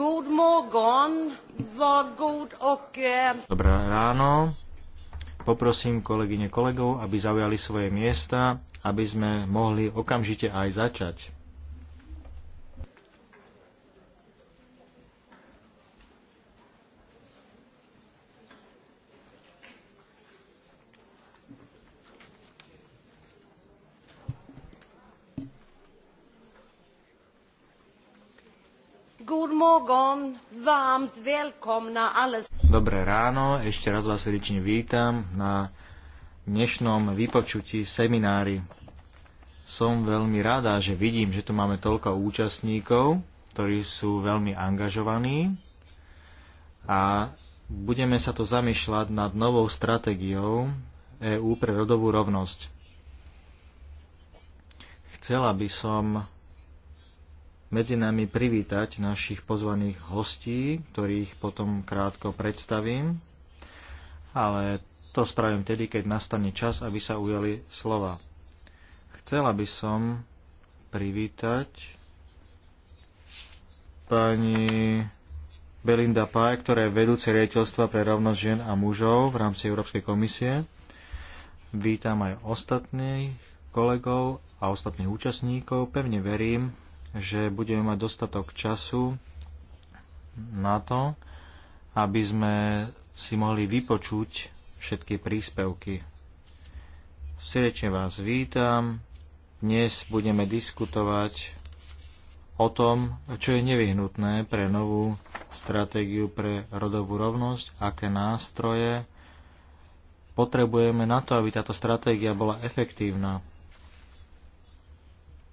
God morgon, var god och... Eh, Dobré ráno. Poprosím kolegyne kolegov, aby zaujali svoje miesta, aby sme mohli okamžite aj začať. Dobré ráno, ešte raz vás srdečne vítam na dnešnom vypočutí seminári. Som veľmi rada, že vidím, že tu máme toľko účastníkov, ktorí sú veľmi angažovaní a budeme sa to zamýšľať nad novou stratégiou EÚ pre rodovú rovnosť. Chcela by som medzi nami privítať našich pozvaných hostí, ktorých potom krátko predstavím, ale to spravím tedy, keď nastane čas, aby sa ujali slova. Chcela by som privítať pani Belinda Paj, ktorá je vedúce riaditeľstva pre rovnosť žien a mužov v rámci Európskej komisie. Vítam aj ostatných kolegov a ostatných účastníkov. Pevne verím, že budeme mať dostatok času na to, aby sme si mohli vypočuť všetky príspevky. Srdečne vás vítam. Dnes budeme diskutovať o tom, čo je nevyhnutné pre novú stratégiu pre rodovú rovnosť, aké nástroje potrebujeme na to, aby táto stratégia bola efektívna.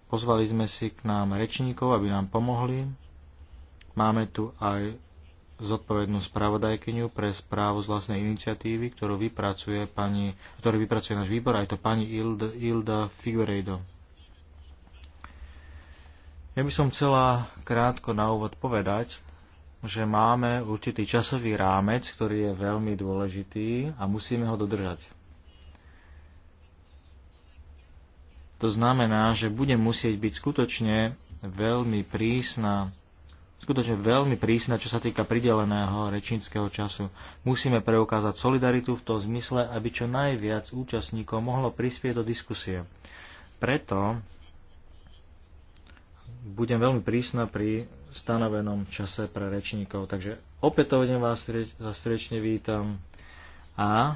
Pozvali sme si k nám rečníkov, aby nám pomohli. Máme tu aj zodpovednú spravodajkyňu pre správu z vlastnej iniciatívy, ktorú vypracuje, pani, ktorú vypracuje náš výbor, aj to pani Ilda, Ilda Figueiredo. Ja by som chcela krátko na úvod povedať, že máme určitý časový rámec, ktorý je veľmi dôležitý a musíme ho dodržať. To znamená, že bude musieť byť skutočne veľmi prísna skutočne veľmi prísna, čo sa týka prideleného rečníckého času. Musíme preukázať solidaritu v tom zmysle, aby čo najviac účastníkov mohlo prispieť do diskusie. Preto budem veľmi prísna pri stanovenom čase pre rečníkov. Takže opätovne vás srdečne vítam a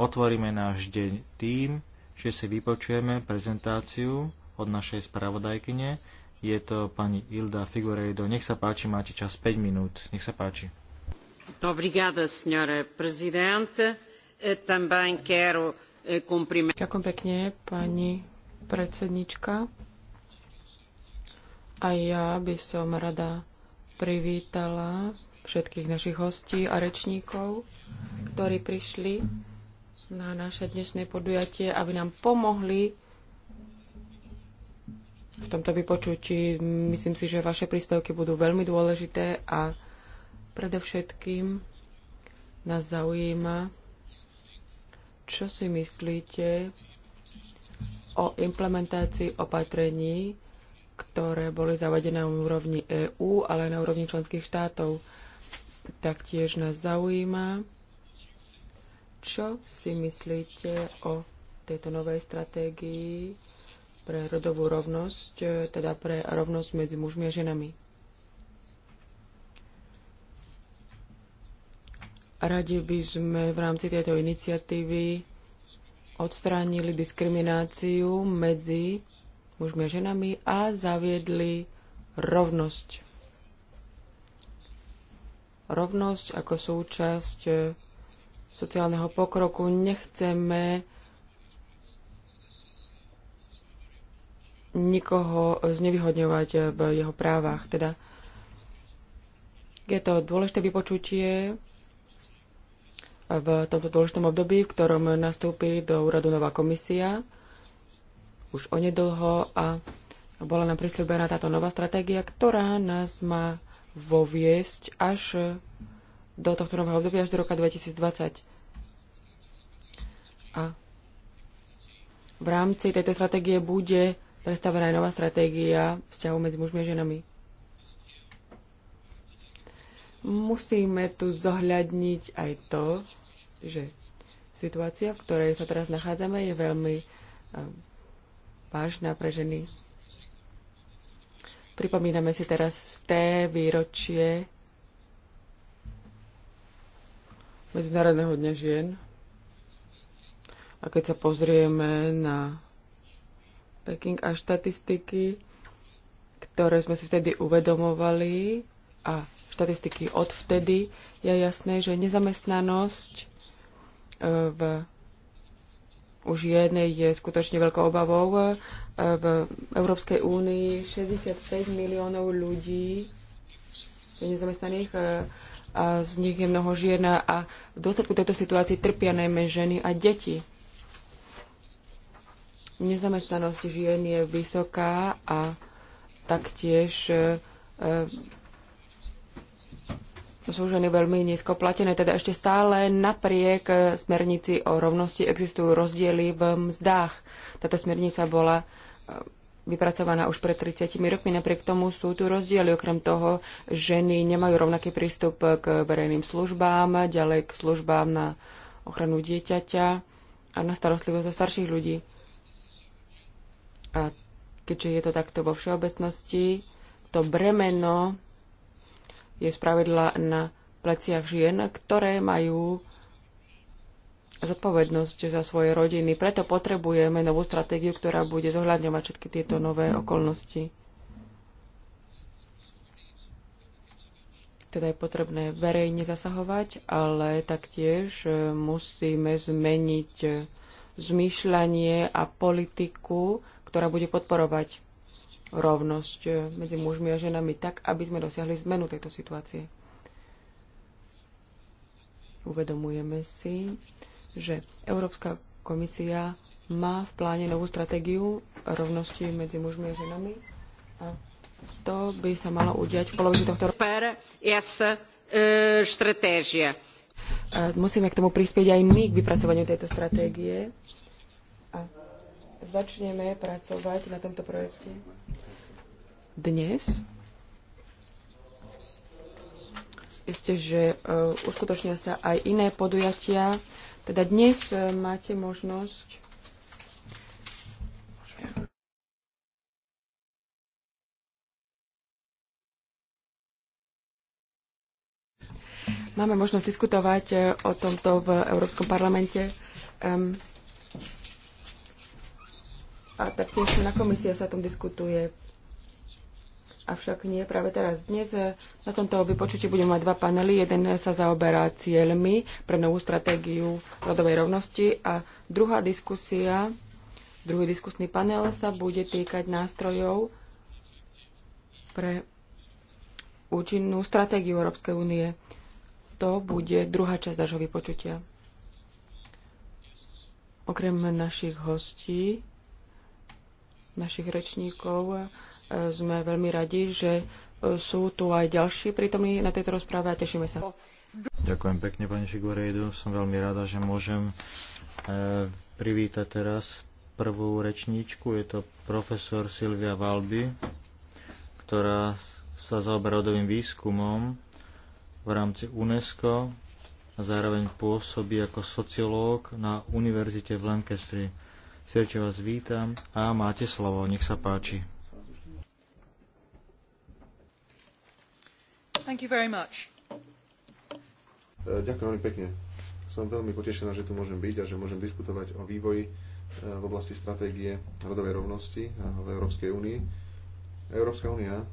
otvoríme náš deň tým, že si vypočujeme prezentáciu od našej spravodajkyne. Je to pani Ilda Figueiredo. Nech sa páči, máte čas 5 minút. Nech sa páči. Obrigada, presidente. E, também quero e, cumprimentar. Ďakujem pekne, pani predsednička. A ja by som rada privítala všetkých našich hostí a rečníkov, ktorí prišli na naše dnešné podujatie, aby nám pomohli v tomto vypočutí. Myslím si, že vaše príspevky budú veľmi dôležité a predovšetkým nás zaujíma, čo si myslíte o implementácii opatrení, ktoré boli zavadené na úrovni EÚ, ale aj na úrovni členských štátov. Taktiež nás zaujíma, čo si myslíte o tejto novej stratégii pre rodovú rovnosť, e, teda pre rovnosť medzi mužmi a ženami? Radi by sme v rámci tejto iniciatívy odstránili diskrimináciu medzi mužmi a ženami a zaviedli rovnosť. Rovnosť ako súčasť e, sociálneho pokroku. Nechceme nikoho znevýhodňovať v jeho právach. Teda je to dôležité vypočutie v tomto dôležitom období, v ktorom nastúpi do úradu nová komisia už onedlho a bola nám prislúbená táto nová stratégia, ktorá nás má voviesť až do tohto nového obdobia až do roka 2020. A v rámci tejto stratégie bude predstavená aj nová stratégia vzťahu medzi mužmi a ženami. Musíme tu zohľadniť aj to, že situácia, v ktorej sa teraz nachádzame, je veľmi ehm, vážna pre ženy. Pripomíname si teraz té výročie Medzinárodného dňa žien. A keď sa pozrieme na Peking a štatistiky, ktoré sme si vtedy uvedomovali a štatistiky od vtedy, je jasné, že nezamestnanosť e, v, u žien je skutočne veľkou obavou. E, v Európskej únii 65 miliónov ľudí je nezamestnaných e, a z nich je mnoho žien a v dôsledku tejto situácii trpia najmä ženy a deti. Nezamestnanosť žien je vysoká a taktiež e, e sú ženy veľmi nízko platené, teda ešte stále napriek e, smernici o rovnosti existujú rozdiely v mzdách. Táto smernica bola e, vypracovaná už pred 30 rokmi. Napriek tomu sú tu rozdiely. Okrem toho, ženy nemajú rovnaký prístup k verejným službám, ďalej k službám na ochranu dieťaťa a na starostlivosť o starších ľudí. A keďže je to takto vo všeobecnosti, to bremeno je spravidla na pleciach žien, ktoré majú zodpovednosť za svoje rodiny. Preto potrebujeme novú stratégiu, ktorá bude zohľadňovať všetky tieto nové okolnosti. Teda je potrebné verejne zasahovať, ale taktiež e, musíme zmeniť e, zmýšľanie a politiku, ktorá bude podporovať rovnosť e, medzi mužmi a ženami tak, aby sme dosiahli zmenu tejto situácie. Uvedomujeme si, že Európska komisia má v pláne novú stratégiu rovnosti medzi mužmi a ženami a to by sa malo udiať v polovici tohto roku. Eh, musíme k tomu prispieť aj my k vypracovaniu tejto stratégie a začneme pracovať na tomto projekte dnes. Isté, že eh, uskutočnia sa aj iné podujatia, teda dnes e, máte možnosť Máme možnosť diskutovať e, o tomto v Európskom parlamente. Um, a taktiež na komisie sa o tom diskutuje. Avšak nie práve teraz. Dnes eh, na tomto vypočutí budeme mať dva panely. Jeden sa zaoberá cieľmi pre novú stratégiu rodovej rovnosti a druhá diskusia, druhý diskusný panel sa bude týkať nástrojov pre účinnú stratégiu Európskej únie. To bude druhá časť nášho vypočutia. Okrem našich hostí, našich rečníkov, sme veľmi radi, že e, sú tu aj ďalší prítomní na tejto rozprave a tešíme sa. Ďakujem pekne, pani Figurejdu. Som veľmi rada, že môžem e, privítať teraz prvú rečníčku. Je to profesor Silvia Valby, ktorá sa zaoberá rodovým výskumom v rámci UNESCO a zároveň pôsobí ako sociológ na Univerzite v Lancastri. Srdče vás vítam a máte slovo, nech sa páči. E, ďakujem veľmi pekne. Som veľmi potešená, že tu môžem byť a že môžem diskutovať o vývoji e, v oblasti stratégie rodovej rovnosti e, v Európskej únii. Európska únia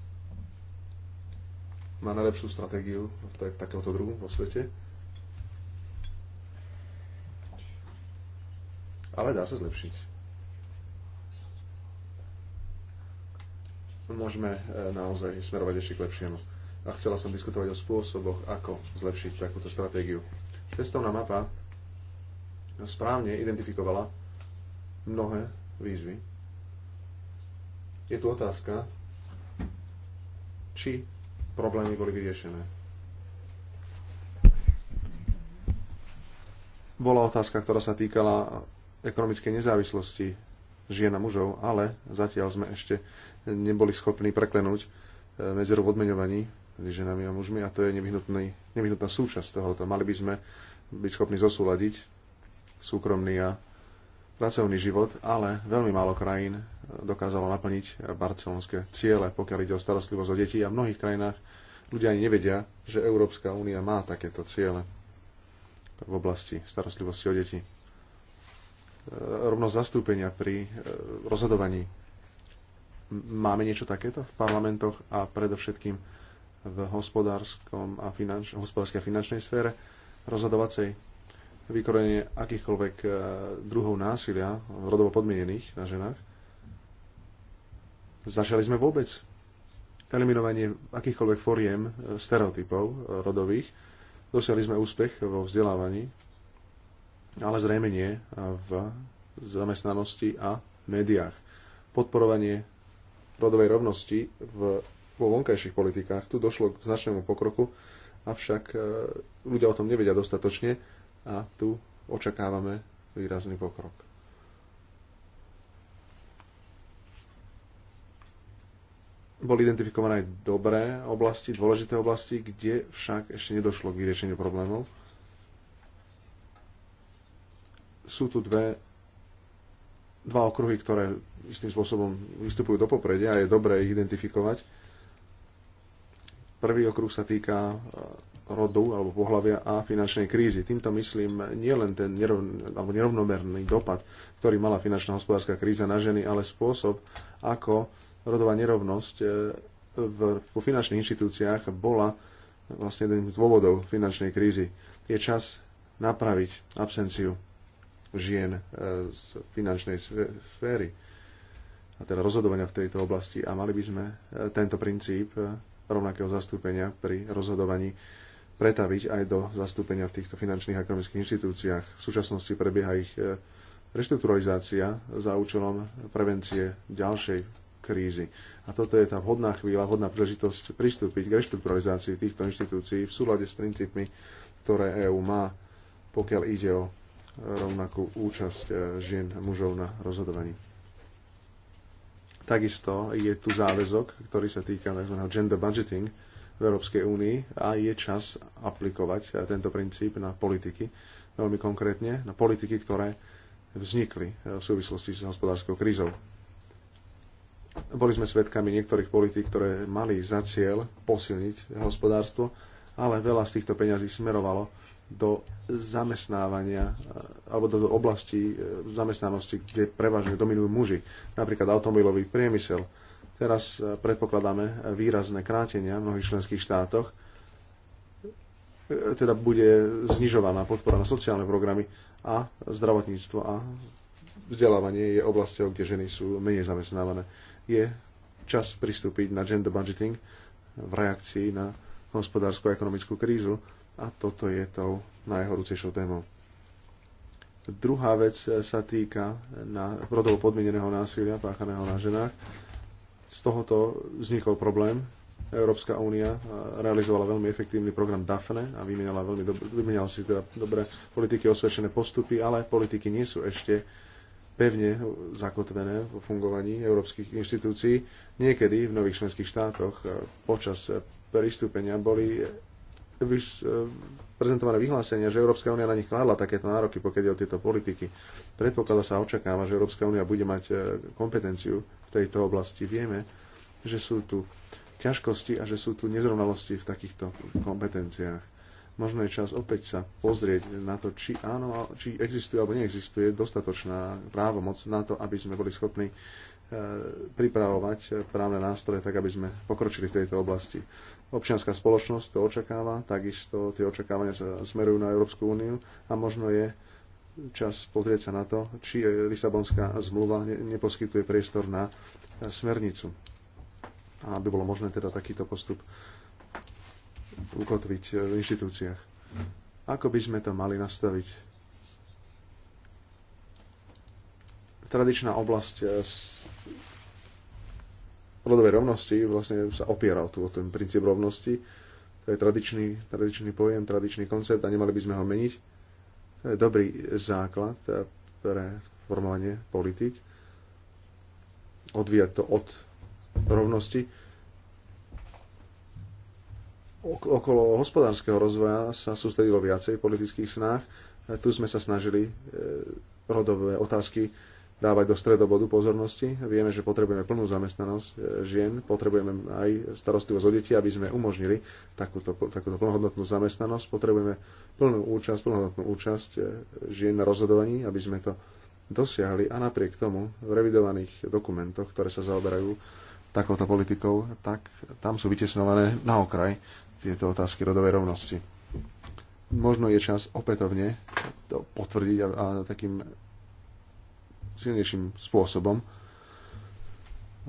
má najlepšiu stratégiu takéhoto druhu vo svete. Ale dá sa zlepšiť. Môžeme naozaj smerovať ešte k lepšiemu a chcela som diskutovať o spôsoboch, ako zlepšiť takúto stratégiu. Cestovná mapa správne identifikovala mnohé výzvy. Je tu otázka, či problémy boli vyriešené. Bola otázka, ktorá sa týkala ekonomickej nezávislosti žien a mužov, ale zatiaľ sme ešte neboli schopní preklenúť eh, medzeru v odmeňovaní medzi ženami a mužmi a to je nevyhnutná súčasť tohoto. Mali by sme byť schopní zosúľadiť súkromný a pracovný život, ale veľmi málo krajín dokázalo naplniť barcelonské ciele, pokiaľ ide o starostlivosť o deti a v mnohých krajinách ľudia ani nevedia, že Európska únia má takéto ciele v oblasti starostlivosti o deti. E, rovnosť zastúpenia pri e, rozhodovaní. Máme niečo takéto v parlamentoch a predovšetkým v hospodárskom a finanč, hospodárskej a finančnej sfére, rozhodovacej, vykorenie akýchkoľvek e, druhov násilia, rodovo podmienených na ženách. Začali sme vôbec eliminovanie akýchkoľvek foriem e, stereotypov e, rodových. Dosiali sme úspech vo vzdelávaní, ale zrejme nie v zamestnanosti a médiách. Podporovanie rodovej rovnosti v vo vonkajších politikách. Tu došlo k značnému pokroku, avšak e, ľudia o tom nevedia dostatočne a tu očakávame výrazný pokrok. Boli identifikované aj dobré oblasti, dôležité oblasti, kde však ešte nedošlo k vyriešeniu problémov. Sú tu dve dva okruhy, ktoré istým spôsobom vystupujú do popredia a je dobré ich identifikovať. Prvý okruh sa týka e, rodu alebo pohľavia a finančnej krízy. Týmto myslím nielen ten nerovn, alebo nerovnomerný dopad, ktorý mala finančná hospodárska kríza na ženy, ale spôsob, ako rodová nerovnosť e, v, vo finančných inštitúciách bola vlastne jedným z dôvodov finančnej krízy. Je čas napraviť absenciu žien e, z finančnej sféry a teda rozhodovania v tejto oblasti a mali by sme tento princíp rovnakého zastúpenia pri rozhodovaní pretaviť aj do zastúpenia v týchto finančných a ekonomických inštitúciách. V súčasnosti prebieha ich e, reštrukturalizácia za účelom prevencie ďalšej krízy. A toto je tá vhodná chvíľa, vhodná príležitosť pristúpiť k reštrukturalizácii týchto inštitúcií v súlade s princípmi, ktoré EÚ má, pokiaľ ide o rovnakú účasť e, žien a mužov na rozhodovaní. Takisto je tu záväzok, ktorý sa týka tzv. gender budgeting v Európskej únii a je čas aplikovať tento princíp na politiky, veľmi konkrétne na politiky, ktoré vznikli v súvislosti s hospodárskou krízou. Boli sme svedkami niektorých politík, ktoré mali za cieľ posilniť hospodárstvo, ale veľa z týchto peňazí smerovalo do zamestnávania eh, alebo do oblasti eh, zamestnanosti, kde prevažne dominujú muži, napríklad automobilový priemysel. Teraz eh, predpokladáme výrazné krátenia v mnohých členských štátoch, teda bude znižovaná podpora na sociálne programy a zdravotníctvo a vzdelávanie je oblasťou, kde ženy sú menej zamestnávané. Je čas pristúpiť na gender budgeting v reakcii na hospodárskú a ekonomickú krízu a toto je tou najhorúcejšou témou. Druhá vec sa týka na rodovo podmieneného násilia páchaného na ženách. Z tohoto vznikol problém. Európska únia realizovala veľmi efektívny program DAFNE a vymenala veľmi dob- vymenala si teda dobré politiky, osvedčené postupy, ale politiky nie sú ešte pevne zakotvené v fungovaní európskych inštitúcií. Niekedy v nových členských štátoch eh, počas eh, pristúpenia boli E, prezentované vyhlásenia, že Európska únia na nich kladla takéto nároky, pokiaľ ide o tieto politiky. Predpokladá sa očakáva, že Európska únia bude mať e, kompetenciu v tejto oblasti. Vieme, že sú tu ťažkosti a že sú tu nezrovnalosti v takýchto kompetenciách. Možno je čas opäť sa pozrieť na to, či áno, či existuje alebo neexistuje dostatočná právomoc na to, aby sme boli schopní e, pripravovať právne nástroje tak, aby sme pokročili v tejto oblasti. Občianská spoločnosť to očakáva, takisto tie očakávania sa smerujú na Európsku úniu a možno je čas pozrieť sa na to, či Lisabonská zmluva neposkytuje priestor na smernicu. A aby bolo možné teda takýto postup ukotviť v inštitúciách. Ako by sme to mali nastaviť? Tradičná oblasť eh, rodovej rovnosti vlastne sa opiera o, tú, o ten princíp rovnosti. To je tradičný, tradičný pojem, tradičný koncept a nemali by sme ho meniť. To je dobrý základ pre formovanie politik. Odvíjať to od rovnosti. Okolo hospodárskeho rozvoja sa sústredilo viacej politických snách. Tu sme sa snažili eh, rodové otázky dávať do stredobodu pozornosti. Vieme, že potrebujeme plnú zamestnanosť e, žien, potrebujeme aj starostlivosť o deti, aby sme umožnili takúto, takúto plnohodnotnú zamestnanosť. Potrebujeme plnú účasť, plnohodnotnú účasť e, žien na rozhodovaní, aby sme to dosiahli a napriek tomu v revidovaných dokumentoch, ktoré sa zaoberajú takouto politikou, tak tam sú vytesnované na okraj tieto otázky rodovej rovnosti možno je čas opätovne to potvrdiť a, a takým silnejším spôsobom.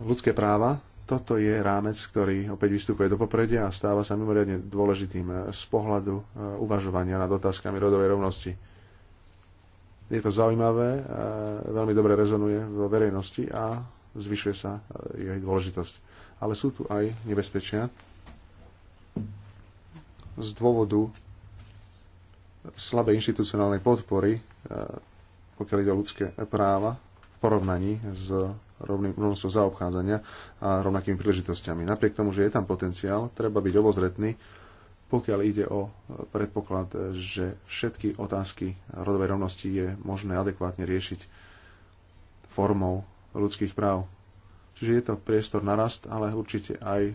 Ľudské práva, toto je rámec, ktorý opäť vystupuje do popredia a stáva sa mimoriadne dôležitým eh, z pohľadu eh, uvažovania nad otázkami rodovej rovnosti. Je to zaujímavé, eh, veľmi dobre rezonuje vo verejnosti a zvyšuje sa jej dôležitosť. Ale sú tu aj nebezpečia z dôvodu slabej inštitucionálnej podpory pokiaľ ide o ľudské práva v porovnaní s rovným zaobchádzania a rovnakými príležitosťami. Napriek tomu, že je tam potenciál, treba byť obozretný, pokiaľ ide o predpoklad, že všetky otázky rodovej rovnosti je možné adekvátne riešiť formou ľudských práv. Čiže je to priestor na rast, ale určite aj e,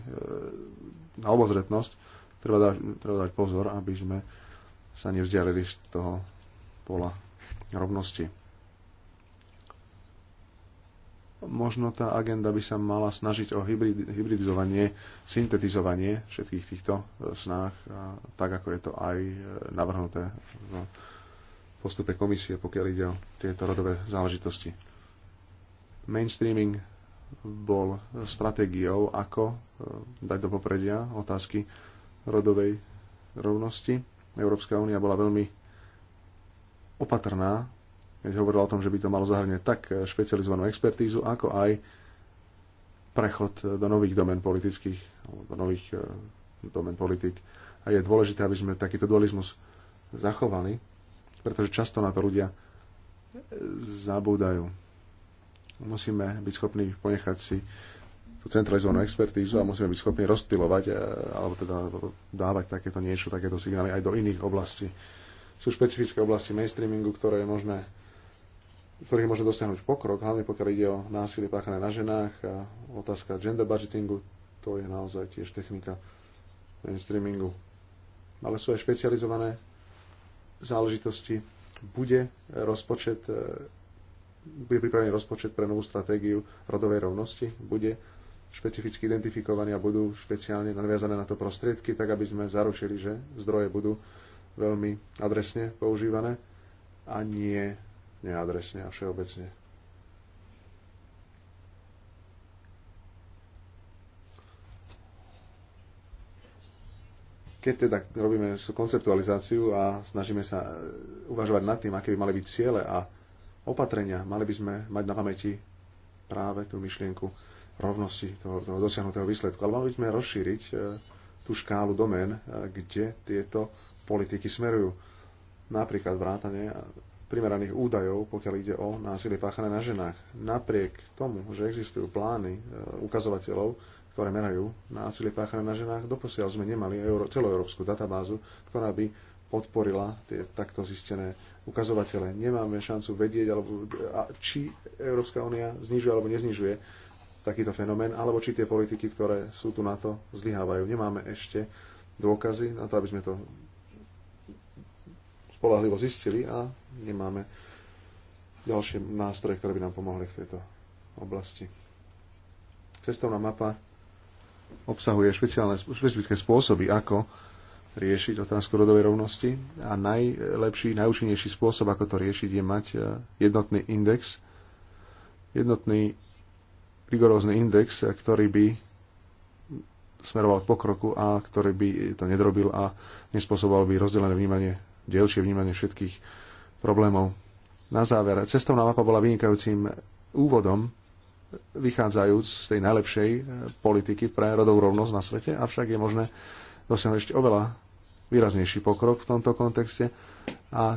na obozretnosť. Treba dať, treba dať pozor, aby sme sa nevzdialili z toho pola rovnosti. Možno tá agenda by sa mala snažiť o hybrid, hybridizovanie, syntetizovanie všetkých týchto e, snách, tak ako je to aj e, navrhnuté v postupe komisie, pokiaľ ide o tieto rodové záležitosti. Mainstreaming bol stratégiou, ako e, dať do popredia otázky rodovej rovnosti. Európska únia bola veľmi opatrná, keď hovorila o tom, že by to malo zahrňať tak eh, špecializovanú expertízu, ako aj prechod do nových domen politických, alebo do nových eh, domen politik. A je dôležité, aby sme takýto dualizmus zachovali, pretože často na to ľudia eh, zabúdajú. Musíme byť schopní ponechať si tú centralizovanú expertízu a musíme byť schopní rozstylovať alebo teda dávať takéto niečo, takéto signály aj do iných oblastí sú špecifické oblasti mainstreamingu, ktoré je možné ktorých môže dosiahnuť pokrok, hlavne pokiaľ ide o násilie páchané na ženách a otázka gender budgetingu, to je naozaj tiež technika mainstreamingu. Ale sú aj špecializované záležitosti. Bude rozpočet, e, bude pripravený rozpočet pre novú stratégiu rodovej rovnosti, bude špecificky identifikovaný a budú špeciálne naviazané na to prostriedky, tak aby sme zaručili, že zdroje budú veľmi adresne používané a nie neadresne a všeobecne. Keď teda robíme konceptualizáciu a snažíme sa e, uvažovať nad tým, aké by mali byť ciele a opatrenia, mali by sme mať na pamäti práve tú myšlienku rovnosti toho, toho dosiahnutého výsledku. Ale mali by sme rozšíriť e, tú škálu domén, e, kde tieto politiky smerujú. Napríklad vrátanie primeraných údajov, pokiaľ ide o násilie páchané na ženách. Napriek tomu, že existujú plány e, ukazovateľov, ktoré merajú násilie páchané na ženách, doposiaľ sme nemali celoeurópsku databázu, ktorá by podporila tie takto zistené ukazovatele. Nemáme šancu vedieť, alebo, či Európska únia znižuje alebo neznižuje takýto fenomén, alebo či tie politiky, ktoré sú tu na to, zlyhávajú. Nemáme ešte dôkazy na to, aby sme to spolahlivo zistili a nemáme ďalšie nástroje, ktoré by nám pomohli v tejto oblasti. Cestovná mapa obsahuje špeciálne, špecifické spôsoby, ako riešiť otázku rodovej rovnosti a najlepší, najúčinnejší spôsob, ako to riešiť, je mať e, jednotný index, jednotný rigorózny index, e, ktorý by smeroval k pokroku a ktorý by to nedrobil a nespôsoboval by rozdelené vnímanie Ďalšie vnímanie všetkých problémov. Na záver, cestovná mapa bola vynikajúcim úvodom, vychádzajúc z tej najlepšej eh, politiky pre rodovú rovnosť na svete, avšak je možné dosiahnuť ešte oveľa výraznejší pokrok v tomto kontexte a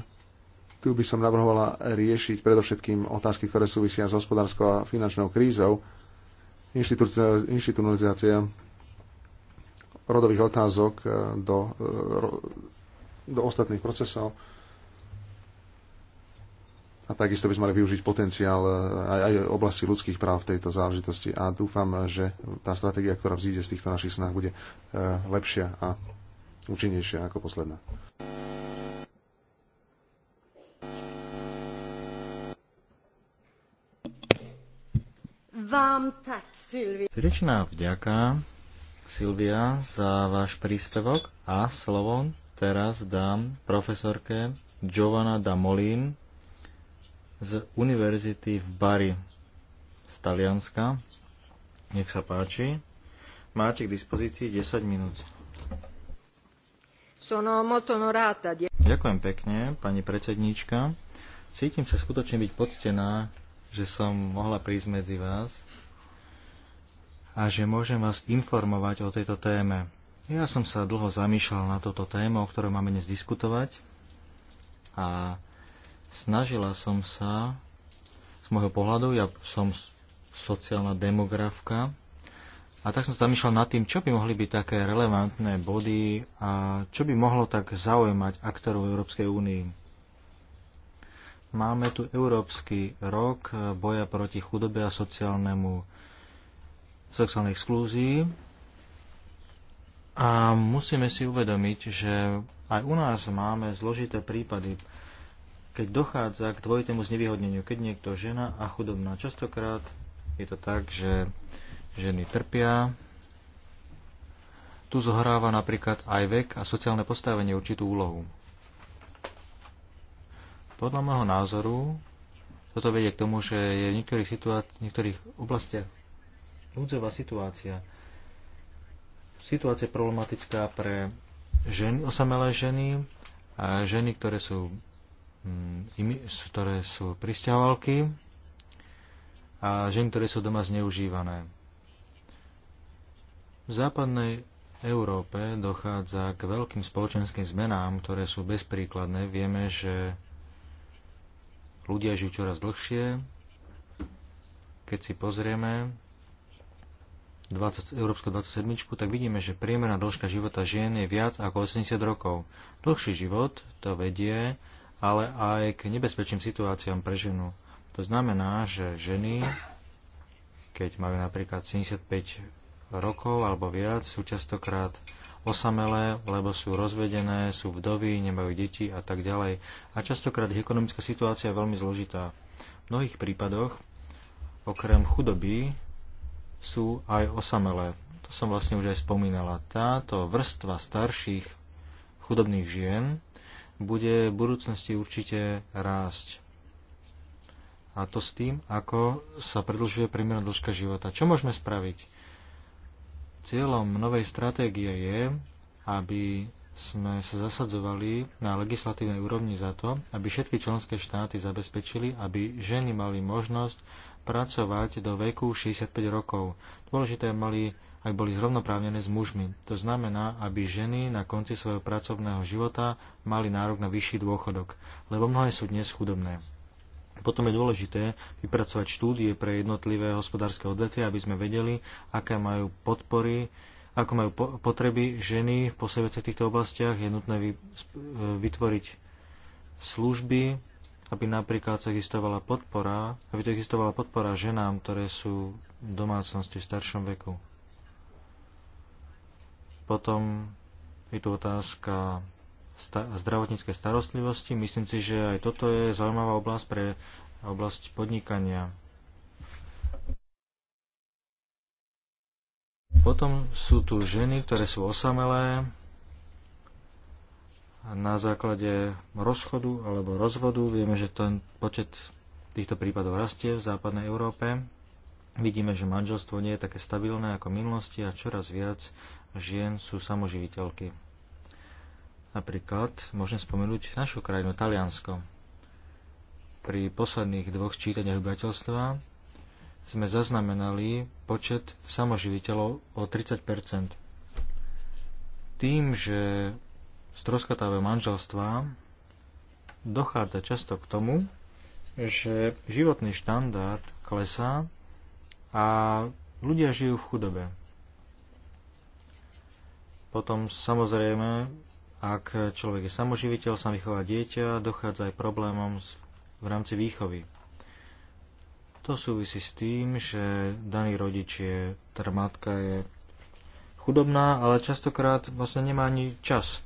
tu by som navrhovala riešiť predovšetkým otázky, ktoré súvisia s hospodárskou a finančnou krízou, inštitucionalizácia rodových otázok eh, do eh, do ostatných procesov. A takisto by sme mali využiť potenciál e, aj, aj oblasti ľudských práv v tejto záležitosti. A dúfam, že tá stratégia, ktorá vzíde z týchto našich snách, bude e, lepšia a účinnejšia ako posledná. Vám tak, Silvia. Srdečná vďaka, Silvia, za váš príspevok a slovo teraz dám profesorke Giovanna Damolin z Univerzity v Bari z Talianska. Nech sa páči. Máte k dispozícii 10 minút. Ďakujem pekne, pani predsedníčka. Cítim sa skutočne byť poctená, že som mohla prísť medzi vás a že môžem vás informovať o tejto téme. Ja som sa dlho zamýšľal na toto tému, o ktorej máme dnes diskutovať a snažila som sa, z môjho pohľadu, ja som sociálna demografka, a tak som sa zamýšľal nad tým, čo by mohli byť také relevantné body a čo by mohlo tak zaujímať aktorov Európskej únii. Máme tu Európsky rok boja proti chudobe a sociálnemu sociálnej exklúzii a musíme si uvedomiť, že aj u nás máme zložité prípady, keď dochádza k dvojitému znevýhodneniu, keď niekto žena a chudobná. Častokrát je to tak, že ženy trpia. Tu zohráva napríklad aj vek a sociálne postavenie určitú úlohu. Podľa môjho názoru toto vedie k tomu, že je v niektorých, situá- v niektorých oblastiach núdzová situácia. Situácia je problematická pre ženy, osamelé ženy a ženy, ktoré sú, mm, ktoré sú pristahovalky a ženy, ktoré sú doma zneužívané. V západnej Európe dochádza k veľkým spoločenským zmenám, ktoré sú bezpríkladné. Vieme, že ľudia žijú čoraz dlhšie. Keď si pozrieme 20, Európsku 27, tak vidíme, že priemerná dĺžka života žien je viac ako 80 rokov. Dlhší život to vedie ale aj k nebezpečným situáciám pre ženu. To znamená, že ženy, keď majú napríklad 75 rokov alebo viac, sú častokrát osamelé, lebo sú rozvedené, sú vdovy, nemajú deti a tak ďalej. A častokrát ich ekonomická situácia je veľmi zložitá. V mnohých prípadoch, okrem chudoby, sú aj osamelé. To som vlastne už aj spomínala. Táto vrstva starších chudobných žien bude v budúcnosti určite rásť. A to s tým, ako sa predlžuje priemerná dĺžka života. Čo môžeme spraviť? Cieľom novej stratégie je, aby sme sa zasadzovali na legislatívnej úrovni za to, aby všetky členské štáty zabezpečili, aby ženy mali možnosť pracovať do veku 65 rokov. Dôležité mali ak boli zrovnoprávnené s mužmi. To znamená, aby ženy na konci svojho pracovného života mali nárok na vyšší dôchodok, lebo mnohé sú dnes chudobné. Potom je dôležité vypracovať štúdie pre jednotlivé hospodárske odvetvia, aby sme vedeli, aké majú podpory, ako majú potreby ženy v posledných týchto oblastiach. Je nutné vytvoriť služby, aby napríklad existovala podpora, aby to existovala podpora ženám, ktoré sú v domácnosti v staršom veku. Potom je tu otázka sta- zdravotníckej starostlivosti. Myslím si, že aj toto je zaujímavá oblasť pre oblasť podnikania. Potom sú tu ženy, ktoré sú osamelé, na základe rozchodu alebo rozvodu. Vieme, že ten počet týchto prípadov rastie v západnej Európe. Vidíme, že manželstvo nie je také stabilné ako v minulosti a čoraz viac žien sú samoživiteľky. Napríklad môžem spomenúť našu krajinu, Taliansko. Pri posledných dvoch čítaniach obyvateľstva sme zaznamenali počet samoživiteľov o 30 Tým, že stroskatavé manželstvá, dochádza často k tomu, že životný štandard klesá a ľudia žijú v chudobe. Potom samozrejme, ak človek je samoživiteľ, sa vychová dieťa, dochádza aj problémom v rámci výchovy. To súvisí s tým, že daný rodič je, teda matka je chudobná, ale častokrát vlastne nemá ani čas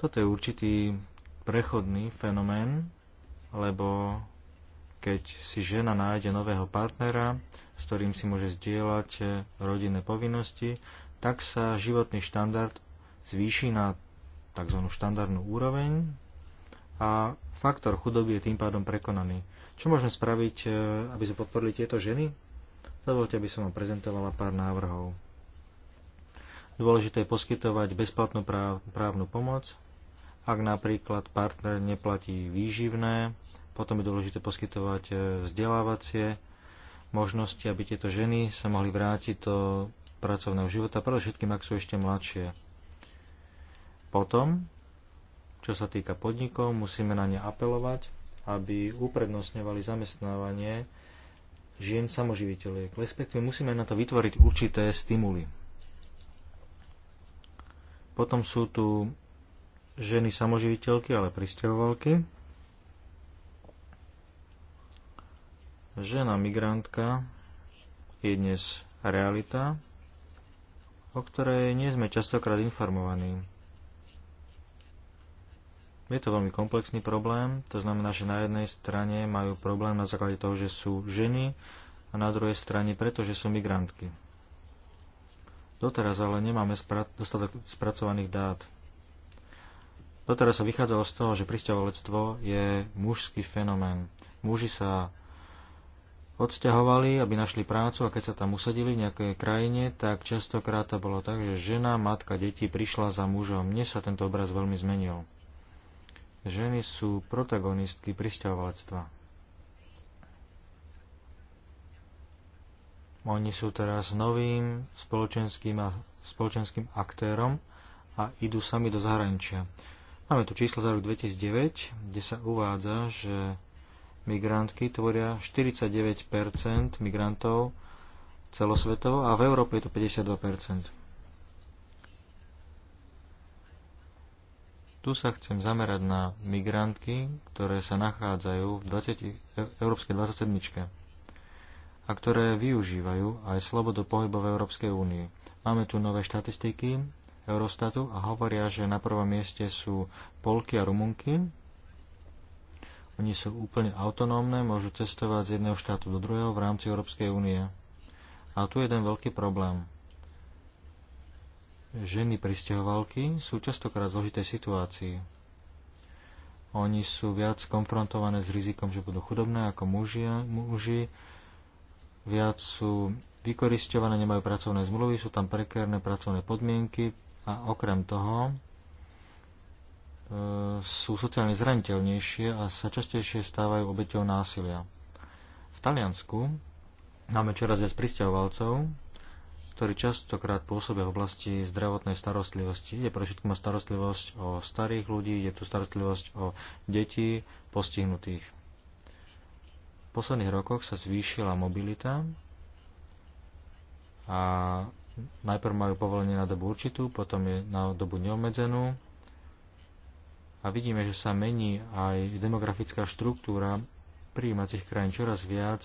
toto je určitý prechodný fenomén, lebo keď si žena nájde nového partnera, s ktorým si môže zdieľať eh, rodinné povinnosti, tak sa životný štandard zvýši na tzv. štandardnú úroveň a faktor chudoby je tým pádom prekonaný. Čo môžeme spraviť, eh, aby sme podporili tieto ženy? Dovolte, aby som vám prezentovala pár návrhov. Dôležité je poskytovať bezplatnú práv, právnu pomoc, ak napríklad partner neplatí výživné, potom je dôležité poskytovať e, vzdelávacie možnosti, aby tieto ženy sa mohli vrátiť do pracovného života, všetkým, ak sú ešte mladšie. Potom, čo sa týka podnikov, musíme na ne apelovať, aby uprednostňovali zamestnávanie žien samoživiteľiek. Respektíve musíme na to vytvoriť určité stimuly. Potom sú tu ženy samoživiteľky, ale pristahovalky. Žena migrantka je dnes realita, o ktorej nie sme častokrát informovaní. Je to veľmi komplexný problém, to znamená, že na jednej strane majú problém na základe toho, že sú ženy a na druhej strane preto, že sú migrantky. Doteraz ale nemáme dostatok spracovaných dát. Doteraz sa vychádzalo z toho, že pristahovalectvo je mužský fenomén. Muži sa odsťahovali, aby našli prácu a keď sa tam usadili v nejakej krajine, tak častokrát to bolo tak, že žena, matka, deti prišla za mužom. Mne sa tento obraz veľmi zmenil. Ženy sú protagonistky pristahovalectva. Oni sú teraz novým spoločenským, a, spoločenským aktérom a idú sami do zahraničia. Máme tu číslo za rok 2009, kde sa uvádza, že migrantky tvoria 49 migrantov celosvetovo a v Európe je to 52 Tu sa chcem zamerať na migrantky, ktoré sa nachádzajú v 20, e, Európskej 27 a ktoré využívajú aj slobodu pohybu v Európskej únii. Máme tu nové štatistiky, Eurostatu a hovoria, že na prvom mieste sú Polky a Rumunky. Oni sú úplne autonómne, môžu cestovať z jedného štátu do druhého v rámci Európskej únie. A tu je jeden veľký problém. Ženy pristahovalky sú častokrát v zložitej situácii. Oni sú viac konfrontované s rizikom, že budú chudobné ako muži, muži viac sú vykoristované, nemajú pracovné zmluvy, sú tam prekérne pracovné podmienky, a okrem toho e, sú sociálne zraniteľnejšie a sa častejšie stávajú obeťou násilia. V Taliansku máme čoraz viac pristahovalcov, ktorí častokrát pôsobia v oblasti zdravotnej starostlivosti. Je pre všetkým starostlivosť o starých ľudí, je tu starostlivosť o detí postihnutých. V posledných rokoch sa zvýšila mobilita a najprv majú povolenie na dobu určitú, potom je na dobu neobmedzenú. A vidíme, že sa mení aj demografická štruktúra príjímacích krajín čoraz viac.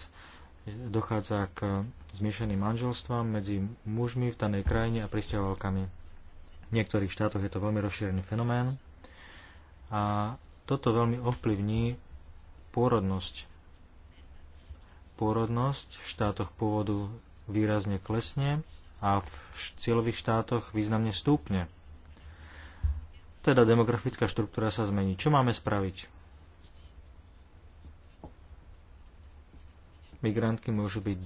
Dochádza k zmiešaným manželstvám medzi mužmi v danej krajine a pristahovalkami. V niektorých štátoch je to veľmi rozšírený fenomén a toto veľmi ovplyvní pôrodnosť. Pôrodnosť v štátoch pôvodu výrazne klesne a v cieľových štátoch významne stúpne. Teda demografická štruktúra sa zmení. Čo máme spraviť? Migrantky môžu byť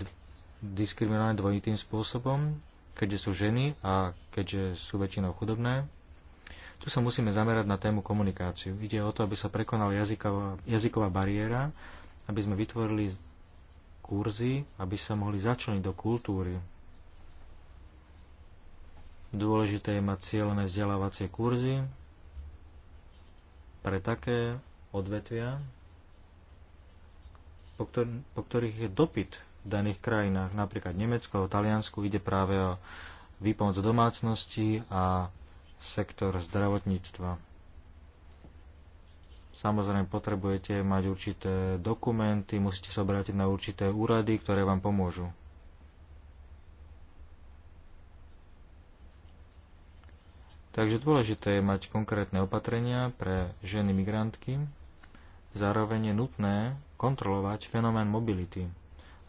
diskriminované dvojitým spôsobom, keďže sú ženy a keďže sú väčšinou chudobné. Tu sa musíme zamerať na tému komunikáciu. Ide o to, aby sa prekonala jazyková, jazyková bariéra, aby sme vytvorili kurzy, aby sa mohli začleniť do kultúry, Dôležité je mať cieľné vzdelávacie kurzy pre také odvetvia, po, ktor- po ktorých je dopyt v daných krajinách, napríklad Nemecko a Taliansku, ide práve o výpomoc domácnosti a sektor zdravotníctva. Samozrejme, potrebujete mať určité dokumenty, musíte sa obrátiť na určité úrady, ktoré vám pomôžu. Takže dôležité je mať konkrétne opatrenia pre ženy migrantky. Zároveň je nutné kontrolovať fenomén mobility.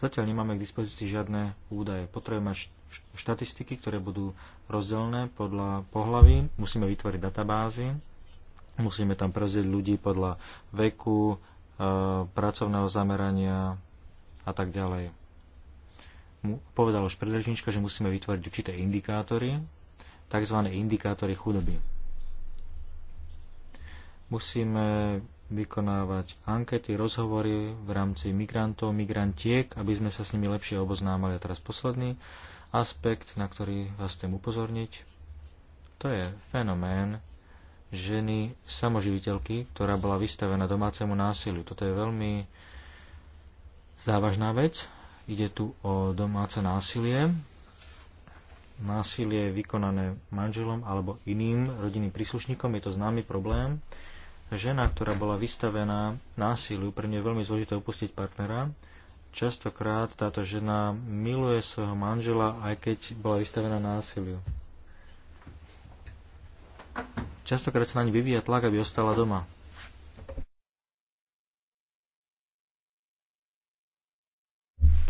Zatiaľ nemáme k dispozícii žiadne údaje. Potrebujeme mať štatistiky, ktoré budú rozdelené podľa pohlaví. Musíme vytvoriť databázy. Musíme tam prezdieť ľudí podľa veku, e, pracovného zamerania a tak ďalej. povedala už predrežnička, že musíme vytvoriť určité indikátory, tzv. indikátory chudoby. Musíme vykonávať ankety, rozhovory v rámci migrantov, migrantiek, aby sme sa s nimi lepšie oboznámali. A teraz posledný aspekt, na ktorý vás chcem upozorniť, to je fenomén ženy samoživiteľky, ktorá bola vystavená domácemu násiliu. Toto je veľmi závažná vec. Ide tu o domáce násilie, násilie vykonané manželom alebo iným rodinným príslušníkom. Je to známy problém. Žena, ktorá bola vystavená násiliu, pre ňu je veľmi zložité opustiť partnera. Častokrát táto žena miluje svojho manžela, aj keď bola vystavená násiliu. Častokrát sa na ňu vyvíja tlak, aby ostala doma.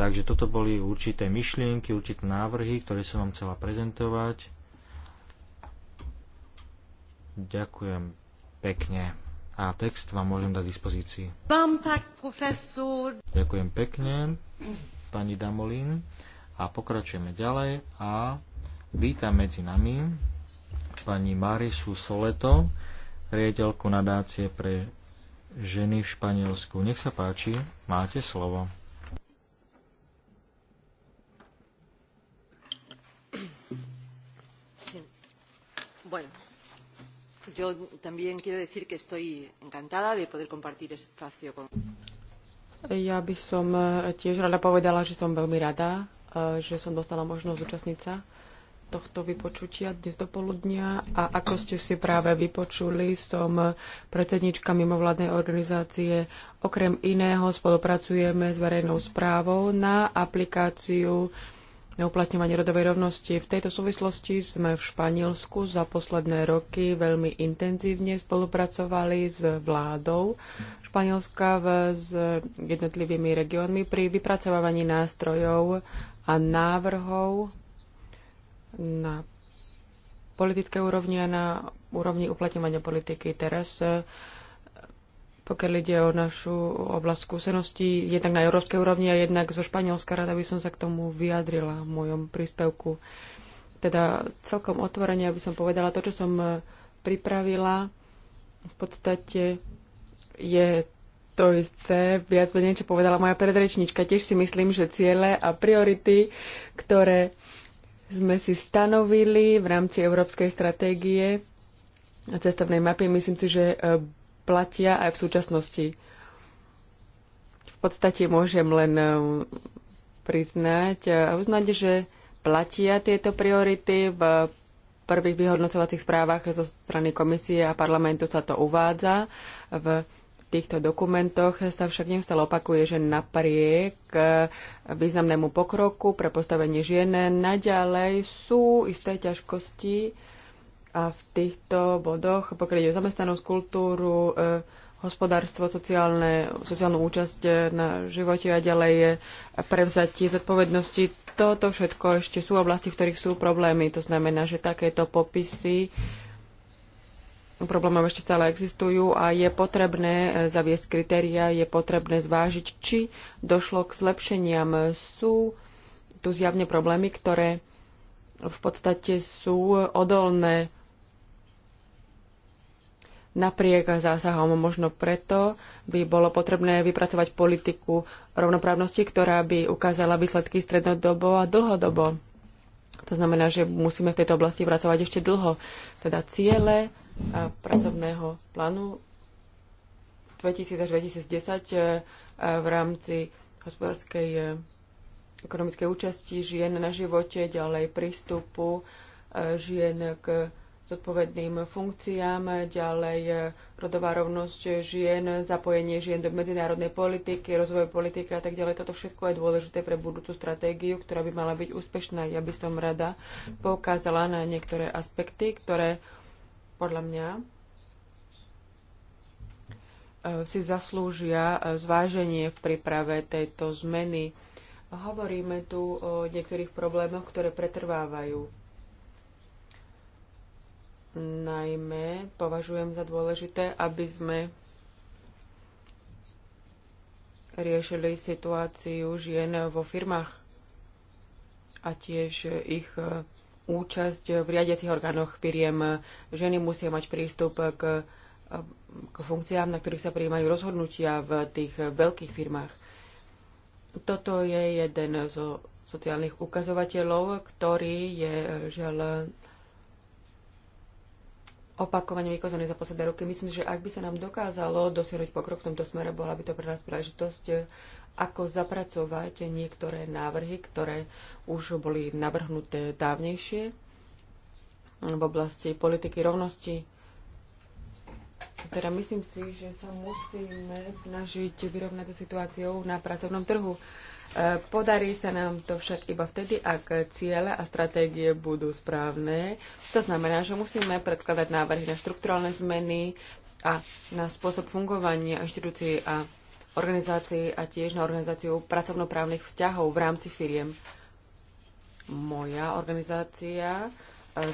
Takže toto boli určité myšlienky, určité návrhy, ktoré som vám chcela prezentovať. Ďakujem pekne. A text vám môžem dať dispozícii. Vám tak, profesor. Ďakujem pekne, pani Damolín. A pokračujeme ďalej a vítam medzi nami pani Marisu Soleto, riaditeľku nadácie pre ženy v Španielsku. Nech sa páči, máte slovo. Bueno, yo también quiero decir que estoy encantada de poder compartir este espacio con... Ja by som eh, tiež rada povedala, že som veľmi rada, eh, že som dostala možnosť zúčastniť sa tohto vypočutia dnes do poludnia a ako ste si práve vypočuli, som predsednička mimovládnej organizácie. Okrem iného spolupracujeme s verejnou správou na aplikáciu na uplatňovanie rodovej rovnosti. V tejto súvislosti sme v Španielsku za posledné roky veľmi intenzívne spolupracovali s vládou Španielska v, s jednotlivými regiónmi pri vypracovávaní nástrojov a návrhov na politické úrovni a na úrovni uplatňovania politiky. Teraz pokiaľ ide o našu oblasť skúseností, jednak na európskej úrovni a jednak zo Španielska rada by som sa k tomu vyjadrila v mojom príspevku. Teda celkom otvorene, aby som povedala to, čo som e, pripravila, v podstate je to isté, viac menej, čo povedala moja predrečnička. Tiež si myslím, že ciele a priority, ktoré sme si stanovili v rámci Európskej stratégie a cestovnej mapy, myslím si, že e, platia aj v súčasnosti. V podstate môžem len eh, priznať a uznať, že platia tieto priority v prvých vyhodnocovacích správach zo strany komisie a parlamentu sa to uvádza. V týchto dokumentoch sa však neustále opakuje, že napriek eh, významnému pokroku pre postavenie žien naďalej sú isté ťažkosti a v týchto bodoch, pokiaľ ide o zamestnanosť, kultúru, e, hospodárstvo, sociálne, sociálnu účasť e, na živote a ďalej je prevzatie zodpovednosti. Toto všetko ešte sú oblasti, v ktorých sú problémy. To znamená, že takéto popisy problémov ešte stále existujú a je potrebné e, zaviesť kritéria, je potrebné zvážiť, či došlo k zlepšeniam. Sú tu zjavne problémy, ktoré v podstate sú odolné napriek zásahom. Možno preto by bolo potrebné vypracovať politiku rovnoprávnosti, ktorá by ukázala výsledky strednodobo a dlhodobo. To znamená, že musíme v tejto oblasti pracovať ešte dlho. Teda ciele pracovného plánu 2000 až 2010 eh, v rámci hospodárskej eh, ekonomickej účasti žien na živote, ďalej prístupu eh, žien k zodpovedným funkciám, ďalej e, rodová rovnosť žien, zapojenie žien do medzinárodnej politiky, rozvoj politiky a tak ďalej. Toto všetko je dôležité pre budúcu stratégiu, ktorá by mala byť úspešná. Ja by som rada poukázala na niektoré aspekty, ktoré podľa mňa e, si zaslúžia e, zváženie v príprave tejto zmeny. Hovoríme tu o niektorých problémoch, ktoré pretrvávajú Najmä považujem za dôležité, aby sme riešili situáciu žien vo firmách a tiež ich e, účasť v riadiacich orgánoch firiem. Ženy musia mať prístup k, e, k funkciám, na ktorých sa prijímajú rozhodnutia v tých veľkých firmách. Toto je jeden zo sociálnych ukazovateľov, ktorý je e, žiaľ opakovane vykonané za posledné roky. Myslím, že ak by sa nám dokázalo dosiahnuť pokrok v tomto smere, bola by to pre nás príležitosť, e, ako zapracovať niektoré návrhy, ktoré už boli navrhnuté dávnejšie v oblasti politiky rovnosti. Teda myslím si, že sa musíme snažiť vyrovnať tú situáciou na pracovnom trhu. E, podarí sa nám to však iba vtedy, ak ciele a stratégie budú správne. To znamená, že musíme predkladať návrhy na štruktúralne zmeny a na spôsob fungovania inštitúcií a organizácií a tiež na organizáciu pracovnoprávnych vzťahov v rámci firiem. Moja organizácia e,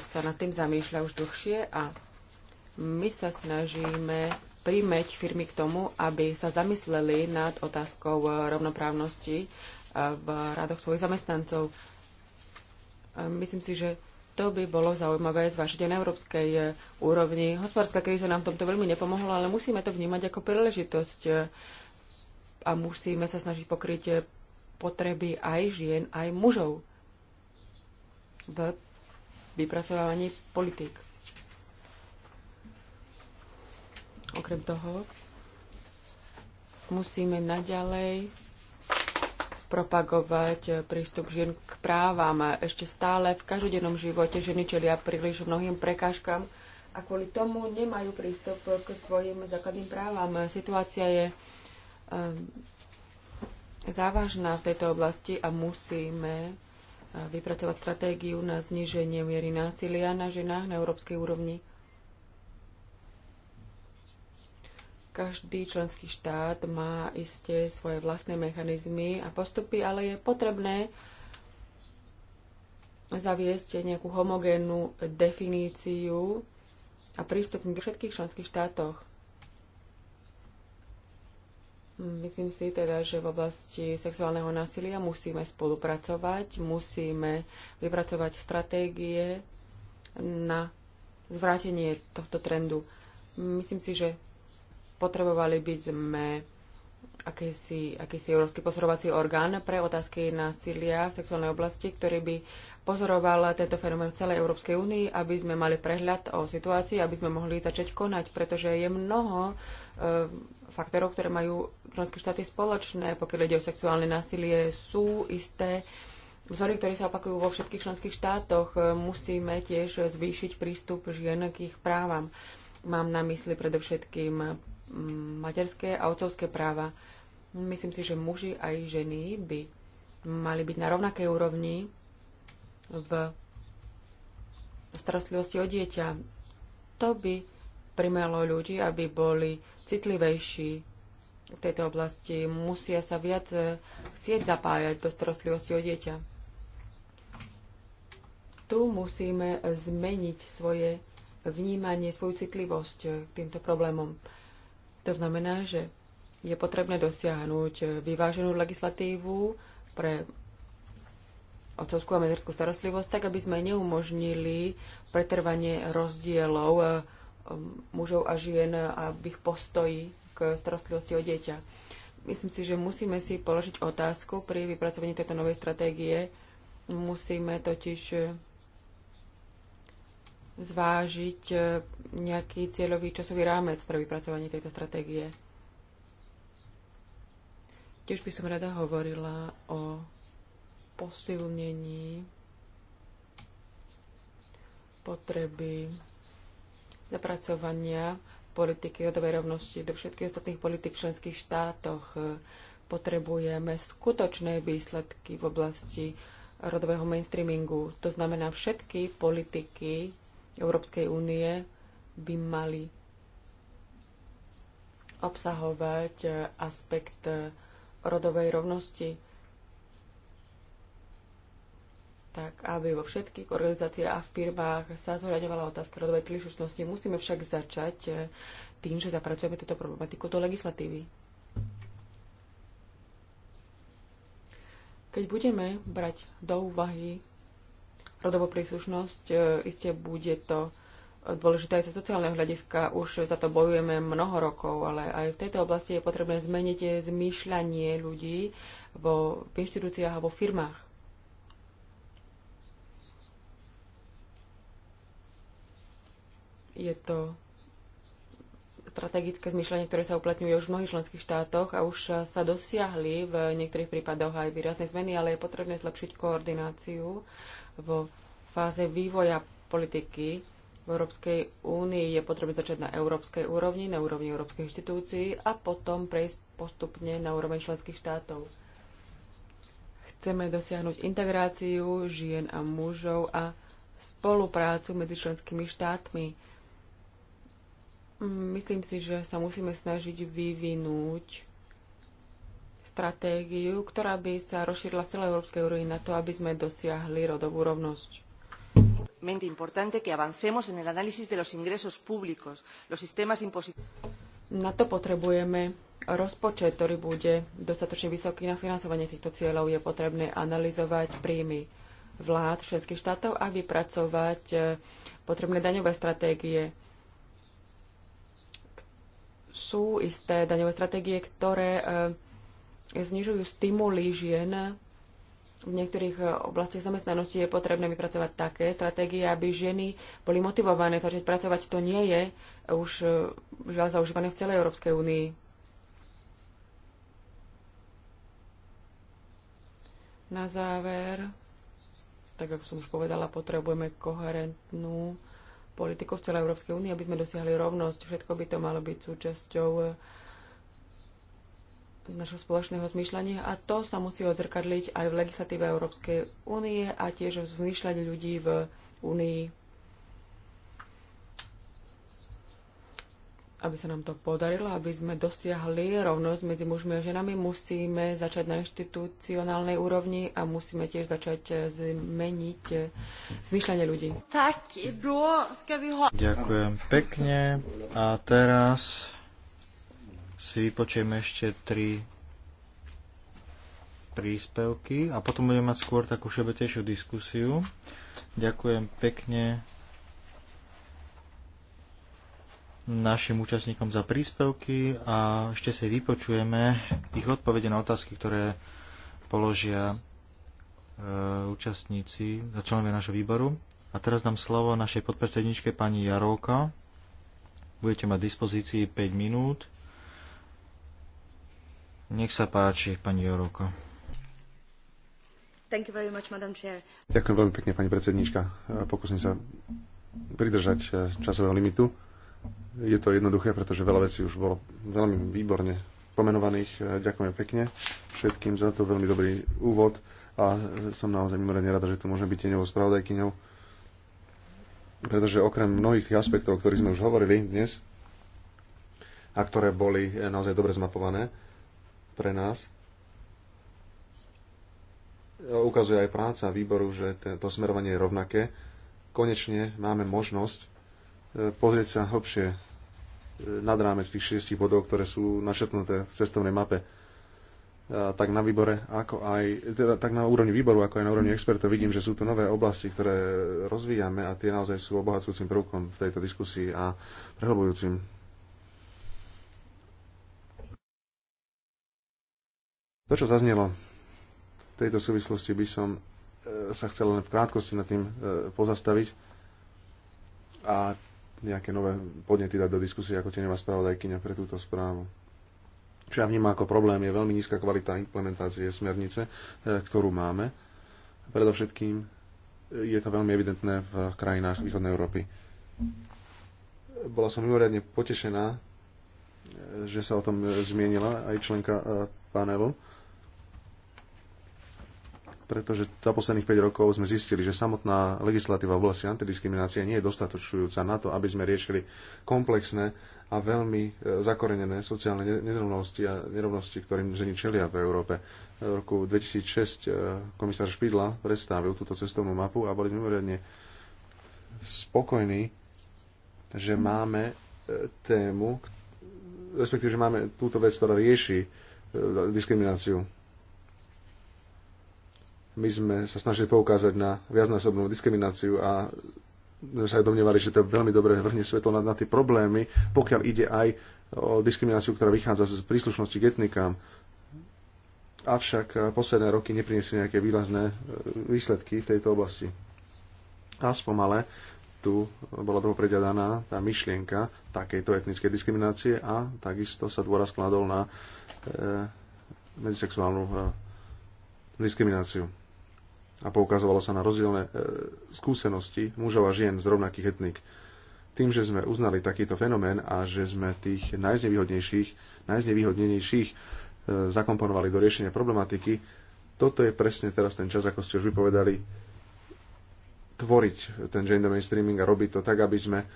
sa nad tým zamýšľa už dlhšie a my sa snažíme prímeť firmy k tomu, aby sa zamysleli nad otázkou eh, rovnoprávnosti eh, v radoch svojich zamestnancov. Eh, myslím si, že to by bolo zaujímavé zvážiť aj na európskej úrovni. Hospodárska kríza nám v tomto veľmi nepomohla, ale musíme to vnímať ako príležitosť a musíme sa snažiť pokryť potreby aj žien, aj mužov v vypracovávaní politik. Okrem toho musíme naďalej propagovať prístup žien k právam. Ešte stále v každodennom živote ženy čelia príliš mnohým prekážkam a kvôli tomu nemajú prístup k svojim základným právam. Situácia je um, závažná v tejto oblasti a musíme eh, vypracovať stratégiu na zníženie miery násilia na ženách na európskej úrovni. Každý členský štát má isté svoje vlastné mechanizmy a postupy, ale je potrebné zaviesť nejakú homogénnu definíciu a prístup k všetkých členských štátoch. Myslím si teda, že v oblasti sexuálneho násilia musíme spolupracovať, musíme vypracovať stratégie na zvrátenie tohto trendu. Myslím si, že Potrebovali by sme akýsi, akýsi európsky pozorovací orgán pre otázky násilia v sexuálnej oblasti, ktorý by pozoroval tento fenomén v celej Európskej únii, aby sme mali prehľad o situácii, aby sme mohli začať konať, pretože je mnoho e, faktorov, ktoré majú členské štáty spoločné, pokiaľ ide o sexuálne násilie, sú isté vzory, ktoré sa opakujú vo všetkých členských štátoch. E, musíme tiež zvýšiť prístup žien k ich právam. Mám na mysli predovšetkým materské a otcovské práva. Myslím si, že muži aj ženy by mali byť na rovnakej úrovni v starostlivosti o dieťa. To by primelo ľudí, aby boli citlivejší v tejto oblasti. Musia sa viac eh, chcieť zapájať do starostlivosti o dieťa. Tu musíme zmeniť svoje vnímanie, svoju citlivosť eh, k týmto problémom. To znamená, že je potrebné dosiahnuť vyváženú legislatívu pre otcovskú a materskú starostlivosť, tak aby sme neumožnili pretrvanie rozdielov eh, mužov a žien a v ich postoji k starostlivosti o dieťa. Myslím si, že musíme si položiť otázku pri vypracovaní tejto novej stratégie. Musíme totiž eh, zvážiť e, nejaký cieľový časový rámec pre vypracovanie tejto stratégie. Tiež by som rada hovorila o posilnení potreby zapracovania politiky rodovej rovnosti do všetkých ostatných politik v členských štátoch. Potrebujeme skutočné výsledky v oblasti rodového mainstreamingu. To znamená všetky politiky Európskej únie by mali obsahovať eh, aspekt eh, rodovej rovnosti, tak aby vo všetkých organizáciách a v firmách sa zohľadovala otázka rodovej príslušnosti. Musíme však začať eh, tým, že zapracujeme túto problematiku do legislatívy. Keď budeme brať do úvahy rodovú príslušnosť. E, Isté bude to dôležité aj zo sociálneho hľadiska. Už za to bojujeme mnoho rokov, ale aj v tejto oblasti je potrebné zmeniť zmýšľanie ľudí vo, v inštitúciách a vo firmách. Je to strategické zmýšľanie, ktoré sa uplatňuje už v mnohých členských štátoch a už sa dosiahli v niektorých prípadoch aj výrazné zmeny, ale je potrebné zlepšiť koordináciu vo fáze vývoja politiky v Európskej únii je potrebné začať na európskej úrovni, na úrovni Európskej inštitúcií a potom prejsť postupne na úroveň členských štátov. Chceme dosiahnuť integráciu žien a mužov a spoluprácu medzi členskými štátmi. Myslím si, že sa musíme snažiť vyvinúť stratégiu, ktorá by sa rozšírila v celej Európskej úrovni na to, aby sme dosiahli rodovú rovnosť. Na to potrebujeme rozpočet, ktorý bude dostatočne vysoký na financovanie týchto cieľov. Je potrebné analyzovať príjmy vlád všetkých štátov a vypracovať e, potrebné daňové stratégie. Sú isté daňové stratégie, ktoré e, znižujú stimuly žien v niektorých eh, oblastiach zamestnanosti je potrebné vypracovať také stratégie, aby ženy boli motivované začať pracovať. To nie je už eh, žiaľ zaužívané v celej Európskej únii. Na záver, tak ako som už povedala, potrebujeme koherentnú politiku v celej Európskej únii, aby sme dosiahli rovnosť. Všetko by to malo byť súčasťou eh, našho spoločného zmýšľania a to sa musí odzrkadliť aj v legislatíve Európskej únie a tiež v zmýšľaní ľudí v únii, aby sa nám to podarilo, aby sme dosiahli rovnosť medzi mužmi a ženami, musíme začať na inštitucionálnej úrovni a musíme tiež začať zmeniť zmyšľanie ľudí. Ďakujem pekne a teraz si vypočujeme ešte tri príspevky a potom budeme mať skôr takú všeobecnejšiu diskusiu. Ďakujem pekne našim účastníkom za príspevky a ešte si vypočujeme ich odpovede na otázky, ktoré položia e, účastníci za členovia našho výboru. A teraz dám slovo našej podpredsedničke pani Jarovka. Budete mať dispozícii 5 minút nech sa páči, pani Joroko. Much, Ďakujem veľmi pekne, pani predsednička. E, pokúsim sa pridržať e, časového limitu. Je to jednoduché, pretože veľa vecí už bolo veľmi výborne pomenovaných. E, ďakujem pekne všetkým za to veľmi dobrý úvod a som naozaj mimoriadne rada, že tu môžem byť tieňovou spravodajkyňou, pretože okrem mnohých tých aspektov, o ktorých sme už hovorili dnes a ktoré boli naozaj dobre zmapované, pre nás. Ukazuje aj práca výboru, že to smerovanie je rovnaké. Konečne máme možnosť e, pozrieť sa hlbšie e, nad rámec tých šiestich bodov, ktoré sú našetnuté v cestovnej mape tak na výbore, ako aj, teda, tak na úrovni výboru, ako aj na úrovni expertov vidím, že sú tu nové oblasti, ktoré rozvíjame a tie naozaj sú obohacujúcim prvkom v tejto diskusii a prehlbujúcim To, čo zaznelo v tejto súvislosti, by som e, sa chcel len v krátkosti nad tým e, pozastaviť a nejaké nové podnety dať do diskusie ako tenová spravodajkyňa pre túto správu. Čo ja vnímam ako problém je veľmi nízka kvalita implementácie smernice, e, ktorú máme. Predovšetkým je to veľmi evidentné v krajinách východnej Európy. Bola som mimoriadne potešená, že sa o tom zmienila aj členka panelu pretože za posledných 5 rokov sme zistili, že samotná legislatíva v oblasti antidiskriminácie nie je dostatočujúca na to, aby sme riešili komplexné a veľmi e, zakorenené sociálne nerovnosti a nerovnosti, ktorým ženy čelia v Európe. V roku 2006 e, komisár Špidla predstavil túto cestovnú mapu a boli sme mimoriadne spokojní, že máme e, tému, respektíve, že máme túto vec, ktorá rieši diskrimináciu my sme sa snažili poukázať na viacnásobnú diskrimináciu a sme sa aj domnievali, že to je veľmi dobre vrhne svetlo na, na tie problémy, pokiaľ ide aj o diskrimináciu, ktorá vychádza z príslušnosti k etnikám. Avšak posledné roky nepriniesli nejaké výrazné e, výsledky v tejto oblasti. Aspoň ale tu bola toho tá myšlienka takejto etnickej diskriminácie a takisto sa dôraz kladol na e, medzisexuálnu e, diskrimináciu a poukazovalo sa na rozdielne e, skúsenosti mužov a žien z rovnakých etník. Tým, že sme uznali takýto fenomén a že sme tých najznevýhodnejších, najznevýhodnenejších e, zakomponovali do riešenia problematiky, toto je presne teraz ten čas, ako ste už vypovedali, tvoriť ten gender mainstreaming a robiť to tak, aby sme e,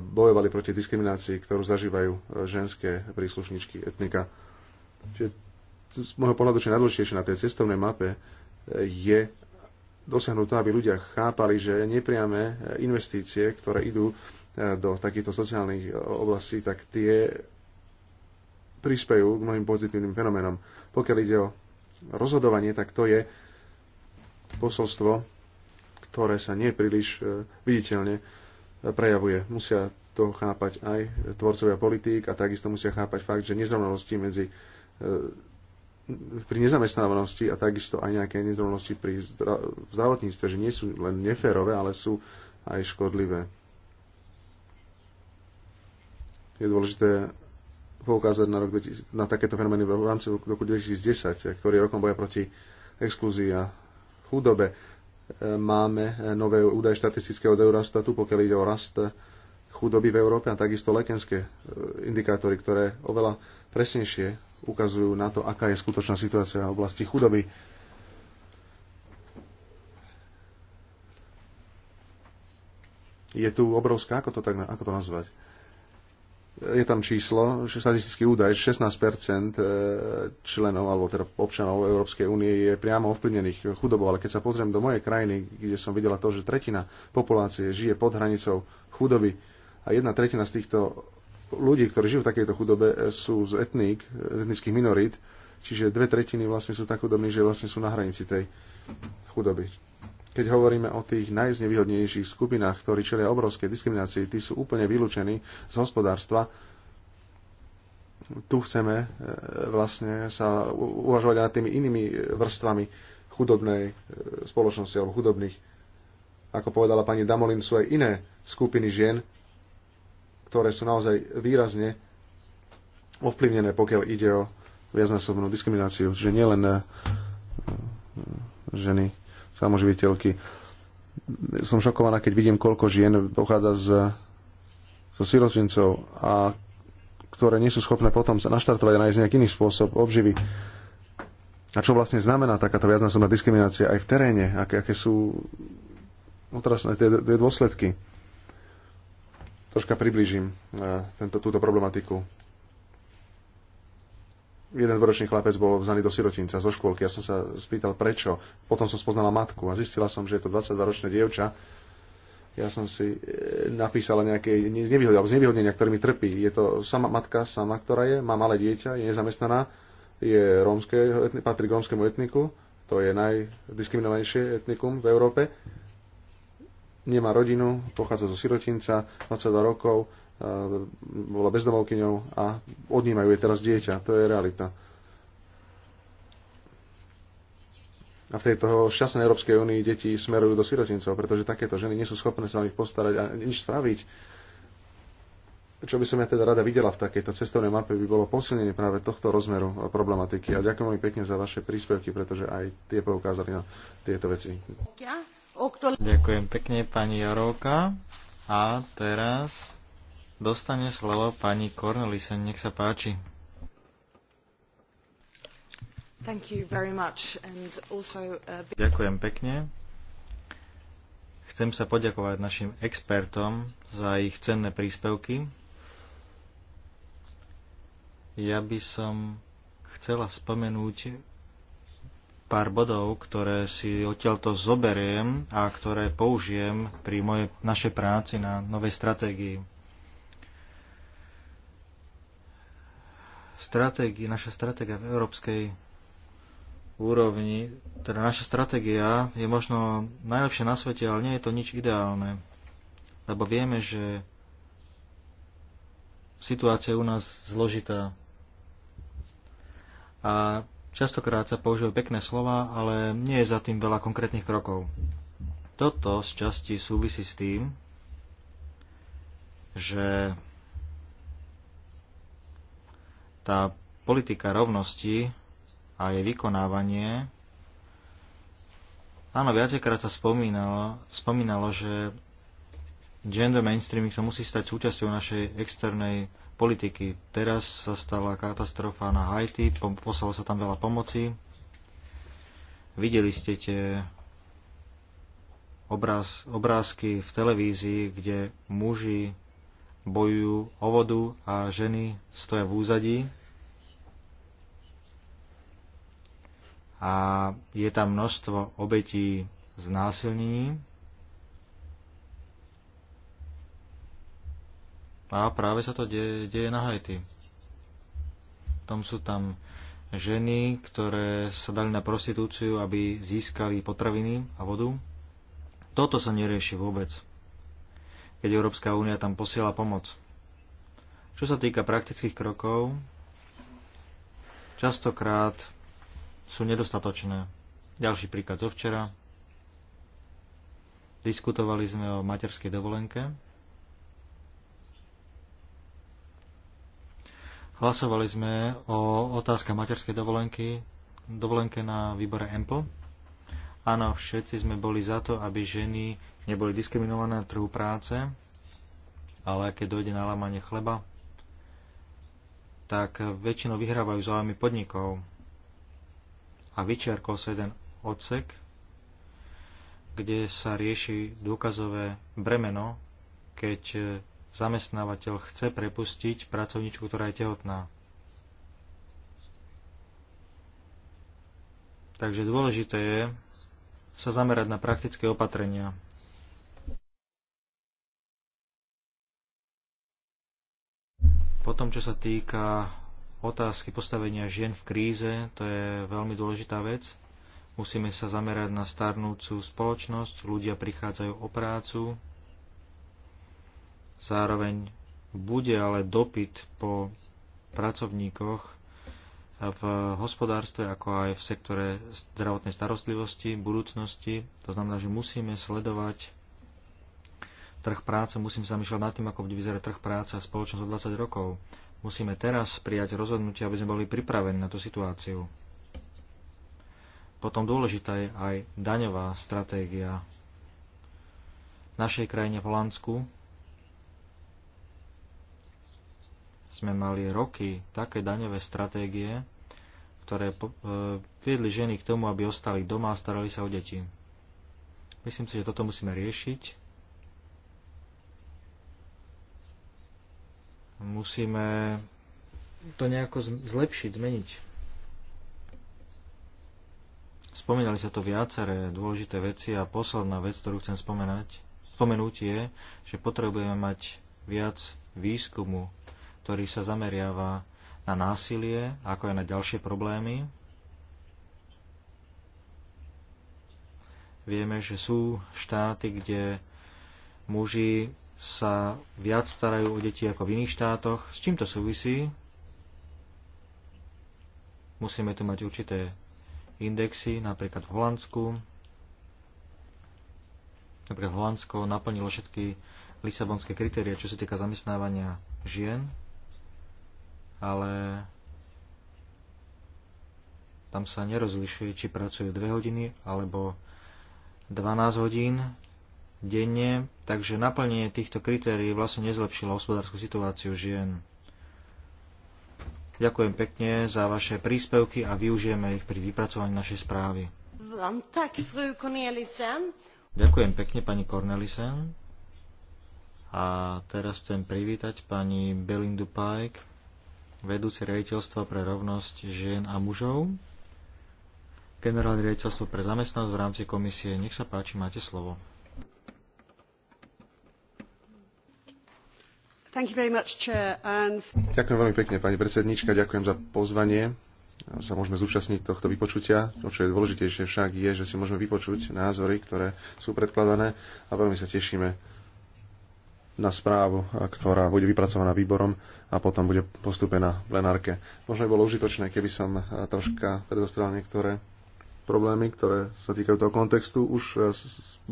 bojovali proti diskriminácii, ktorú zažívajú ženské príslušničky etnika. Čiže z môjho pohľadu, čo najdôležitejšie na tej cestovnej mape je, dosiahnutá, aby ľudia chápali, že nepriame eh, investície, ktoré idú eh, do takýchto sociálnych eh, oblastí, tak tie prispejú k mnohým pozitívnym fenoménom. Pokiaľ ide o rozhodovanie, tak to je posolstvo, ktoré sa nie príliš viditeľne prejavuje. Musia to chápať aj tvorcovia politík a takisto musia chápať fakt, že nezrovnalosti medzi pri nezamestnávanosti a takisto aj nejaké nezrovnosti pri zdravotníctve, že nie sú len neférové, ale sú aj škodlivé. Je dôležité poukázať na, rok 2000, na takéto fenomény v rámci roku 2010, ktorý je rokom boja proti exklúzii a chudobe. Máme nové údaje štatistického od Eurostatu, pokiaľ ide o rast chudoby v Európe a takisto lekenské eh, indikátory, ktoré oveľa presnejšie ukazujú na to, aká je skutočná situácia v oblasti chudoby. Je tu obrovská, ako to, tak, ako to nazvať? je tam číslo, statistický údaj, 16% e, členov, alebo teda občanov Európskej únie je priamo ovplyvnených chudobou, ale keď sa pozriem do mojej krajiny, kde som videla to, že tretina populácie žije pod hranicou chudoby a jedna tretina z týchto ľudí, ktorí žijú v takejto chudobe, e, sú z etník, z etnických minorít, čiže dve tretiny vlastne sú tak chudobní, že vlastne sú na hranici tej chudoby. Keď hovoríme o tých najznevýhodnejších skupinách, ktorí čelia obrovskej diskriminácii, tí sú úplne vylúčení z hospodárstva. Tu chceme e, vlastne sa uvažovať nad tými inými vrstvami chudobnej e, spoločnosti alebo chudobných. Ako povedala pani Damolin, sú aj iné skupiny žien, ktoré sú naozaj výrazne ovplyvnené, pokiaľ ide o viacnásobnú diskrimináciu. Čiže nielen eh, ženy, samoživiteľky. Som šokovaná, keď vidím, koľko žien pochádza z, zo sirotincov a ktoré nie sú schopné potom sa naštartovať a nájsť nejaký iný spôsob obživy. A čo vlastne znamená takáto viacnásobná diskriminácia aj v teréne? Aké, aké sú otrasné no tie, tie dôsledky? troška priblížim e, tento, túto problematiku. Jeden dvoročný chlapec bol vzaný do sirotinca zo škôlky. Ja som sa spýtal, prečo. Potom som spoznala matku a zistila som, že je to 22-ročné dievča. Ja som si e, napísala nejaké nevýhody, alebo znevýhodnenia, ktorými trpí. Je to sama matka, sama, ktorá je, má malé dieťa, je nezamestnaná, je rómske, patrí k rómskemu etniku, to je najdiskriminovanejšie etnikum v Európe nemá rodinu, pochádza zo sirotinca, 22 rokov, eh, bola bezdomovkyňou a odnímajú jej teraz dieťa. To je realita. A v tejto šťastnej Európskej únii deti smerujú do sirotincov, pretože takéto ženy nie sú schopné sa o nich postarať a nič spraviť. Čo by som ja teda rada videla v takejto cestovnej mape, by bolo posilnenie práve tohto rozmeru problematiky. A ďakujem veľmi pekne za vaše príspevky, pretože aj tie poukázali na tieto veci. Ďakujem pekne pani Jarovka. A teraz dostane slovo pani Cornelisen. Nech sa páči. Also... Uh, Ďakujem pekne. Chcem sa poďakovať našim expertom za ich cenné príspevky. Ja by som chcela spomenúť pár bodov, ktoré si odtiaľto zoberiem a ktoré použijem pri mojej, našej práci na novej stratégii. Stratégia, naša stratégia v európskej úrovni, teda naša stratégia je možno najlepšia na svete, ale nie je to nič ideálne. Lebo vieme, že situácia je u nás zložitá. A Častokrát sa používajú pekné slova, ale nie je za tým veľa konkrétnych krokov. Toto z časti súvisí s tým, že tá politika rovnosti a jej vykonávanie Áno, viacejkrát sa spomínalo, spomínalo, že gender mainstreaming sa musí stať súčasťou našej externej politiky. Teraz sa stala katastrofa na Haiti, poslalo sa tam veľa pomoci. Videli ste tie obráz, obrázky v televízii, kde muži bojujú o vodu a ženy stoja v úzadí. A je tam množstvo obetí znásilnení. A práve sa to deje, deje na Haiti. Tom sú tam ženy, ktoré sa dali na prostitúciu, aby získali potraviny a vodu. Toto sa nerieši vôbec, keď Európska únia tam posiela pomoc. Čo sa týka praktických krokov, častokrát sú nedostatočné. Ďalší príklad zo včera. Diskutovali sme o materskej dovolenke, Hlasovali sme o otázka materskej dovolenky, dovolenke na výbore EMPO. Áno, všetci sme boli za to, aby ženy neboli diskriminované na trhu práce, ale keď dojde na lámanie chleba, tak väčšinou vyhrávajú záujmy podnikov. A vyčerkol sa jeden odsek, kde sa rieši dôkazové bremeno, keď zamestnávateľ chce prepustiť pracovničku, ktorá je tehotná. Takže dôležité je sa zamerať na praktické opatrenia. Potom, čo sa týka otázky postavenia žien v kríze, to je veľmi dôležitá vec. Musíme sa zamerať na starnúcu spoločnosť, ľudia prichádzajú o prácu, Zároveň bude ale dopyt po pracovníkoch v hospodárstve, ako aj v sektore zdravotnej starostlivosti, budúcnosti. To znamená, že musíme sledovať trh práce, musím sa zamýšľať nad tým, ako bude vyzerať trh práce a spoločnosť o 20 rokov. Musíme teraz prijať rozhodnutie, aby sme boli pripravení na tú situáciu. Potom dôležitá je aj daňová stratégia. V našej krajine v Holandsku sme mali roky také daňové stratégie, ktoré e, viedli ženy k tomu, aby ostali doma a starali sa o deti. Myslím si, že toto musíme riešiť. Musíme to nejako zlepšiť, zmeniť. Spomínali sa tu viaceré dôležité veci a posledná vec, ktorú chcem spomenať, spomenúť je, že potrebujeme mať viac výskumu ktorý sa zameriava na násilie, ako aj na ďalšie problémy. Vieme, že sú štáty, kde muži sa viac starajú o deti ako v iných štátoch. S čím to súvisí? Musíme tu mať určité indexy, napríklad v Holandsku. Napríklad Holandsko naplnilo všetky lisabonské kritéria, čo sa týka zamestnávania žien ale tam sa nerozlišuje, či pracuje 2 hodiny alebo 12 hodín denne, takže naplnenie týchto kritérií vlastne nezlepšilo hospodárskú situáciu žien. Ďakujem pekne za vaše príspevky a využijeme ich pri vypracovaní našej správy. Ďakujem pekne pani Cornelisen. A teraz chcem privítať pani Belindu Pike, vedúci riaditeľstva pre rovnosť žien a mužov, generálne riaditeľstvo pre zamestnanosť v rámci komisie. Nech sa páči, máte slovo. Much, chair, and... Ďakujem veľmi pekne, pani predsednička, ďakujem za pozvanie sa môžeme zúčastniť tohto vypočutia. To, čo je dôležitejšie však, je, že si môžeme vypočuť názory, ktoré sú predkladané a veľmi sa tešíme na správu, ktorá bude vypracovaná výborom a potom bude postúpená plenárke. Možno by bolo užitočné, keby som e, troška predostrel niektoré problémy, ktoré sa týkajú toho kontextu. Už e,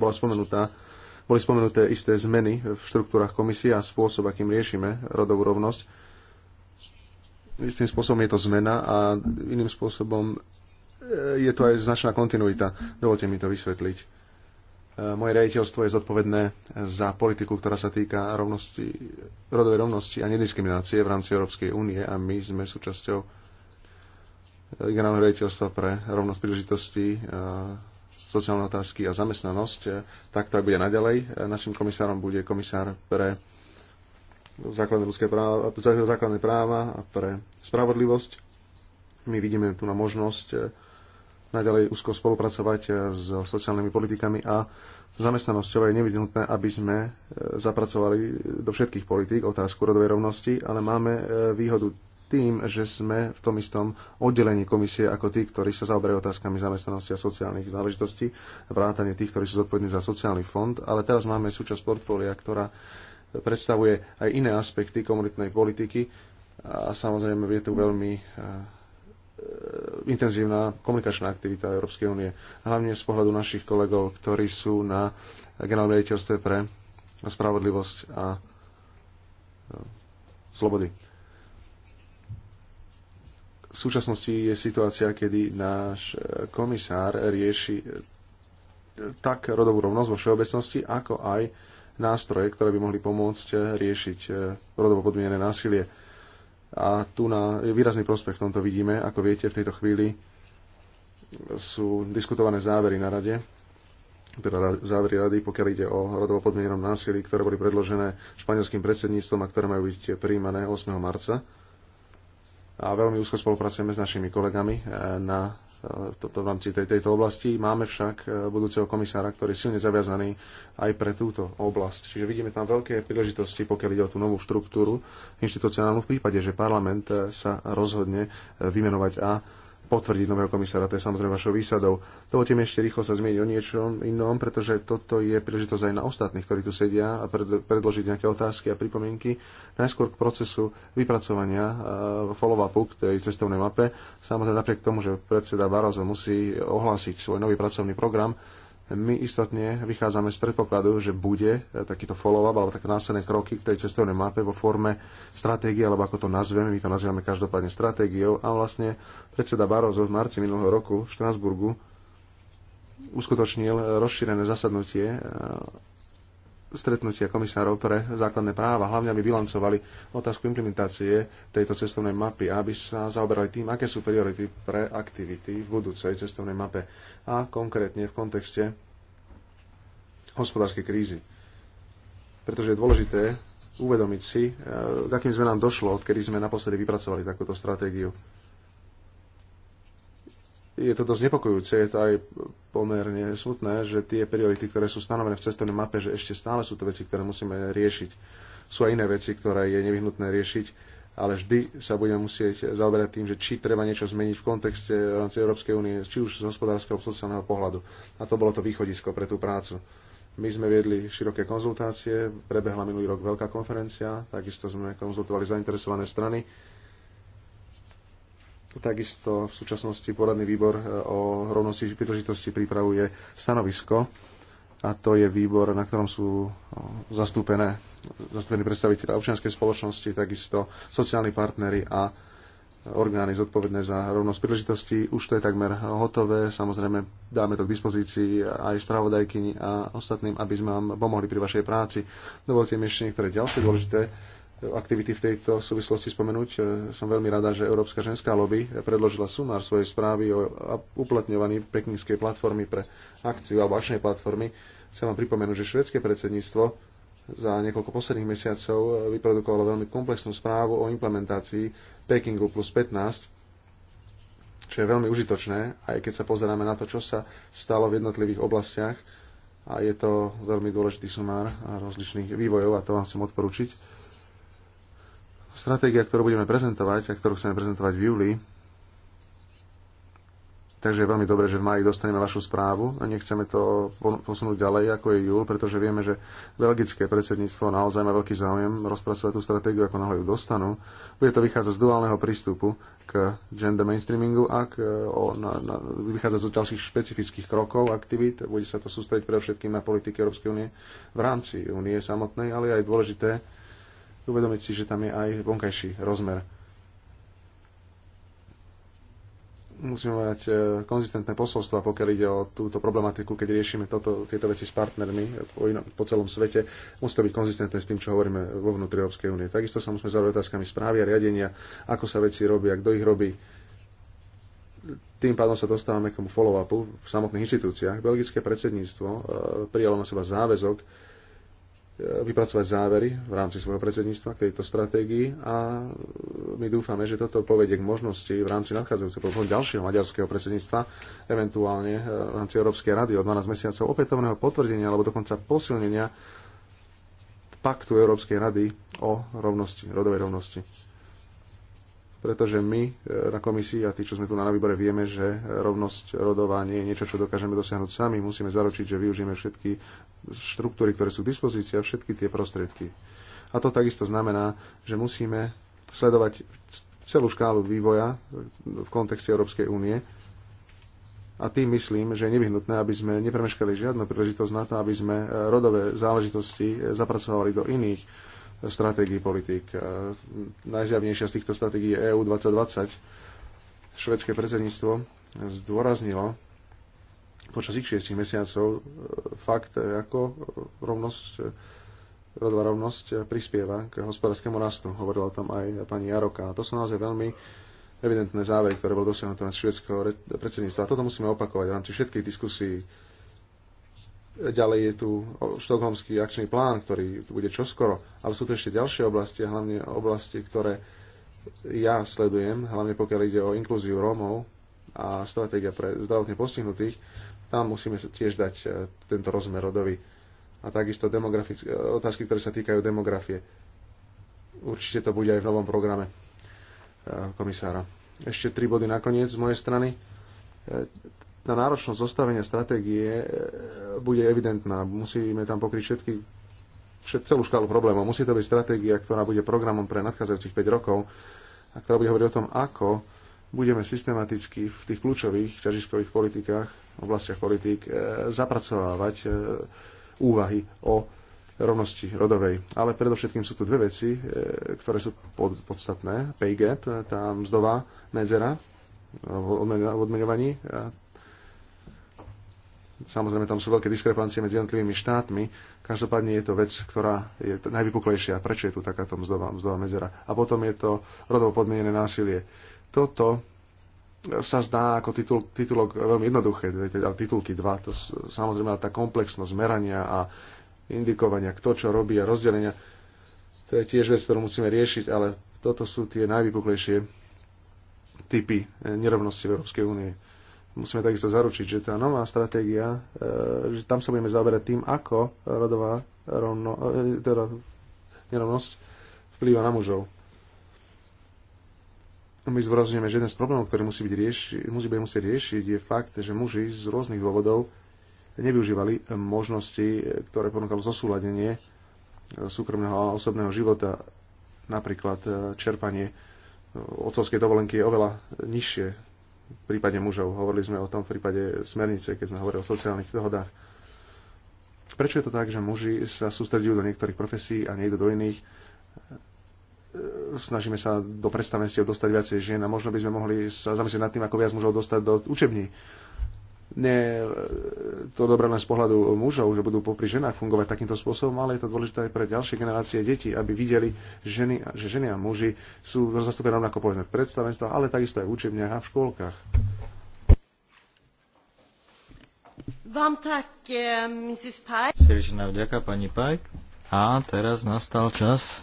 bola spomenutá, boli spomenuté isté zmeny v štruktúrach komisie a spôsob, akým riešime rodovú rovnosť. Istým spôsobom je to zmena a iným spôsobom e, je to aj značná kontinuita. Dovolte mi to vysvetliť E, moje riaditeľstvo je zodpovedné za politiku, ktorá sa týka rovnosti, rodovej rovnosti a nediskriminácie v rámci Európskej únie a my sme súčasťou e, generálneho rejiteľstva pre rovnosť príležitostí, e, sociálne otázky a zamestnanosť. Takto aj bude naďalej. Našim komisárom bude komisár pre základné, ľudské práva, základné práva a pre spravodlivosť. My vidíme tu na možnosť naďalej úzko spolupracovať e, s sociálnymi politikami a zamestnanosťou je nevyhnutné, aby sme e, zapracovali do všetkých politík otázku rodovej rovnosti, ale máme e, výhodu tým, že sme v tom istom oddelení komisie ako tí, ktorí sa zaoberajú otázkami zamestnanosti a sociálnych záležitostí, vrátane tých, ktorí sú zodpovední za sociálny fond, ale teraz máme súčasť portfólia, ktorá predstavuje aj iné aspekty komunitnej politiky a samozrejme je tu veľmi E, intenzívna komunikačná aktivita Európskej únie, hlavne z pohľadu našich kolegov, ktorí sú na generálnom riaditeľstve pre spravodlivosť a e, slobody. V súčasnosti je situácia, kedy náš e, komisár rieši tak rodovú rovnosť vo všeobecnosti, ako aj nástroje, ktoré by mohli pomôcť riešiť rodovo podmienené násilie a tu na výrazný prospech v tomto vidíme. Ako viete, v tejto chvíli sú diskutované závery na rade, teda závery rady, pokiaľ ide o rodovo podmienenom násilí, ktoré boli predložené španielským predsedníctvom a ktoré majú byť príjmané 8. marca. A veľmi úzko spolupracujeme s našimi kolegami eh, na toto v rámci tej, tejto oblasti. Máme však e, budúceho komisára, ktorý je silne zaviazaný aj pre túto oblasť. Čiže vidíme tam veľké príležitosti, pokiaľ ide o tú novú štruktúru inštitucionálnu v prípade, že parlament e, sa rozhodne e, vymenovať a potvrdiť nového komisára. To je samozrejme vašou výsadou. Dovolte mi ešte rýchlo sa zmieniť o niečom inom, pretože toto je príležitosť aj na ostatných, ktorí tu sedia a predložiť nejaké otázky a pripomienky. Najskôr k procesu vypracovania e, follow-upu k tej cestovnej mape. Samozrejme napriek tomu, že predseda Barozo musí ohlásiť svoj nový pracovný program, my istotne vychádzame z predpokladu, že bude e, takýto follow-up alebo také následné kroky k tej cestovnej mape vo forme stratégie, alebo ako to nazveme, my to nazývame každopádne stratégiou. A vlastne predseda Barozo v marci minulého roku v Štrasburgu uskutočnil rozšírené zasadnutie e, stretnutia komisárov pre základné práva, hlavne aby bilancovali otázku implementácie tejto cestovnej mapy, aby sa zaoberali tým, aké sú priority pre aktivity v budúcej cestovnej mape a konkrétne v kontexte hospodárskej krízy. Pretože je dôležité uvedomiť si, e, k akým zmenám došlo, odkedy sme naposledy vypracovali takúto stratégiu je to dosť nepokojúce, je to aj pomerne smutné, že tie priority, ktoré sú stanovené v cestovnej mape, že ešte stále sú to veci, ktoré musíme riešiť. Sú aj iné veci, ktoré je nevyhnutné riešiť, ale vždy sa budeme musieť zaoberať tým, že či treba niečo zmeniť v kontexte v rámci Európskej únie, či už z hospodárskeho, sociálneho pohľadu. A to bolo to východisko pre tú prácu. My sme viedli široké konzultácie, prebehla minulý rok veľká konferencia, takisto sme konzultovali zainteresované strany Takisto v súčasnosti poradný výbor e, o rovnosti príležitosti pripravuje stanovisko a to je výbor, na ktorom sú e, zastúpené, zastúpení predstaviteľa občianskej spoločnosti, takisto sociálni partnery a orgány zodpovedné za rovnosť príležitosti. Už to je takmer hotové. Samozrejme, dáme to k dispozícii aj spravodajkyni a ostatným, aby sme vám pomohli pri vašej práci. Dovolte mi ešte niektoré ďalšie dôležité aktivity v tejto súvislosti spomenúť. E, som veľmi rada, že Európska ženská lobby predložila sumár svojej správy o uplatňovaní pekinskej platformy pre akciu alebo akčnej platformy. Chcem vám pripomenúť, že švedské predsedníctvo za niekoľko posledných mesiacov e, vyprodukovalo veľmi komplexnú správu o implementácii Pekingu plus 15, čo je veľmi užitočné, aj keď sa pozeráme na to, čo sa stalo v jednotlivých oblastiach. A je to veľmi dôležitý sumár rozličných vývojov a to vám chcem odporúčiť Stratégia, ktorú budeme prezentovať a ktorú chceme prezentovať v júli, takže je veľmi dobré, že v maji dostaneme vašu správu a nechceme to posunúť ďalej, ako je júl, pretože vieme, že belgické predsedníctvo naozaj má veľký záujem rozpracovať tú stratégiu, ako náhle ju dostanú. Bude to vychádzať z duálneho prístupu k gender mainstreamingu a k, e, o, na, na, vychádza z ďalších špecifických krokov, aktivít. Bude sa to sústrediť všetkým na politiky Európskej únie v rámci únie samotnej, ale aj dôležité uvedomiť si, že tam je aj vonkajší rozmer. Musíme mať e, konzistentné posolstva, pokiaľ ide o túto problematiku, keď riešime toto, tieto veci s partnermi po, inom, po celom svete. Musí to byť konzistentné s tým, čo hovoríme vo vnútri Európskej únie. Takisto sa musíme zaujať otázkami správy a riadenia, ako sa veci robia, kto ich robí tým pádom sa dostávame k tomu follow-upu v samotných inštitúciách. Belgické predsedníctvo e, prijalo na seba záväzok vypracovať závery v rámci svojho predsedníctva k tejto stratégii a my dúfame, že toto povedie k možnosti v rámci nadchádzajúceho potom ďalšieho maďarského predsedníctva, eventuálne e, v rámci Európskej rady o 12 mesiacov opätovného potvrdenia alebo dokonca posilnenia paktu Európskej rady o rovnosti, rodovej rovnosti pretože my e, na komisii a tí, čo sme tu na výbore, vieme, že rovnosť rodová nie je niečo, čo dokážeme dosiahnuť sami. Musíme zaručiť, že využijeme všetky štruktúry, ktoré sú k dispozícii a všetky tie prostriedky. A to takisto znamená, že musíme sledovať celú škálu vývoja v kontexte Európskej únie. A tým myslím, že je nevyhnutné, aby sme nepremeškali žiadnu príležitosť na to, aby sme rodové záležitosti zapracovali do iných stratégií politík. Najzjavnejšia z týchto stratégií je EU 2020. Švedské predsedníctvo zdôraznilo počas ich šiestich mesiacov e, fakt, e, ako rovnosť, e, rodová rovnosť prispieva k hospodárskému rastu. Hovorila tam aj pani Jaroka. A to sú naozaj veľmi evidentné závery, ktoré bol dosiahnuté na švedského predsedníctva. A toto musíme opakovať v rámci všetkých diskusí Ďalej je tu štokholmský akčný plán, ktorý bude čoskoro, ale sú tu ešte ďalšie oblasti, hlavne oblasti, ktoré ja sledujem, hlavne pokiaľ ide o inklúziu Rómov a stratégia pre zdravotne postihnutých. Tam musíme tiež dať e, tento rozmer rodový. A takisto e, otázky, ktoré sa týkajú demografie. Určite to bude aj v novom programe e, komisára. Ešte tri body nakoniec z mojej strany tá náročnosť zostavenia stratégie e, bude evidentná. Musíme tam pokryť všetky, všet, celú škálu problémov. Musí to byť stratégia, ktorá bude programom pre nadchádzajúcich 5 rokov a ktorá bude hovoriť o tom, ako budeme systematicky v tých kľúčových ťažiskových politikách, oblastiach politík e, zapracovávať e, úvahy o rovnosti rodovej. Ale predovšetkým sú tu dve veci, ktoré sú pod, podstatné. Pay gap, tá mzdová medzera v odmeňovaní, Samozrejme, tam sú veľké diskrepancie medzi jednotlivými štátmi. Každopádne je to vec, ktorá je najvypuklejšia. Prečo je tu takáto mzdová, mzdová medzera? A potom je to rodovo podmienené násilie. Toto e, sa zdá ako titul, titulok veľmi jednoduché, teda titulky 2, to samozrejme tá komplexnosť merania a indikovania, kto čo robí a rozdelenia, to je tiež vec, ktorú musíme riešiť, ale toto sú tie najvypuklejšie typy e, nerovnosti v Európskej únie musíme takisto zaručiť, že tá nová stratégia, e, že tam sa budeme zaoberať tým, ako rodová rovno, e, teda nerovnosť vplýva na mužov. My zvrazujeme, že jeden z problémov, ktorý musí, byť rieši, musí byť musieť riešiť, je fakt, že muži z rôznych dôvodov nevyužívali možnosti, ktoré ponúkalo zosúladenie súkromného a osobného života, napríklad e, čerpanie otcovskej dovolenky je oveľa nižšie v prípade mužov. Hovorili sme o tom v prípade smernice, keď sme hovorili o sociálnych dohodách. Prečo je to tak, že muži sa sústredujú do niektorých profesí a nejdu do iných? Snažíme sa do predstavenstiev dostať viacej žien a možno by sme mohli sa zamyslieť nad tým, ako viac mužov dostať do učební nie to dobré len z pohľadu mužov, že budú popri ženách fungovať takýmto spôsobom, ale je to dôležité aj pre ďalšie generácie detí, aby videli, ženy, že ženy a muži sú zastúpené rovnako povedzme v predstavenstvách, ale takisto aj v učebniach a v škôlkach. Vám tak, eh, Mrs. Pike. Srdečná vďaka, pani Pike. A teraz nastal čas,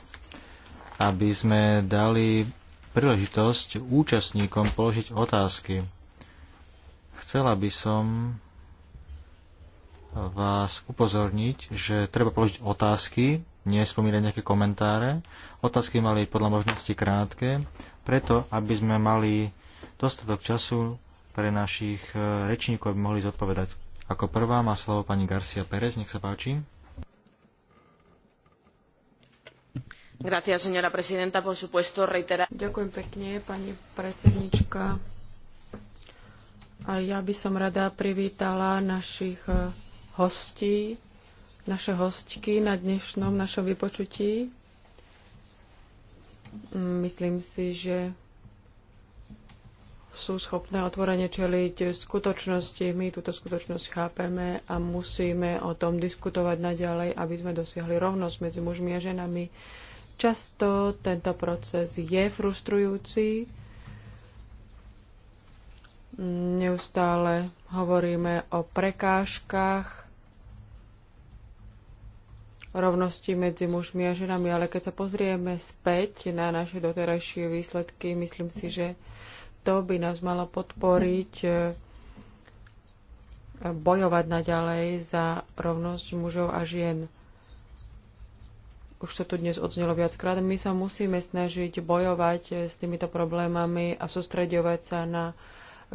aby sme dali príležitosť účastníkom položiť otázky. Chcela by som vás upozorniť, že treba položiť otázky, nespomínať nejaké komentáre. Otázky mali podľa možnosti krátke, preto aby sme mali dostatok času pre našich e, rečníkov, aby mohli zodpovedať. Ako prvá má slovo pani Garcia Pérez, nech sa páči. Gracias, señora presidenta. Por supuesto, reiterar. Ďakujem pekne, pani predsednička. A ja by som rada privítala našich eh, hostí, naše hostky na dnešnom našom vypočutí. Myslím si, že sú schopné otvorene čeliť skutočnosti. My túto skutočnosť chápeme a musíme o tom diskutovať naďalej, aby sme dosiahli rovnosť medzi mužmi a ženami. Často tento proces je frustrujúci, Neustále hovoríme o prekážkach rovnosti medzi mužmi a ženami, ale keď sa pozrieme späť na naše doterajšie výsledky, myslím si, že to by nás malo podporiť e, bojovať naďalej za rovnosť mužov a žien. Už to tu dnes odznelo viackrát. My sa musíme snažiť bojovať e, s týmito problémami a sústredovať sa na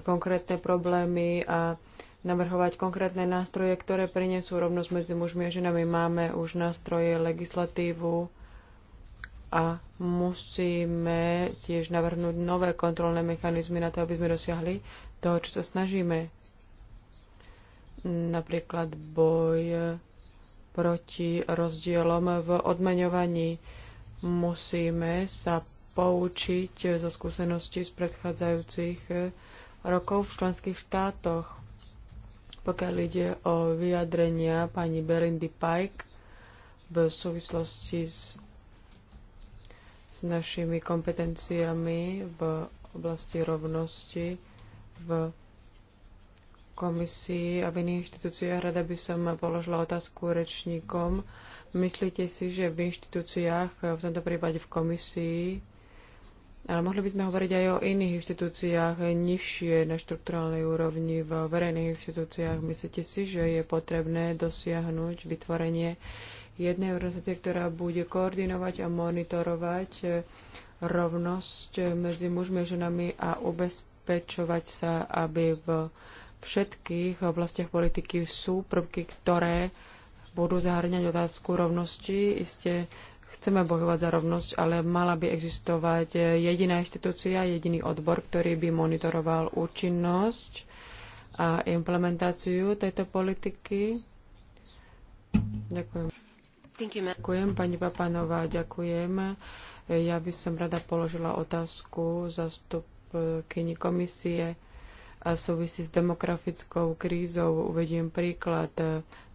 konkrétne problémy a navrhovať konkrétne nástroje, ktoré prinesú rovnosť medzi mužmi a ženami. Máme už nástroje, legislatívu a musíme tiež navrhnúť nové kontrolné mechanizmy na to, aby sme dosiahli toho, čo sa snažíme. Napríklad boj proti rozdielom v odmeňovaní. Musíme sa poučiť zo skúseností z predchádzajúcich rokov v členských štátoch. Pokiaľ ide o vyjadrenia pani Berindy Pike v súvislosti s, s našimi kompetenciami v oblasti rovnosti v komisii a v iných inštitúciách, rada by som položila otázku rečníkom. Myslíte si, že v inštitúciách, v tomto prípade v komisii, ale mohli by sme hovoriť aj o iných inštitúciách nižšie na štrukturálnej úrovni v verejných inštitúciách. Myslíte si, že je potrebné dosiahnuť vytvorenie jednej organizácie, ktorá bude koordinovať a monitorovať e, rovnosť medzi mužmi a ženami a ubezpečovať sa, aby v všetkých oblastiach politiky sú prvky, ktoré budú zahrňať otázku rovnosti. Isté Chceme bojovať za rovnosť, ale mala by existovať jediná inštitúcia, jediný odbor, ktorý by monitoroval účinnosť a implementáciu tejto politiky. Ďakujem. Ďakujem, pani Papanová, ďakujem. Ja by som rada položila otázku zastupkyni komisie a súvisí s demografickou krízou. Uvediem príklad.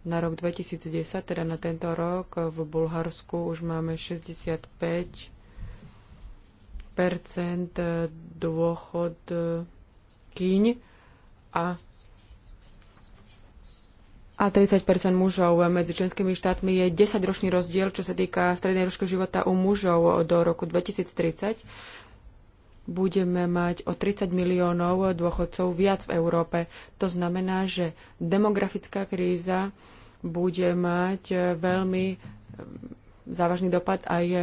Na rok 2010, teda na tento rok, v Bulharsku už máme 65 dôchod e, kyň a a 30 mužov. Medzi členskými štátmi je 10-ročný rozdiel, čo sa týka strednej ročky života u mužov do roku 2030 budeme mať o 30 miliónov dôchodcov viac v Európe. To znamená, že demografická kríza bude mať e, veľmi e, závažný dopad aj e,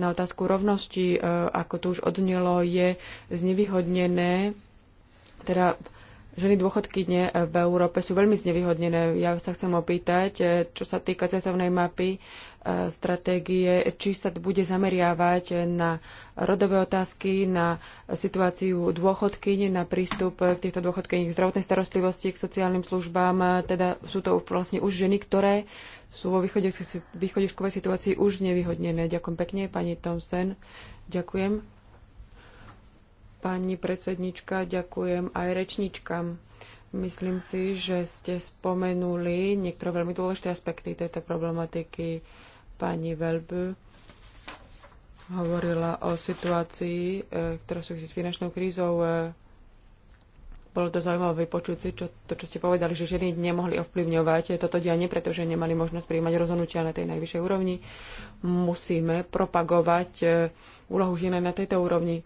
na otázku rovnosti, ako to už odnelo, je znevýhodnené, teda Ženy dne v Európe sú veľmi znevýhodnené. Ja sa chcem opýtať, e, čo sa týka cestovnej mapy, e, stratégie, či sa bude zameriavať na rodové otázky, na situáciu dôchodkyň, na prístup k týchto dôchodkyň k zdravotnej starostlivosti, k sociálnym službám. E, teda sú to vlastne už ženy, ktoré sú vo východiskovej situácii už znevýhodnené. Ďakujem pekne, pani Thompson. Ďakujem. Pani predsednička, ďakujem aj rečničkám. Myslím si, že ste spomenuli niektoré veľmi dôležité aspekty tejto problematiky. Pani Velbu hovorila o situácii, e, ktorá súvisí s finančnou krízou. E, bolo to zaujímavé vypočuť si čo, to, čo ste povedali, že ženy nemohli ovplyvňovať toto dianie, pretože nemali možnosť prijímať rozhodnutia na tej najvyššej úrovni. Musíme propagovať e, úlohu žien na tejto úrovni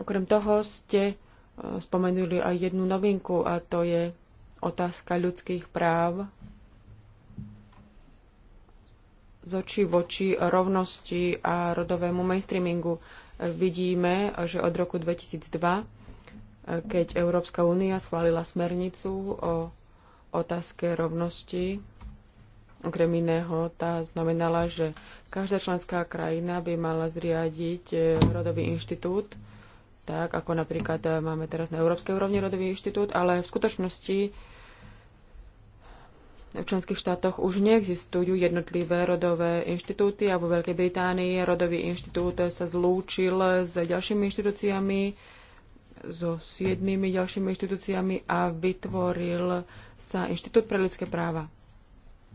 Okrem toho ste e, spomenuli aj jednu novinku a to je otázka ľudských práv z očí voči rovnosti a rodovému mainstreamingu. Vidíme, že od roku 2002, e, keď Európska únia schválila smernicu o otázke rovnosti, okrem iného, tá znamenala, že každá členská krajina by mala zriadiť e, rodový inštitút, tak ako napríklad eh, máme teraz na európskej úrovni rodový inštitút, ale v skutočnosti v členských štátoch už neexistujú jednotlivé rodové inštitúty a vo Veľkej Británii rodový inštitút sa zlúčil s ďalšími inštitúciami, so siedmými ďalšími inštitúciami a vytvoril sa Inštitút pre ľudské práva.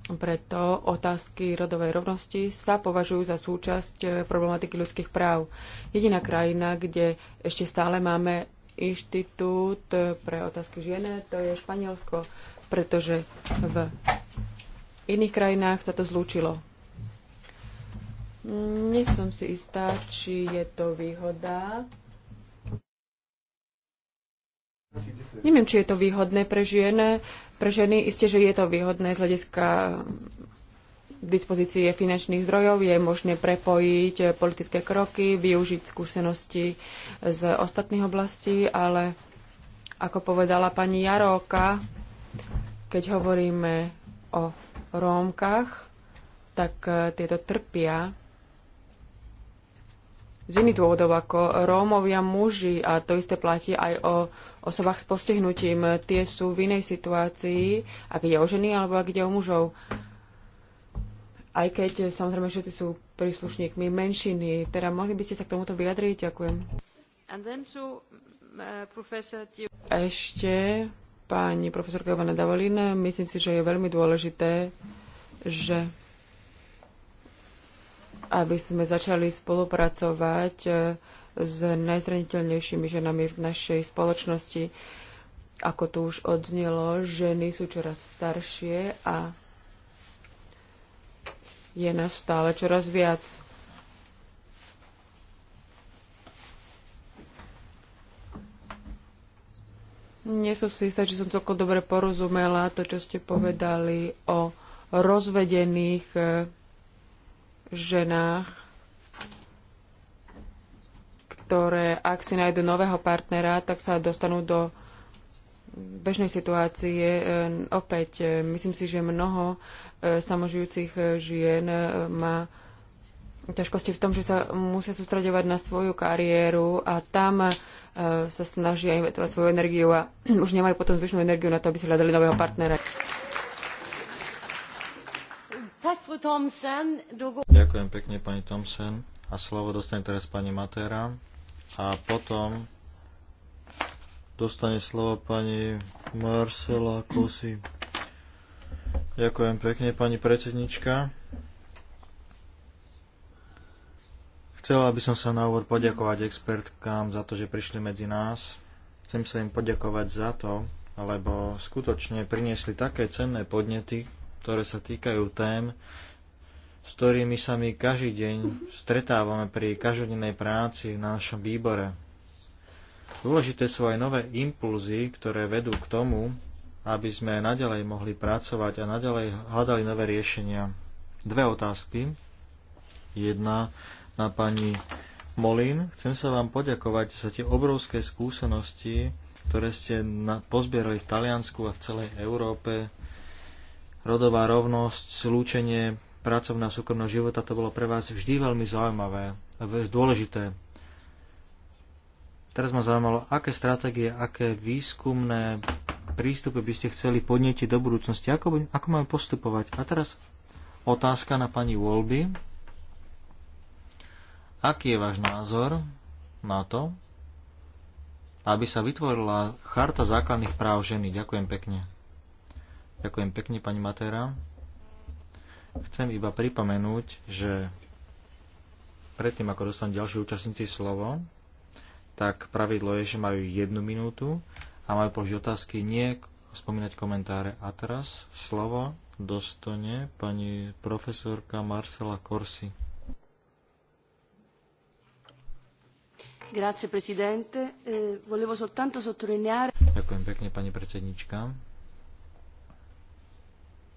Preto otázky rodovej rovnosti sa považujú za súčasť e, problematiky ľudských práv. Jediná krajina, kde ešte stále máme inštitút e, pre otázky žien, to je Španielsko, pretože v iných krajinách sa to zlúčilo. Nie som si istá, či je to výhoda Neviem, či je to výhodné pre žien. Pre ženy isté, že je to výhodné z hľadiska dispozície finančných zdrojov. Je možné prepojiť politické kroky, využiť skúsenosti z ostatných oblastí, ale ako povedala pani Jaróka, keď hovoríme o Rómkach, tak eh, tieto trpia z iných dôvodov ako Rómovia muži a to isté platí aj o osobách s postihnutím. Tie sú v inej situácii, ak ide o ženy alebo ak ide o mužov. Aj keď e, samozrejme všetci sú príslušníkmi menšiny. Teda mohli by ste sa k tomuto vyjadriť? Ďakujem. To, uh, Ešte pani profesorka Jovana Davolín, myslím si, že je veľmi dôležité, že aby sme začali spolupracovať uh, s najzraniteľnejšími ženami v našej spoločnosti. Ako tu už odznelo, ženy sú čoraz staršie a je nás stále čoraz viac. Nie som si istá, či som celkom dobre porozumela to, čo ste povedali o rozvedených eh, ženách ktoré ak si nájdu nového partnera, tak sa dostanú do bežnej situácie. E, opäť, e, myslím si, že mnoho e, samožijúcich žien má ťažkosti v tom, že sa musia sústredovať na svoju kariéru a tam sa snažia investovať svoju energiu a už nemajú potom zvyšnú energiu na to, aby si hľadali nového partnera. Ďakujem pekne, pani Thompson. A slovo dostane teraz pani Matera a potom dostane slovo pani Marcela Kosi. Ďakujem pekne, pani predsednička. Chcela by som sa na úvod poďakovať expertkám za to, že prišli medzi nás. Chcem sa im poďakovať za to, lebo skutočne priniesli také cenné podnety, ktoré sa týkajú tém, s ktorými sa my každý deň stretávame pri každodennej práci na našom výbore. Dôležité sú aj nové impulzy, ktoré vedú k tomu, aby sme nadalej mohli pracovať a nadalej hľadali nové riešenia. Dve otázky. Jedna na pani Molín. Chcem sa vám poďakovať za tie obrovské skúsenosti, ktoré ste pozbierali v Taliansku a v celej Európe. Rodová rovnosť, slúčenie Pracovná súkromná života, to bolo pre vás vždy veľmi zaujímavé, a dôležité. Teraz ma zaujímalo, aké stratégie, aké výskumné prístupy by ste chceli podnietiť do budúcnosti, ako, ako máme postupovať. A teraz otázka na pani Wolby. Aký je váš názor na to, aby sa vytvorila charta základných práv ženy? Ďakujem pekne. Ďakujem pekne, pani Matera. Chcem iba pripomenúť, že predtým, ako dostanú ďalší účastníci slovo, tak pravidlo je, že majú jednu minútu a majú položiť otázky, nie spomínať komentáre. A teraz slovo dostane pani profesorka Marcela Corsi. Grazie, Presidente. Eh, volevo soltanto sottolineare... Ďakujem pekne, pani predsednička.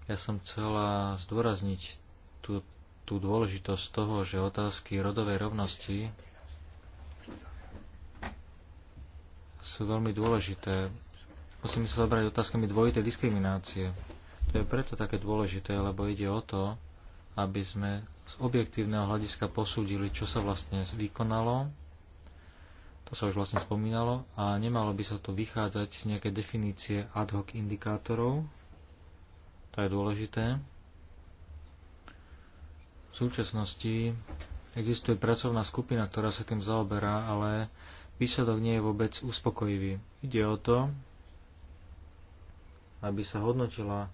Ja som chcela zdôrazniť tú, tú dôležitosť toho, že otázky rodovej rovnosti sú veľmi dôležité. Musíme sa zabrať otázkami dvojitej diskriminácie. To je preto také dôležité, lebo ide o to, aby sme z objektívneho hľadiska posúdili, čo sa vlastne vykonalo, to sa už vlastne spomínalo, a nemalo by sa to vychádzať z nejakej definície ad hoc indikátorov, to je dôležité. V súčasnosti existuje pracovná skupina, ktorá sa tým zaoberá, ale výsledok nie je vôbec uspokojivý. Ide o to, aby sa hodnotila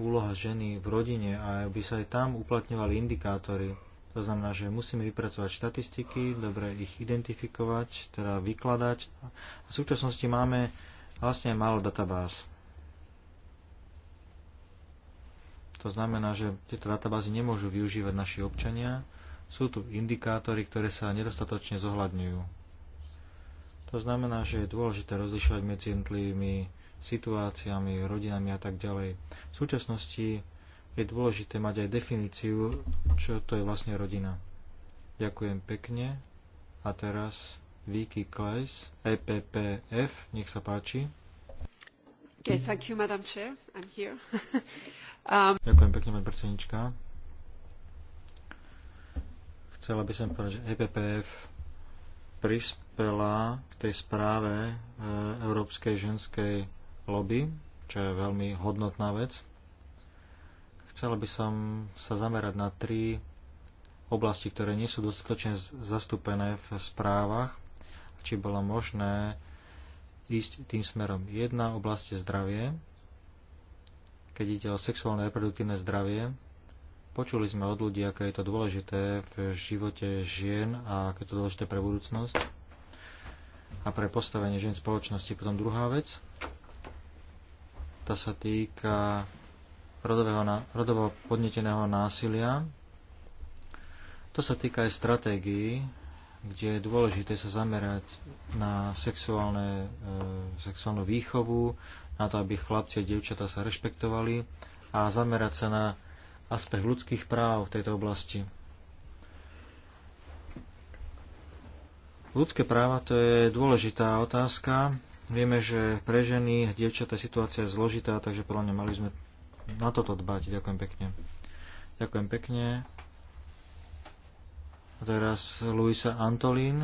úloha ženy v rodine a aby sa aj tam uplatňovali indikátory. To znamená, že musíme vypracovať štatistiky, dobre ich identifikovať, teda vykladať. A v súčasnosti máme vlastne aj málo databáz. To znamená, že tieto databázy nemôžu využívať naši občania. Sú tu indikátory, ktoré sa nedostatočne zohľadňujú. To znamená, že je dôležité rozlišovať medzi jednotlivými situáciami, rodinami a tak ďalej. V súčasnosti je dôležité mať aj definíciu, čo to je vlastne rodina. Ďakujem pekne. A teraz Vicky Kleis, EPPF, nech sa páči. Okay, thank you, Madam Chair. I'm here. Um... Ďakujem pekne, pani predsednička. Chcela by som povedať, že EPPF prispela k tej správe e, Európskej ženskej lobby, čo je veľmi hodnotná vec. Chcela by som sa zamerať na tri oblasti, ktoré nie sú dostatočne zastúpené v správach, či bolo možné ísť tým smerom. Jedna oblasť je zdravie, keď ide o sexuálne reproduktívne zdravie. Počuli sme od ľudí, aké je to dôležité v živote žien a aké je to dôležité pre budúcnosť a pre postavenie žien v spoločnosti. Potom druhá vec, tá sa týka rodového, rodovo podneteného násilia. To sa týka aj stratégií, kde je dôležité sa zamerať na sexuálne, e, sexuálnu výchovu, na to, aby chlapci a dievčatá sa rešpektovali a zamerať sa na aspekt ľudských práv v tejto oblasti. Ľudské práva to je dôležitá otázka. Vieme, že pre ženy a dievčatá situácia je zložitá, takže podľa mňa mali sme na toto dbať. Ďakujem pekne. Ďakujem pekne. A teraz Luisa Antolín.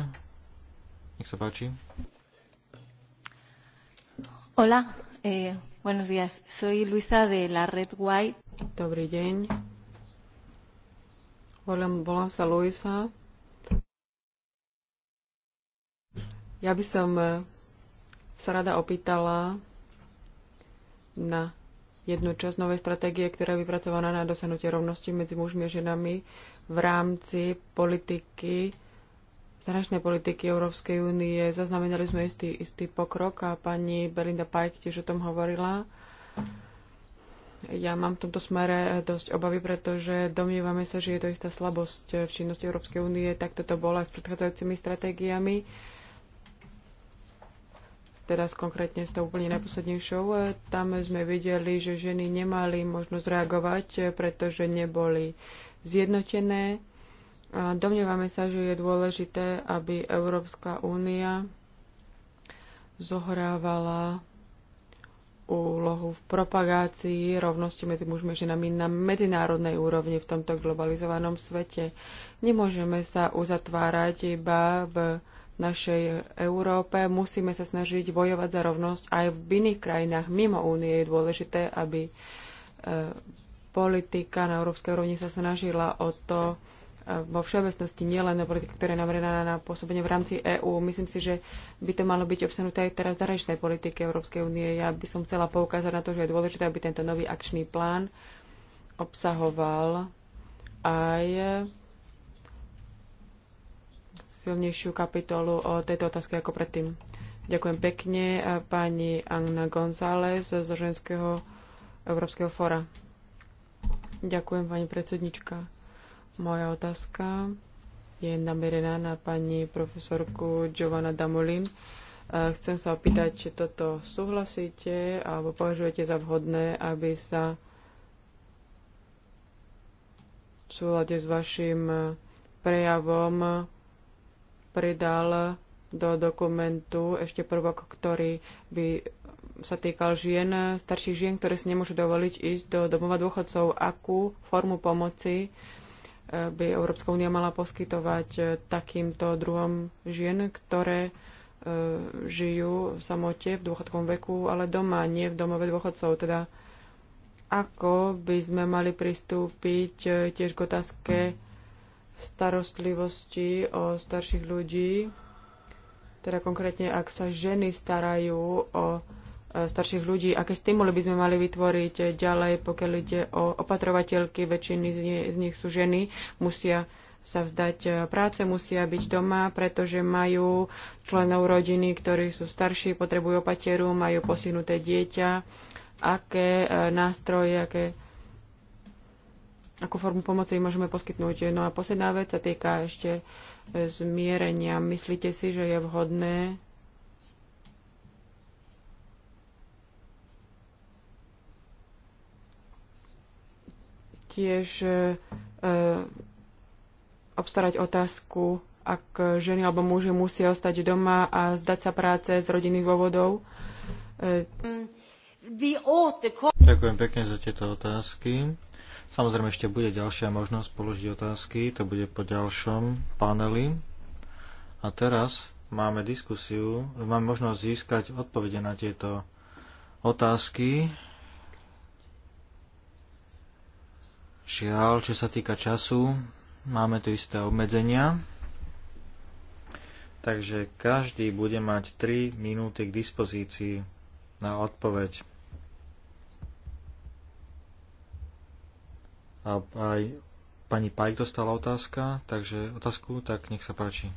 Nech sa páči. Hola, Eh, buenos días. Soy Luisa de la Red White. Dobrý deň. Volám, volám sa Luisa. Ja by som eh, sa rada opýtala na jednu časť novej stratégie, ktorá je vypracovaná na dosahnutie rovnosti medzi mužmi a ženami v rámci politiky zahraničnej politiky Európskej únie. Zaznamenali sme istý, istý pokrok a pani Belinda Pajk tiež o tom hovorila. Ja mám v tomto smere dosť obavy, pretože domnievame sa, že je to istá slabosť v činnosti Európskej únie. Tak toto bola s predchádzajúcimi stratégiami. Teraz konkrétne s tou úplne najposlednejšou. Tam sme videli, že ženy nemali možnosť reagovať, pretože neboli zjednotené a domnievame sa, že je dôležité, aby Európska únia zohrávala úlohu v propagácii rovnosti medzi mužmi a ženami na medzinárodnej úrovni v tomto globalizovanom svete. Nemôžeme sa uzatvárať iba v našej Európe. Musíme sa snažiť bojovať za rovnosť aj v iných krajinách mimo únie. Je dôležité, aby eh, politika na európskej úrovni sa snažila o to vo všeobecnosti, nielen na politiky, ktorá je namrená na pôsobenie v rámci EÚ. Myslím si, že by to malo byť obsahnuté aj teraz v zahraničnej politike Európskej únie. Ja by som chcela poukázať na to, že je dôležité, aby tento nový akčný plán obsahoval aj silnejšiu kapitolu o tejto otázke ako predtým. Ďakujem pekne pani Anna González z Ženského Európskeho fóra. Ďakujem, pani predsednička. Moja otázka je namerená na pani profesorku Giovanna Damolin. Chcem sa opýtať, či toto súhlasíte alebo považujete za vhodné, aby sa v súlade s vašim prejavom pridal do dokumentu ešte prvok, ktorý by sa týkal žien, starších žien, ktoré si nemôžu dovoliť ísť do domova dôchodcov, akú formu pomoci by Európska únia mala poskytovať e, takýmto druhom žien, ktoré e, žijú v samote v dôchodkom veku, ale doma, nie v domove dôchodcov. Teda ako by sme mali pristúpiť e, tiež k otázke starostlivosti o starších ľudí, teda konkrétne ak sa ženy starajú o starších ľudí, aké stimuly by sme mali vytvoriť ďalej, pokiaľ ide o opatrovateľky, väčšiny z, nie, z nich sú ženy, musia sa vzdať e, práce, musia byť doma, pretože majú členov rodiny, ktorí sú starší, potrebujú opateru, majú posinuté dieťa, aké e, nástroje, aké akú formu pomoci môžeme poskytnúť. No a posledná vec sa týka ešte e, zmierenia. Myslíte si, že je vhodné tiež e, e, obstarať otázku, ak ženy alebo muži musia ostať doma a zdať sa práce z rodinných dôvodov. E... Ďakujem pekne za tieto otázky. Samozrejme ešte bude ďalšia možnosť položiť otázky, to bude po ďalšom paneli. A teraz máme diskusiu, máme možnosť získať odpovede na tieto otázky Žiaľ, čo sa týka času, máme tu isté obmedzenia. Takže každý bude mať 3 minúty k dispozícii na odpoveď. A aj pani Pajk dostala otázka, takže otázku, tak nech sa páči.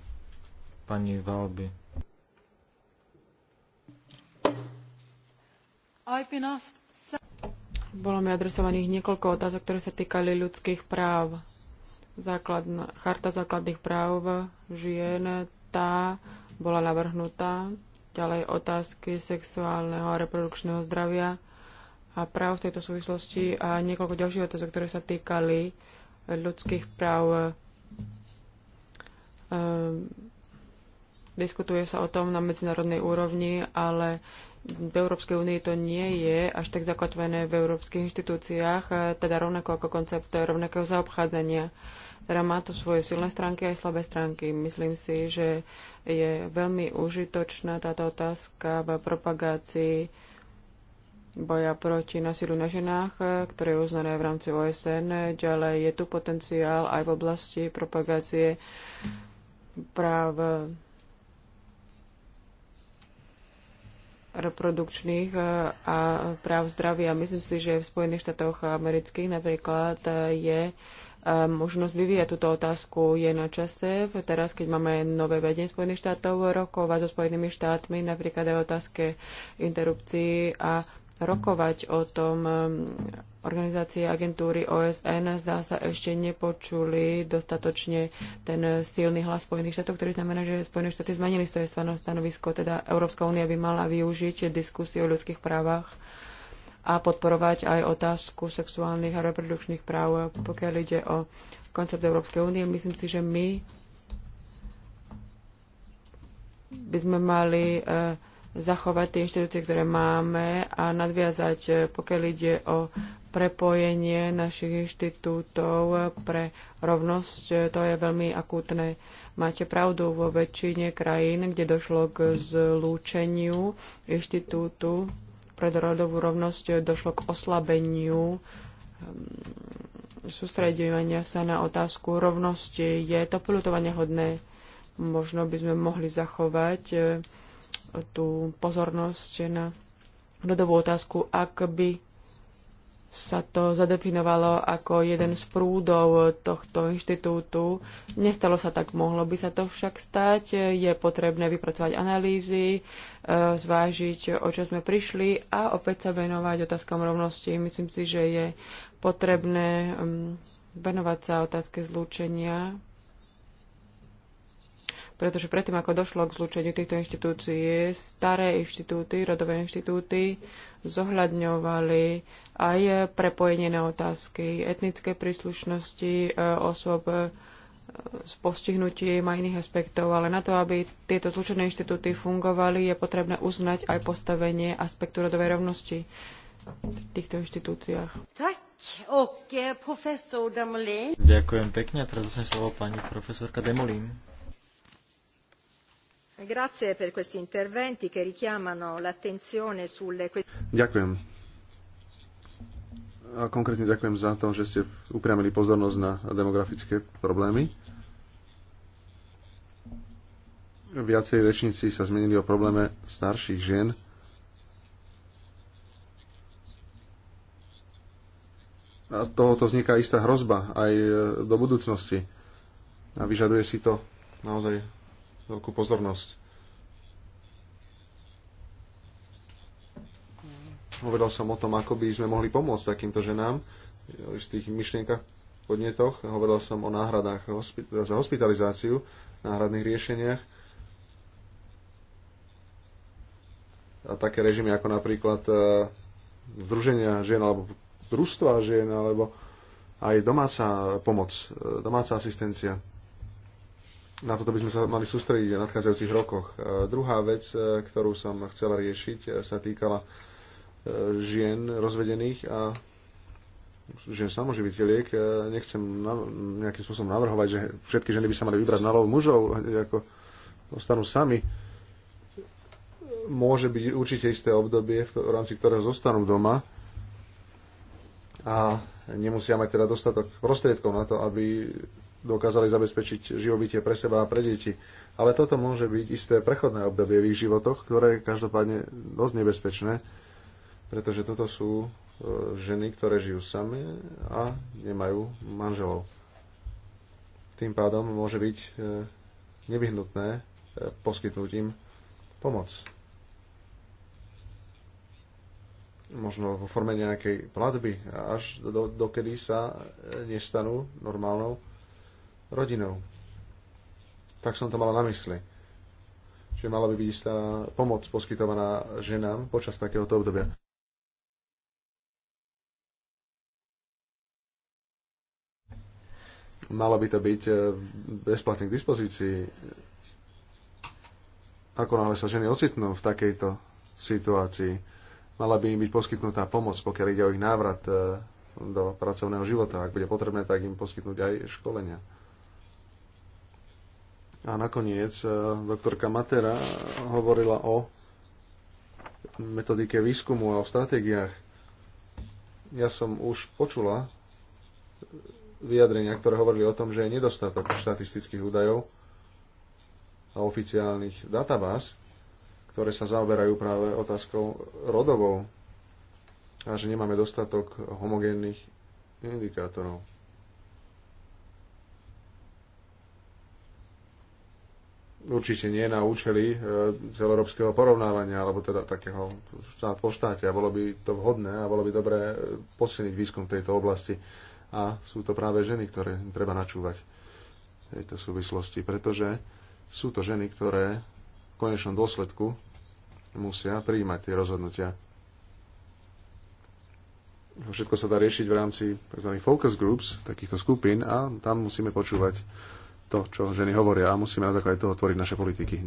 Pani Valby. I've been asked... Bolo mi adresovaných niekoľko otázok, ktoré sa týkali ľudských práv. Základná, charta základných práv žien, tá bola navrhnutá. Ďalej otázky sexuálneho a reprodukčného zdravia a práv v tejto súvislosti a niekoľko ďalších otázok, ktoré sa týkali ľudských práv. Ehm, diskutuje sa o tom na medzinárodnej úrovni, ale v Európskej únii to nie je až tak zakotvené v európskych inštitúciách, eh, teda rovnako ako koncept rovnakého zaobchádzania. Teda má to svoje silné stránky aj slabé stránky. Myslím si, že je veľmi užitočná táto otázka v propagácii boja proti nasilu na ženách, eh, ktoré je uznané v rámci OSN. Ďalej je tu potenciál aj v oblasti propagácie práv reprodukčných e, a práv zdravia. Myslím si, že v Spojených štátoch amerických napríklad e, je e, možnosť vyvíjať túto otázku je na čase. Teraz, keď máme nové vedenie Spojených štátov rokovať so Spojenými štátmi, napríklad aj o otázke interrupcií a rokovať o tom, organizácie agentúry OSN zdá sa ešte nepočuli dostatočne ten silný hlas Spojených štátov, ktorý znamená, že Spojené štáty zmenili svoje stanovisko, teda Európska únia by mala využiť diskusiu o ľudských právach a podporovať aj otázku sexuálnych a reprodukčných práv, pokiaľ ide o koncept Európskej únie. Myslím si, že my by sme mali eh, zachovať tie inštitúcie, ktoré máme a nadviazať, eh, pokiaľ ide o prepojenie našich inštitútov pre rovnosť, to je veľmi akútne. Máte pravdu, vo väčšine krajín, kde došlo k zlúčeniu inštitútu pre rodovú rovnosť, došlo k oslabeniu ehm, sústredovania sa na otázku rovnosti. Je to polutovanie hodné. Možno by sme mohli zachovať eh, tú pozornosť na rodovú otázku, ak by sa to zadefinovalo ako jeden z prúdov tohto inštitútu. Nestalo sa tak, mohlo by sa to však stať. Je potrebné vypracovať analýzy, e, zvážiť, o čo sme prišli a opäť sa venovať otázkam rovnosti. Myslím si, že je potrebné mm, venovať sa otázke zlúčenia pretože predtým, ako došlo k zlúčeniu týchto inštitúcií, staré inštitúty, rodové inštitúty zohľadňovali aj prepojenie na otázky etnické príslušnosti e, osôb e, s postihnutím a iných aspektov, ale na to, aby tieto zlučené inštitúty fungovali, je potrebné uznať aj postavenie aspektu rodovej rovnosti v týchto inštitúciách. Tak, ok, profesor Demolín. Ďakujem pekne teraz dostane slovo pani profesorka Demolín. Grazie per questi interventi che richiamano l'attenzione sulle questioni. Ďakujem a konkrétne ďakujem za to, že ste upriamili pozornosť na demografické problémy. Viacej rečníci sa zmenili o probléme starších žien. A tohoto vzniká istá hrozba aj e, do budúcnosti. A vyžaduje si to naozaj veľkú pozornosť. hovoril som o tom, ako by sme mohli pomôcť takýmto ženám v tých myšlienkach, podnetoch. Hovoril som o náhradách za hospitalizáciu, náhradných riešeniach. A také režimy ako napríklad e, združenia žien alebo družstva žien alebo aj domáca pomoc, e, domáca asistencia. Na toto by sme sa mali sústrediť v nadchádzajúcich rokoch. E, druhá vec, ktorú som chcela riešiť, sa týkala žien rozvedených a žien samoživiteľiek. Nechcem nejakým spôsobom navrhovať, že všetky ženy by sa mali vybrať na lov mužov, ako ostanú sami. Môže byť určite isté obdobie, v rámci ktorého zostanú doma a nemusia mať teda dostatok prostriedkov na to, aby dokázali zabezpečiť živobytie pre seba a pre deti. Ale toto môže byť isté prechodné obdobie v ich životoch, ktoré je každopádne dosť nebezpečné pretože toto sú e, ženy, ktoré žijú same a nemajú manželov. Tým pádom môže byť e, nevyhnutné e, poskytnúť im pomoc. Možno vo forme nejakej platby, až do, dokedy sa nestanú normálnou rodinou. Tak som to mala na mysli. že mala by byť istá pomoc poskytovaná ženám počas takéhoto obdobia. Malo by to byť e, bezplatne k dispozícii. Ako náhle sa ženy ocitnú v takejto situácii, mala by im byť poskytnutá pomoc, pokiaľ ide o ich návrat e, do pracovného života. Ak bude potrebné, tak im poskytnúť aj školenia. A nakoniec e, doktorka Matera hovorila o metodike výskumu a o stratégiách. Ja som už počula vyjadrenia, ktoré hovorili o tom, že je nedostatok štatistických údajov a oficiálnych databáz, ktoré sa zaoberajú práve otázkou rodovou a že nemáme dostatok homogénnych indikátorov. Určite nie na účely e, celoeurópskeho porovnávania, alebo teda takého štát po štáte. A bolo by to vhodné a bolo by dobré e, posilniť výskum tejto oblasti a sú to práve ženy, ktoré treba načúvať v tejto súvislosti, pretože sú to ženy, ktoré v konečnom dôsledku musia prijímať tie rozhodnutia. Všetko sa dá riešiť v rámci tzv. focus groups, takýchto skupín a tam musíme počúvať to, čo ženy hovoria a musíme na základe toho tvoriť naše politiky.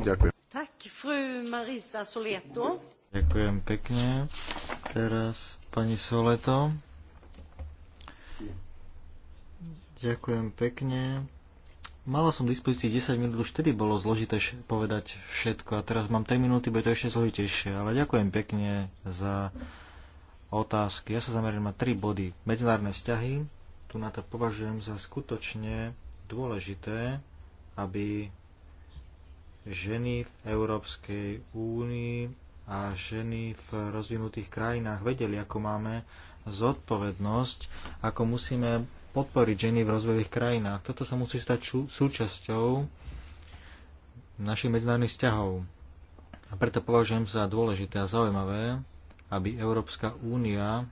Ďakujem. Tak, fru Marisa Soleto. Ďakujem pekne. Teraz pani Soleto. Ďakujem pekne. Mala som v dispozícii 10 minút, už vtedy bolo zložité povedať všetko a teraz mám 3 minúty, bude to ešte zložitejšie, ale ďakujem pekne za otázky. Ja sa zamerím na 3 body. Medzinárodné vzťahy, tu na to považujem za skutočne dôležité, aby ženy v Európskej únii a ženy v rozvinutých krajinách vedeli, ako máme zodpovednosť, ako musíme podporiť ženy v rozvojových krajinách. Toto sa musí stať súčasťou našich medzinárodných vzťahov. A preto považujem za dôležité a zaujímavé, aby Európska únia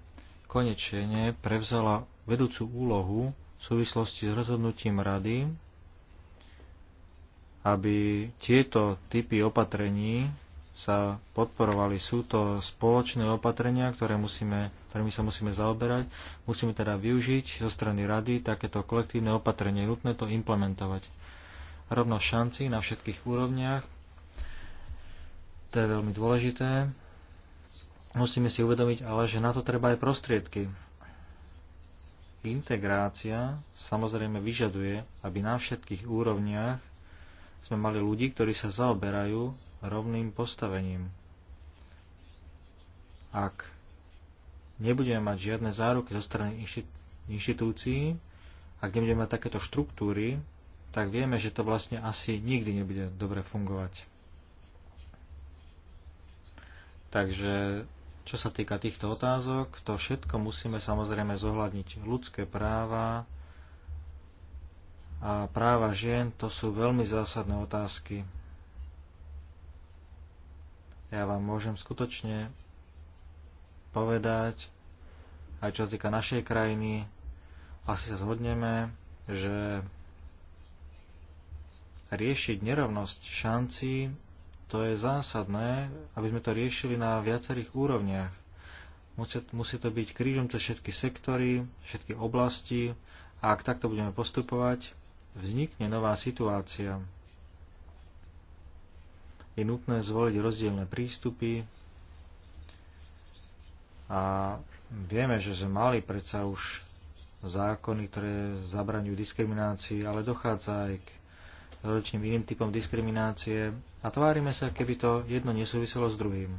konečne prevzala vedúcu úlohu v súvislosti s rozhodnutím Rady, aby tieto typy opatrení sa podporovali. Sú to spoločné opatrenia, ktoré musíme, ktorými sa musíme zaoberať. Musíme teda využiť zo strany rady takéto kolektívne opatrenie. Je nutné to implementovať. Rovno šanci na všetkých úrovniach. To je veľmi dôležité. Musíme si uvedomiť ale, že na to treba aj prostriedky. Integrácia samozrejme vyžaduje, aby na všetkých úrovniach sme mali ľudí, ktorí sa zaoberajú rovným postavením. Ak nebudeme mať žiadne záruky zo strany inštitúcií, ak nebudeme mať takéto štruktúry, tak vieme, že to vlastne asi nikdy nebude dobre fungovať. Takže čo sa týka týchto otázok, to všetko musíme samozrejme zohľadniť. Ľudské práva a práva žien, to sú veľmi zásadné otázky. Ja vám môžem skutočne povedať, aj čo sa týka našej krajiny, asi sa zhodneme, že riešiť nerovnosť šanci, to je zásadné, aby sme to riešili na viacerých úrovniach. Musí, musí to byť krížom cez všetky sektory, všetky oblasti a ak takto budeme postupovať, vznikne nová situácia je nutné zvoliť rozdielne prístupy a vieme, že sme mali predsa už zákony, ktoré zabraňujú diskriminácii, ale dochádza aj k rozličným iným typom diskriminácie a tvárime sa, keby to jedno nesúviselo s druhým.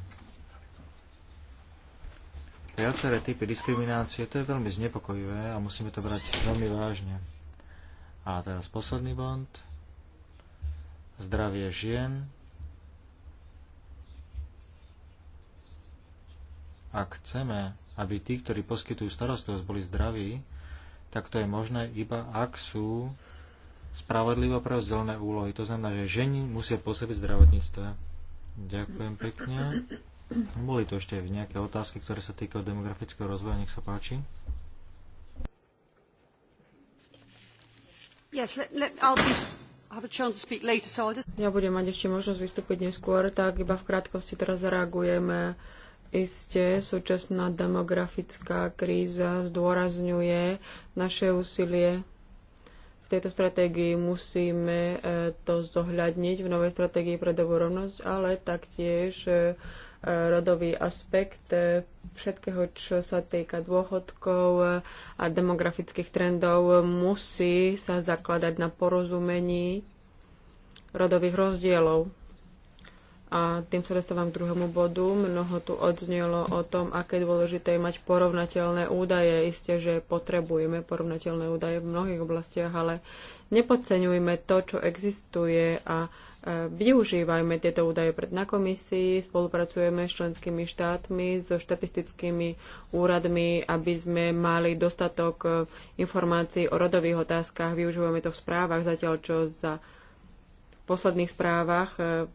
Viaceré typy diskriminácie, to je veľmi znepokojivé a musíme to brať veľmi vážne. A teraz posledný bond. Zdravie žien. Ak chceme, aby tí, ktorí poskytujú starostlivosť, boli zdraví, tak to je možné iba ak sú spravodlivo prerozdelené úlohy. To znamená, že ženy musia pôsobiť v zdravotníctve. Ďakujem pekne. Boli to ešte nejaké otázky, ktoré sa týkajú demografického rozvoja. Nech sa páči. Yes, let, let, I'll be, Ja budem mať ešte možnosť vystúpiť neskôr, tak iba v krátkosti teraz zareagujeme. Isté, súčasná demografická kríza zdôrazňuje naše úsilie v tejto stratégii musíme e, to zohľadniť v novej stratégii pre rovnosť, ale taktiež e, e, rodový aspekt všetkého, čo sa týka dôchodkov a demografických trendov, musí sa zakladať na porozumení rodových rozdielov. A tým sa dostávam k druhému bodu. Mnoho tu odznelo o tom, aké dôležité je mať porovnateľné údaje. Isté, že potrebujeme porovnateľné údaje v mnohých oblastiach, ale nepodceňujme to, čo existuje a e, využívajme tieto údaje pred na komisii, spolupracujeme s členskými štátmi, so štatistickými úradmi, aby sme mali dostatok e, informácií o rodových otázkach, využívame to v správach, zatiaľ čo za posledných správach e,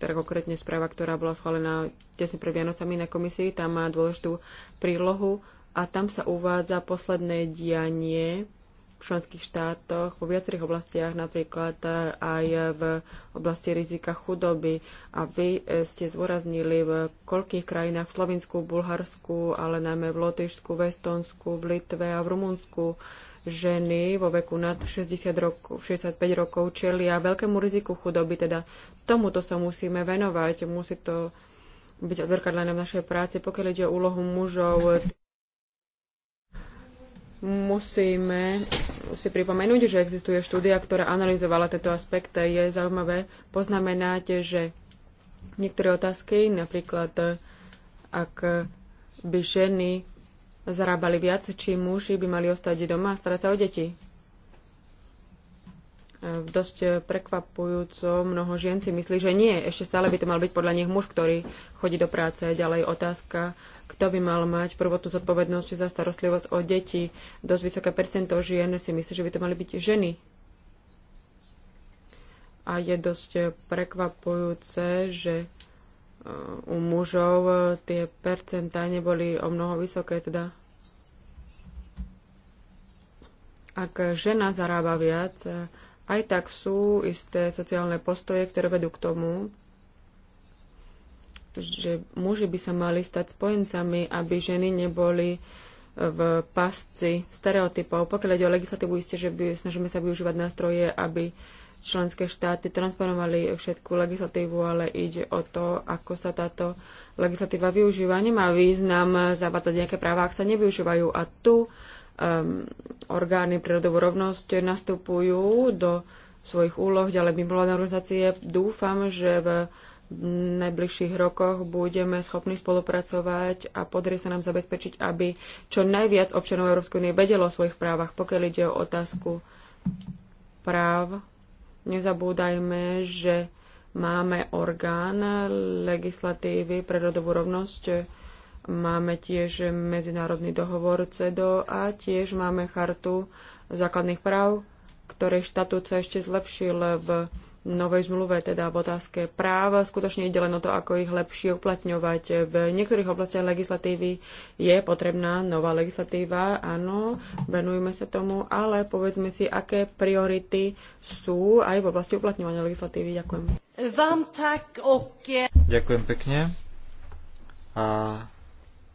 teda konkrétne správa, ktorá bola schválená tesne pred Vianocami na komisii, tam má dôležitú prílohu a tam sa uvádza posledné dianie v členských štátoch, vo viacerých oblastiach, napríklad e, aj v oblasti rizika chudoby. A vy e, ste zvoraznili, v koľkých krajinách, v Slovensku, Bulharsku, ale najmä v Lotyšsku, v Estonsku, v Litve a v Rumunsku ženy vo veku nad 60 rokov, 65 rokov čelia veľkému riziku chudoby, teda tomuto sa musíme venovať. Musí to byť odzrkadlené v našej práci. Pokiaľ ide o úlohu mužov, musíme si pripomenúť, že existuje štúdia, ktorá analyzovala tento aspekt. Je zaujímavé poznamenať, že niektoré otázky, napríklad ak by ženy zarábali viac, či muži by mali ostať doma a starať sa o deti dosť prekvapujúco mnoho žien si myslí, že nie. Ešte stále by to mal byť podľa nich muž, ktorý chodí do práce. Ďalej otázka, kto by mal mať prvotnú zodpovednosť za starostlivosť o deti. Dosť vysoké percento žien si myslí, že by to mali byť ženy. A je dosť prekvapujúce, že uh, u mužov tie percentá neboli o mnoho vysoké. Teda ak žena zarába viac, aj tak sú isté sociálne postoje, ktoré vedú k tomu, že muži by sa mali stať spojencami, aby ženy neboli e, v pasci stereotypov. Pokiaľ ide o legislatívu, isté, že by, snažíme sa využívať nástroje, aby členské štáty transponovali všetku legislatívu, ale ide o to, ako sa táto legislatíva využíva. Nemá význam zavádzať nejaké práva, ak sa nevyužívajú. A tu um, orgány prírodovú rovnosť nastupujú do svojich úloh, ďalej mimovládne organizácie. Dúfam, že v najbližších rokoch budeme schopní spolupracovať a podarí sa nám zabezpečiť, aby čo najviac občanov Európskej únie vedelo o svojich právach, pokiaľ ide o otázku práv. Nezabúdajme, že máme orgán legislatívy pre rodovú rovnosť, Máme tiež medzinárodný dohovor CEDO a tiež máme chartu základných práv, ktorej štatút sa ešte zlepšil v novej zmluve, teda v otázke práv. Skutočne ide len o to, ako ich lepšie uplatňovať. V niektorých oblastiach legislatívy je potrebná nová legislatíva, áno, venujme sa tomu, ale povedzme si, aké priority sú aj v oblasti uplatňovania legislatívy. Ďakujem. Vám tak, ok. Ďakujem pekne. A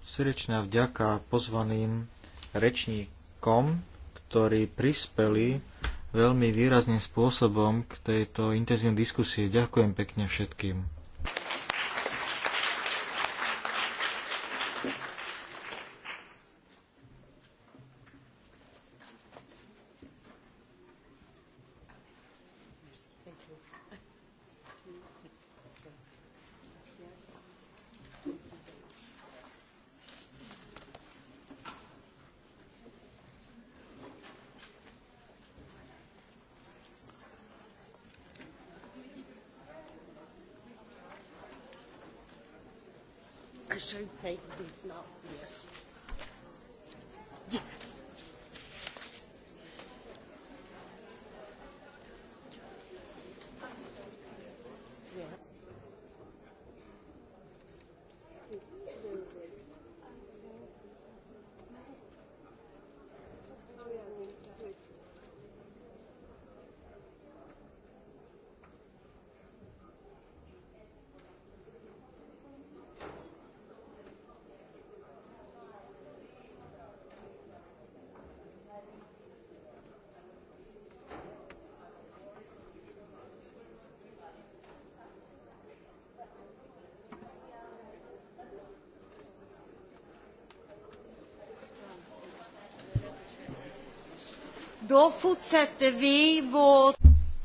Srdečná vďaka pozvaným rečníkom, ktorí prispeli veľmi výrazným spôsobom k tejto intenzívnej diskusii. Ďakujem pekne všetkým.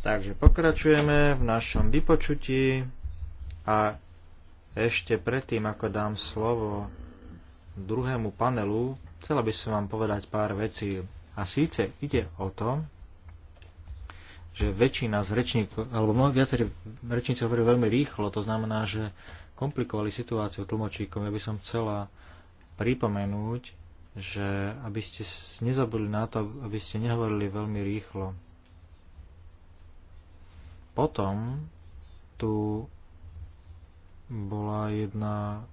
Takže pokračujeme v našom vypočutí a ešte predtým, ako dám slovo druhému panelu, chcela by som vám povedať pár vecí. A síce ide o to, že väčšina z rečníkov, alebo viacerí rečníci hovorí veľmi rýchlo, to znamená, že komplikovali situáciu tlmočíkom. Ja by som chcela pripomenúť, že aby ste nezabudli na to, aby ste nehovorili veľmi rýchlo. Potom tu bola jedna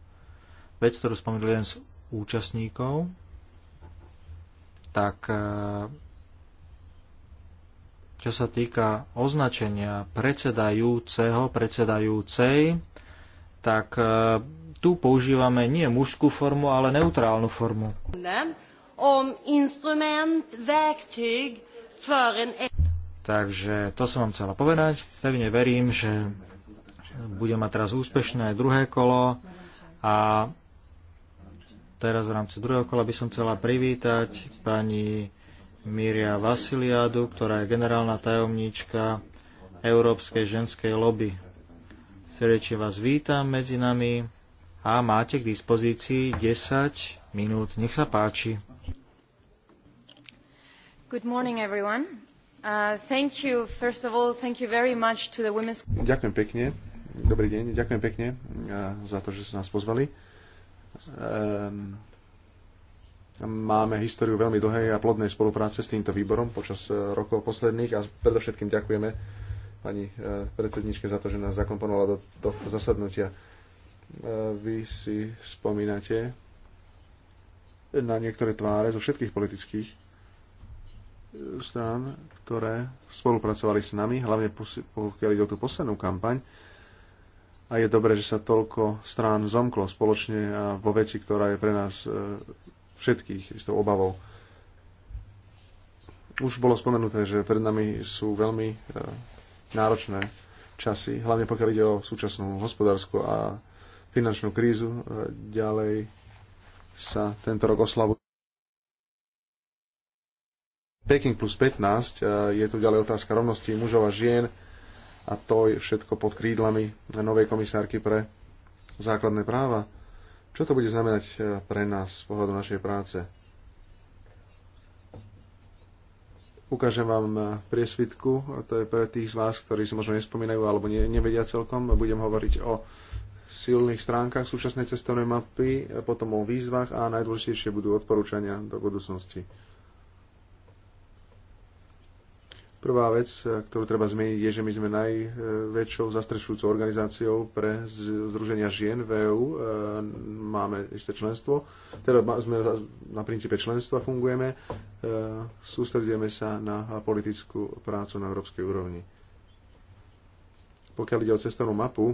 vec, ktorú spomenul jeden z účastníkov, tak e, čo sa týka označenia predsedajúceho, predsedajúcej, tak e, tu používame nie mužskú formu, ale neutrálnu formu. E- Takže to som vám chcela povedať. Pevne verím, že budem mať teraz úspešné aj druhé kolo a teraz v rámci druhého kola by som chcela privítať pani Míria Vasiliadu, ktorá je generálna tajomníčka Európskej ženskej lobby. Srdečne vás vítam medzi nami a máte k dispozícii 10 minút. Nech sa páči. Good morning, everyone. Uh, thank you, first of all, thank you very much to the women's... Ďakujem pekne. Dobrý deň. Ďakujem pekne uh, za to, že ste nás pozvali. Um, máme históriu veľmi dlhej a plodnej spolupráce s týmto výborom počas uh, rokov posledných a predovšetkým ďakujeme pani uh, predsedničke za to, že nás zakomponovala do tohto zasadnutia. E, vy si spomínate na niektoré tváre zo všetkých politických e, strán, ktoré spolupracovali s nami, hlavne pokiaľ ide o tú poslednú kampaň. A je dobré, že sa toľko strán zomklo spoločne a vo veci, ktorá je pre nás e, všetkých istou obavou. Už bolo spomenuté, že pred nami sú veľmi náročné časy, hlavne pokiaľ ide o súčasnú hospodárskú a finančnú krízu. E, ďalej sa tento rok oslavuje. Peking plus 15, e, je tu ďalej otázka rovnosti mužov a žien a to je všetko pod krídlami novej komisárky pre základné práva. Čo to bude znamenať e, pre nás z pohľadu našej práce? Ukážem vám priesvitku, to je pre tých z vás, ktorí si možno nespomínajú alebo nevedia celkom. Budem hovoriť o silných stránkach súčasnej cestovnej mapy, potom o výzvach a najdôležitejšie budú odporúčania do budúcnosti. Prvá vec, ktorú treba zmeniť, je, že my sme najväčšou zastrešujúcou organizáciou pre Združenia žien v EU. Máme isté členstvo, teda sme na princípe členstva fungujeme. Sústredujeme sa na politickú prácu na európskej úrovni. Pokiaľ ide o cestovnú mapu,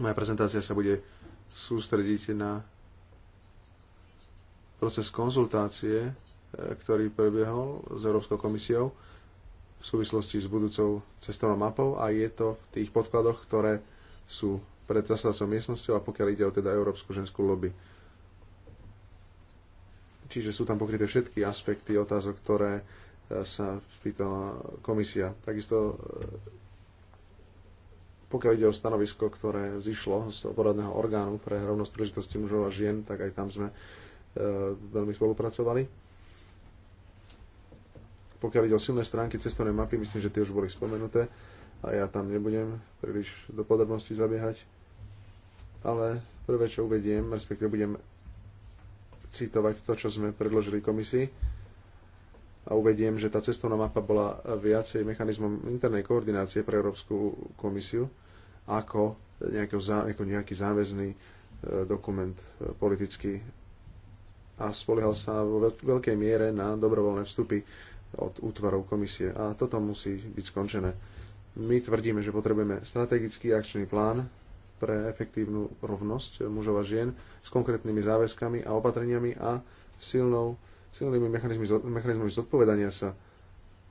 moja prezentácia sa bude sústrediť na proces konzultácie, e, ktorý prebiehol s Európskou komisiou v súvislosti s budúcou cestovnou mapou a je to v tých podkladoch, ktoré sú pred zasadacou miestnosťou a pokiaľ ide o teda Európsku ženskú lobby. Čiže sú tam pokryté všetky aspekty otázok, ktoré e, sa spýtala komisia. Takisto e, pokiaľ ide o stanovisko, ktoré zišlo z toho poradného orgánu pre rovnosť príležitosti mužov a žien, tak aj tam sme e, veľmi spolupracovali. Pokiaľ ide o silné stránky cestovnej mapy, myslím, že tie už boli spomenuté a ja tam nebudem príliš do podrobností zabiehať. Ale prvé, čo uvediem, respektíve budem citovať to, čo sme predložili komisii, a uvediem, že tá cestovná mapa bola viacej mechanizmom internej koordinácie pre Európsku komisiu ako, ako nejaký záväzný e, dokument e, politický a spoliehal sa vo veľkej miere na dobrovoľné vstupy od útvarov komisie a toto musí byť skončené. My tvrdíme, že potrebujeme strategický akčný plán pre efektívnu rovnosť mužov a žien s konkrétnymi záväzkami a opatreniami a silnou, silnými mechanizmi, mechanizmami zodpovedania sa.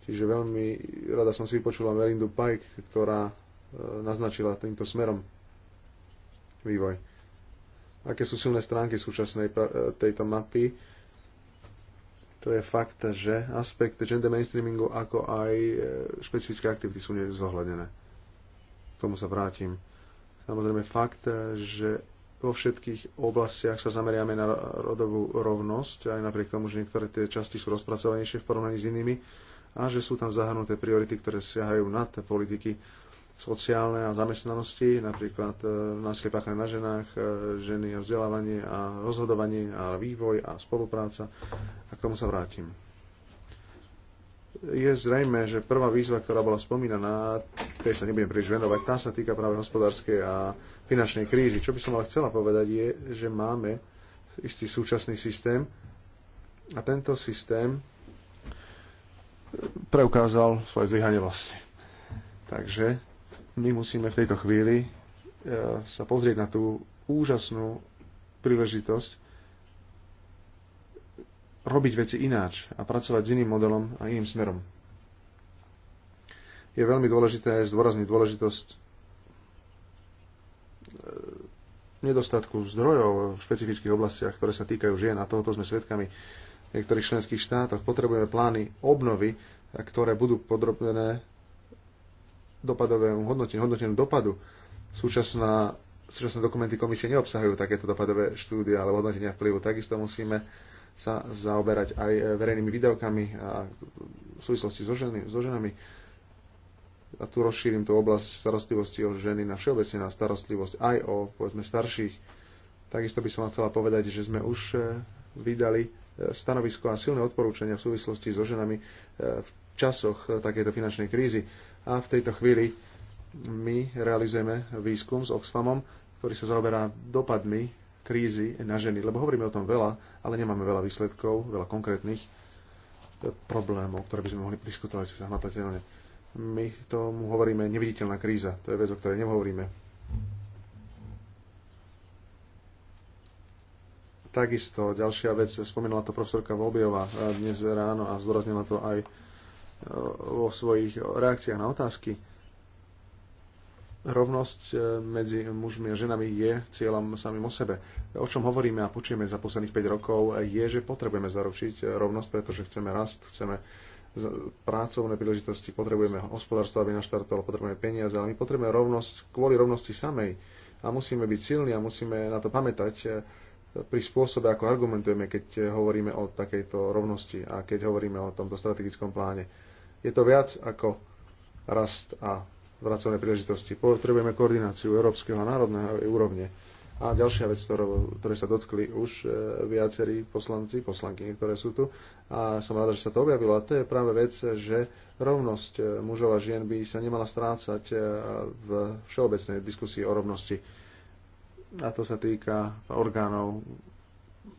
Čiže veľmi rada som si vypočula Melindu Pike, ktorá E, naznačila týmto smerom vývoj. Aké sú silné stránky súčasnej e, tejto mapy? To je fakt, že aspekt gender mainstreamingu ako aj e, špecifické aktivity sú nezohľadené. K tomu sa vrátim. Samozrejme fakt, že vo všetkých oblastiach sa zameriame na rodovú rovnosť, aj napriek tomu, že niektoré tie časti sú rozpracovanejšie v porovnaní s inými a že sú tam zahrnuté priority, ktoré siahajú nad politiky sociálne a zamestnanosti, napríklad e, násilie páchané na ženách, e, ženy a vzdelávanie a rozhodovanie a vývoj a spolupráca. A k tomu sa vrátim. Je zrejme, že prvá výzva, ktorá bola spomínaná, tej sa nebudem príliš venovať, tá sa týka práve hospodárskej a finančnej krízy. Čo by som ale chcela povedať je, že máme istý súčasný systém a tento systém preukázal svoje zlyhanie vlastne. Takže my musíme v tejto chvíli e, sa pozrieť na tú úžasnú príležitosť robiť veci ináč a pracovať s iným modelom a iným smerom. Je veľmi dôležité aj zdôrazniť dôležitosť e, nedostatku zdrojov v špecifických oblastiach, ktoré sa týkajú žien a tohoto sme svedkami v niektorých členských štátoch. Potrebujeme plány obnovy, e, ktoré budú podrobnené dopadovému hodnoteniu, hodnoteniu dopadu. Súčasná, súčasné dokumenty komisie neobsahujú takéto dopadové štúdie alebo hodnotenia vplyvu. Takisto musíme sa zaoberať aj verejnými výdavkami a v súvislosti so, ženy, so ženami. A tu rozšírim tú oblasť starostlivosti o ženy na všeobecne na starostlivosť aj o, povedzme, starších. Takisto by som vám chcela povedať, že sme už e, vydali e, stanovisko a silné odporúčania v súvislosti so ženami e, v časoch takéto finančnej krízy a v tejto chvíli my realizujeme výskum s Oxfamom, ktorý sa zaoberá dopadmi krízy na ženy, lebo hovoríme o tom veľa, ale nemáme veľa výsledkov, veľa konkrétnych problémov, ktoré by sme mohli diskutovať zahmatateľne. My tomu hovoríme neviditeľná kríza. To je vec, o ktorej nehovoríme. Takisto ďalšia vec, spomínala to profesorka Volbiová dnes ráno a zdôraznila to aj vo svojich reakciách na otázky. Rovnosť e, medzi mužmi a ženami je cieľom samým o sebe. O čom hovoríme a počujeme za posledných 5 rokov je, že potrebujeme zaručiť rovnosť, pretože chceme rast, chceme pracovné príležitosti, potrebujeme hospodárstvo, aby naštartovalo, potrebujeme peniaze, ale my potrebujeme rovnosť kvôli rovnosti samej a musíme byť silní a musíme na to pamätať e, pri spôsobe, ako argumentujeme, keď hovoríme o takejto rovnosti a keď hovoríme o tomto strategickom pláne. Je to viac ako rast a vracovné príležitosti. Potrebujeme koordináciu európskeho a národného úrovne. A ďalšia vec, ktoré sa dotkli už e, viacerí poslanci, poslanky, ktoré sú tu, a som rád, že sa to objavilo, a to je práve vec, že rovnosť e, mužov a žien by sa nemala strácať e, v všeobecnej diskusii o rovnosti. A to sa týka orgánov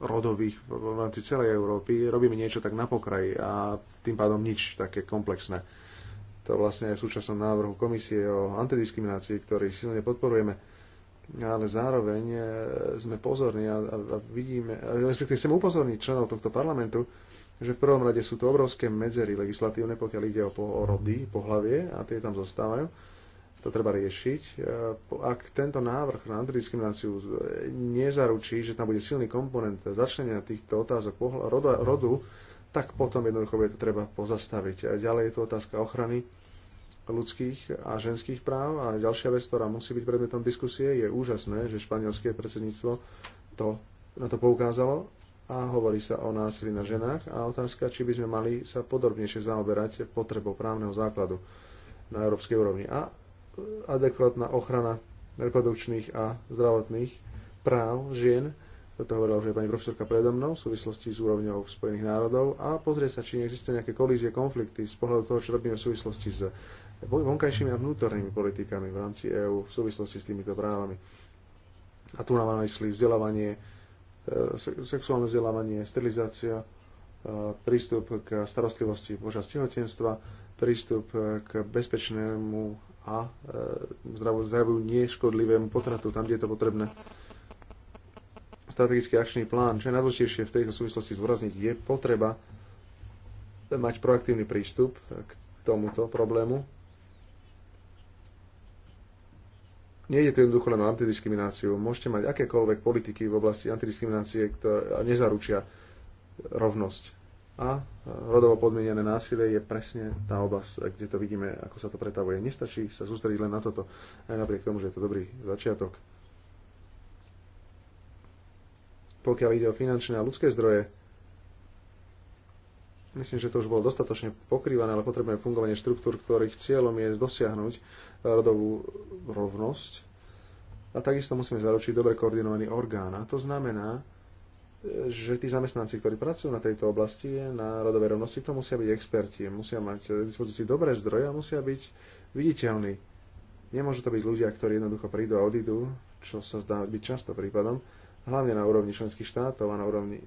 rodových v rámci celej Európy. Robíme niečo tak na pokraji a tým pádom nič také komplexné. To vlastne je v súčasnom návrhu komisie o antidiskriminácii, ktorý silne podporujeme, ale zároveň e, sme pozorní a, a vidíme, respektíve chceme upozorniť členov tohto parlamentu, že v prvom rade sú to obrovské medzery legislatívne, pokiaľ ide o, po, hlavie rody, pohlavie a tie tam zostávajú. To treba riešiť. E, ak tento návrh na antidiskrimináciu e, nezaručí, že tam bude silný komponent začlenia týchto otázok rodu, rodu tak potom jednoducho je to treba pozastaviť. Ďalej je to otázka ochrany ľudských a ženských práv. A ďalšia vec, ktorá musí byť predmetom diskusie, je úžasné, že španielské predsedníctvo to, na to poukázalo a hovorí sa o násilí na ženách a otázka, či by sme mali sa podrobnejšie zaoberať potrebou právneho základu na európskej úrovni a adekvátna ochrana reprodukčných a zdravotných práv žien toto hovorila už aj pani profesorka predo mnou, v súvislosti s úrovňou Spojených národov a pozrieť sa, či neexistujú nejaké kolízie, konflikty z pohľadu toho, čo robíme v súvislosti s vonkajšími a vnútornými politikami v rámci EÚ v súvislosti s týmito právami. A tu nám na mysli vzdelávanie, e, sexuálne vzdelávanie, sterilizácia, e, prístup k starostlivosti počas tehotenstva, prístup k bezpečnému a e, zdravu, zdravu neškodlivému potratu tam, kde je to potrebné strategický akčný plán. Čo je najdôležitejšie v tejto súvislosti zvorazniť, je potreba mať proaktívny prístup k tomuto problému. Nie je tu jednoducho len o antidiskrimináciu. Môžete mať akékoľvek politiky v oblasti antidiskriminácie, ktoré nezaručia rovnosť. A rodovo podmienené násilie je presne tá oblasť, kde to vidíme, ako sa to pretavuje. Nestačí sa sústrediť len na toto, aj napriek tomu, že je to dobrý začiatok. pokiaľ ide o finančné a ľudské zdroje. Myslím, že to už bolo dostatočne pokrývané, ale potrebujeme fungovanie štruktúr, ktorých cieľom je dosiahnuť eh, rodovú rovnosť. A takisto musíme zaručiť dobre koordinovaný orgán. A to znamená, eh, že tí zamestnanci, ktorí pracujú na tejto oblasti, na rodovej rovnosti, to musia byť experti, musia mať v dispozícii dobré zdroje a musia byť viditeľní. Nemôžu to byť ľudia, ktorí jednoducho prídu a odídu, čo sa zdá byť často prípadom hlavne na úrovni členských štátov a na úrovni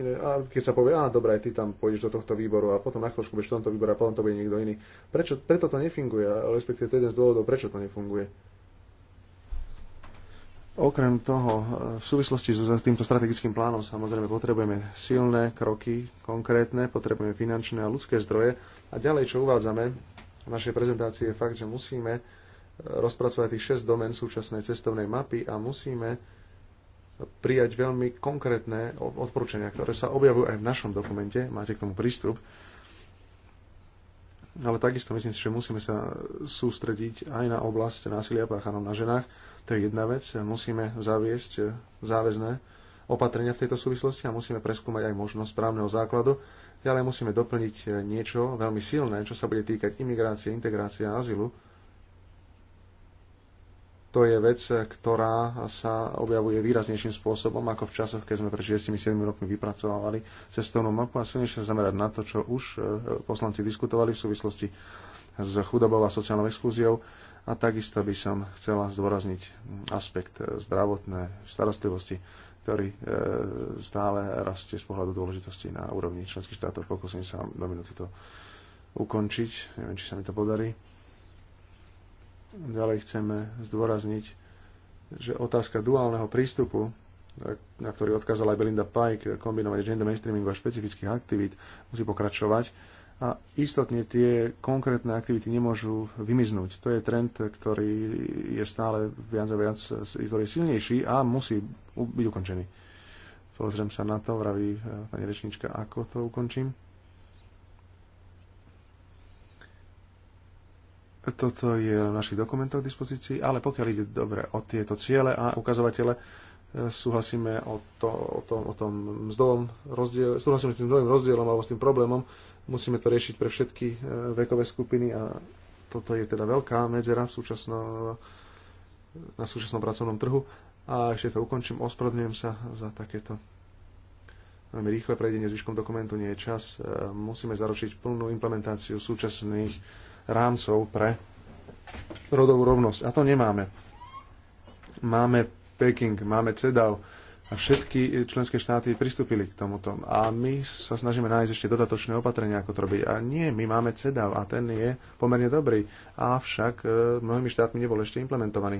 a keď sa povie, a dobre, ty tam pôjdeš do tohto výboru a potom na chvíľu budeš v tomto výbore a potom to bude niekto iný. Prečo, preto to nefunguje, respektíve to je jeden z dôvodov, prečo to nefunguje. Okrem toho, e, v súvislosti s týmto strategickým plánom samozrejme potrebujeme silné kroky, konkrétne, potrebujeme finančné a ľudské zdroje. A ďalej, čo uvádzame v našej prezentácii, je fakt, že musíme e, rozpracovať tých 6 domen súčasnej cestovnej mapy a musíme prijať veľmi konkrétne odporúčania, ktoré sa objavujú aj v našom dokumente, máte k tomu prístup. Ale takisto myslím si, že musíme sa sústrediť aj na oblasť násilia páchanom na ženách. To je jedna vec. Musíme zaviesť záväzné opatrenia v tejto súvislosti a musíme preskúmať aj možnosť právneho základu. Ďalej musíme doplniť niečo veľmi silné, čo sa bude týkať imigrácie, integrácie a azylu to je vec, ktorá sa objavuje výraznejším spôsobom, ako v časoch, keď sme pred 67 rokmi vypracovali cestovnú mapu a silnejšie zamerať na to, čo už e, poslanci diskutovali v súvislosti s chudobou a sociálnou exkluziou. A takisto by som chcela zdôrazniť aspekt zdravotnej starostlivosti, ktorý e, stále rastie z pohľadu dôležitosti na úrovni členských štátov. Pokúsim sa do minúty to ukončiť. Neviem, či sa mi to podarí. Ďalej chceme zdôrazniť, že otázka duálneho prístupu, na ktorý odkázala aj Belinda Pike, kombinovať gender mainstreaming a špecifických aktivít, musí pokračovať. A istotne tie konkrétne aktivity nemôžu vymiznúť. To je trend, ktorý je stále viac a viac, ktorý je silnejší a musí byť ukončený. Pozriem sa na to, vraví eh, pani rečnička, ako to ukončím. Toto je v našich dokumentoch k dispozícii, ale pokiaľ ide dobre o tieto ciele a ukazovatele, e, súhlasíme o, to, o, tom, o tom mzdovom rozdiel, súhlasíme s tým mzdovým rozdielom alebo s tým problémom. Musíme to riešiť pre všetky e, vekové skupiny a toto je teda veľká medzera v súčasno, na súčasnom pracovnom trhu. A ešte to ukončím, ospravedlňujem sa za takéto veľmi rýchle prejdenie zvyškom dokumentu, nie je čas. E, musíme zaručiť plnú implementáciu súčasných rámcov pre rodovú rovnosť. A to nemáme. Máme Peking, máme CEDAW a všetky členské štáty pristúpili k tomuto. A my sa snažíme nájsť ešte dodatočné opatrenia, ako to robiť. A nie, my máme CEDAW a ten je pomerne dobrý. Avšak e, mnohými štátmi nebol ešte implementovaný.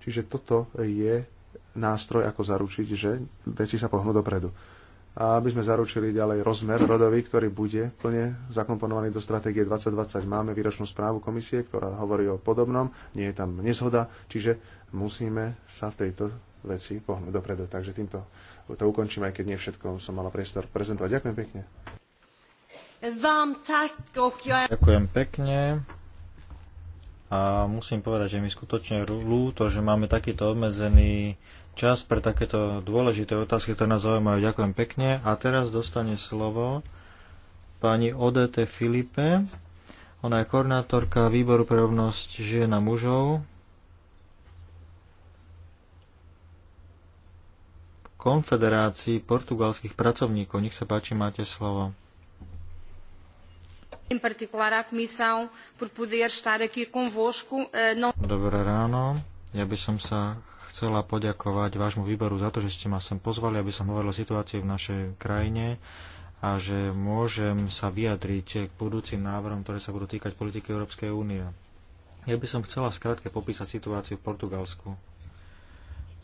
Čiže toto je nástroj, ako zaručiť, že veci sa pohnú dopredu a aby sme zaručili ďalej rozmer rodový, ktorý bude plne zakomponovaný do stratégie 2020. Máme výročnú správu komisie, ktorá hovorí o podobnom, nie je tam nezhoda, čiže musíme sa v tejto veci pohnúť dopredu. Takže týmto to ukončím, aj keď nie všetko som mala priestor prezentovať. Ďakujem pekne. Ďakujem pekne. A musím povedať, že mi skutočne ľúto, že máme takýto obmedzený čas pre takéto dôležité otázky, ktoré nás zaujímajú. Ďakujem pekne. A teraz dostane slovo pani Odete Filipe. Ona je koordinátorka výboru pre rovnosť žien a mužov. Konfederácii portugalských pracovníkov. Nech sa páči, máte slovo em particular Comissão por poder estar aqui convosco. Eh, Dobré ráno, ja by som sa chcela poďakovať vášmu výboru za to, že ste ma sem pozvali, aby som hovoril o situácii v našej krajine a že môžem sa vyjadriť k budúcim návrhom, ktoré sa budú týkať politiky Európskej únie. Ja by som chcela skrátke popísať situáciu v Portugalsku.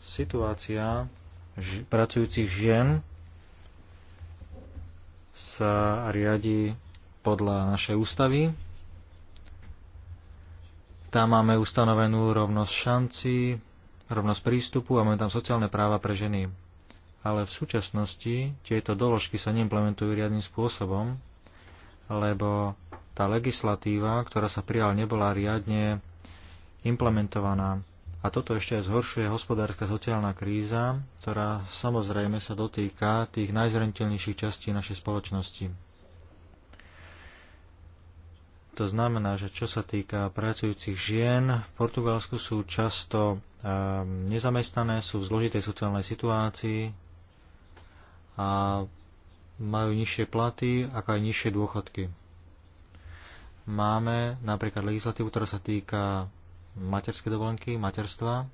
Situácia ži- pracujúcich žien sa riadi podľa našej ústavy. Tam máme ustanovenú rovnosť šanci, rovnosť prístupu a máme tam sociálne práva pre ženy. Ale v súčasnosti tieto doložky sa neimplementujú riadnym spôsobom, lebo tá legislatíva, ktorá sa prijala, nebola riadne implementovaná. A toto ešte aj zhoršuje hospodárska sociálna kríza, ktorá samozrejme sa dotýka tých najzraniteľnejších častí našej spoločnosti. To znamená, že čo sa týka pracujúcich žien, v Portugalsku sú často ehm, nezamestnané, sú v zložitej sociálnej situácii a majú nižšie platy, ako aj nižšie dôchodky. Máme napríklad legislatívu, ktorá sa týka materskej dovolenky, materstva,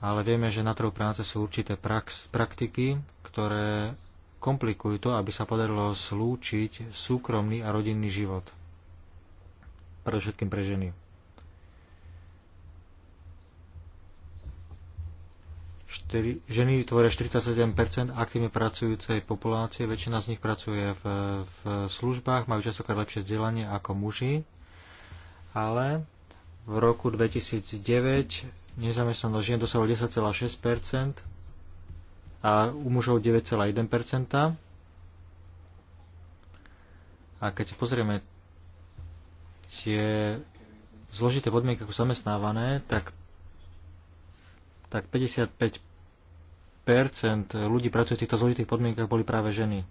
ale vieme, že na trhu práce sú určité prax, praktiky, ktoré komplikujú to, aby sa podarilo slúčiť súkromný a rodinný život – predovšetkým pre ženy. Štyri, ženy tvoria 47 aktívne pracujúcej populácie, väčšina z nich pracuje v, v službách, majú častokrát lepšie vzdelanie ako muži, ale v roku 2009 nezamestnanosť žien dosahol 10,6 a u mužov 9,1 A keď si pozrieme tie zložité podmienky, ako zamestnávané, tak, tak 55 ľudí pracuje v týchto zložitých podmienkach boli práve ženy.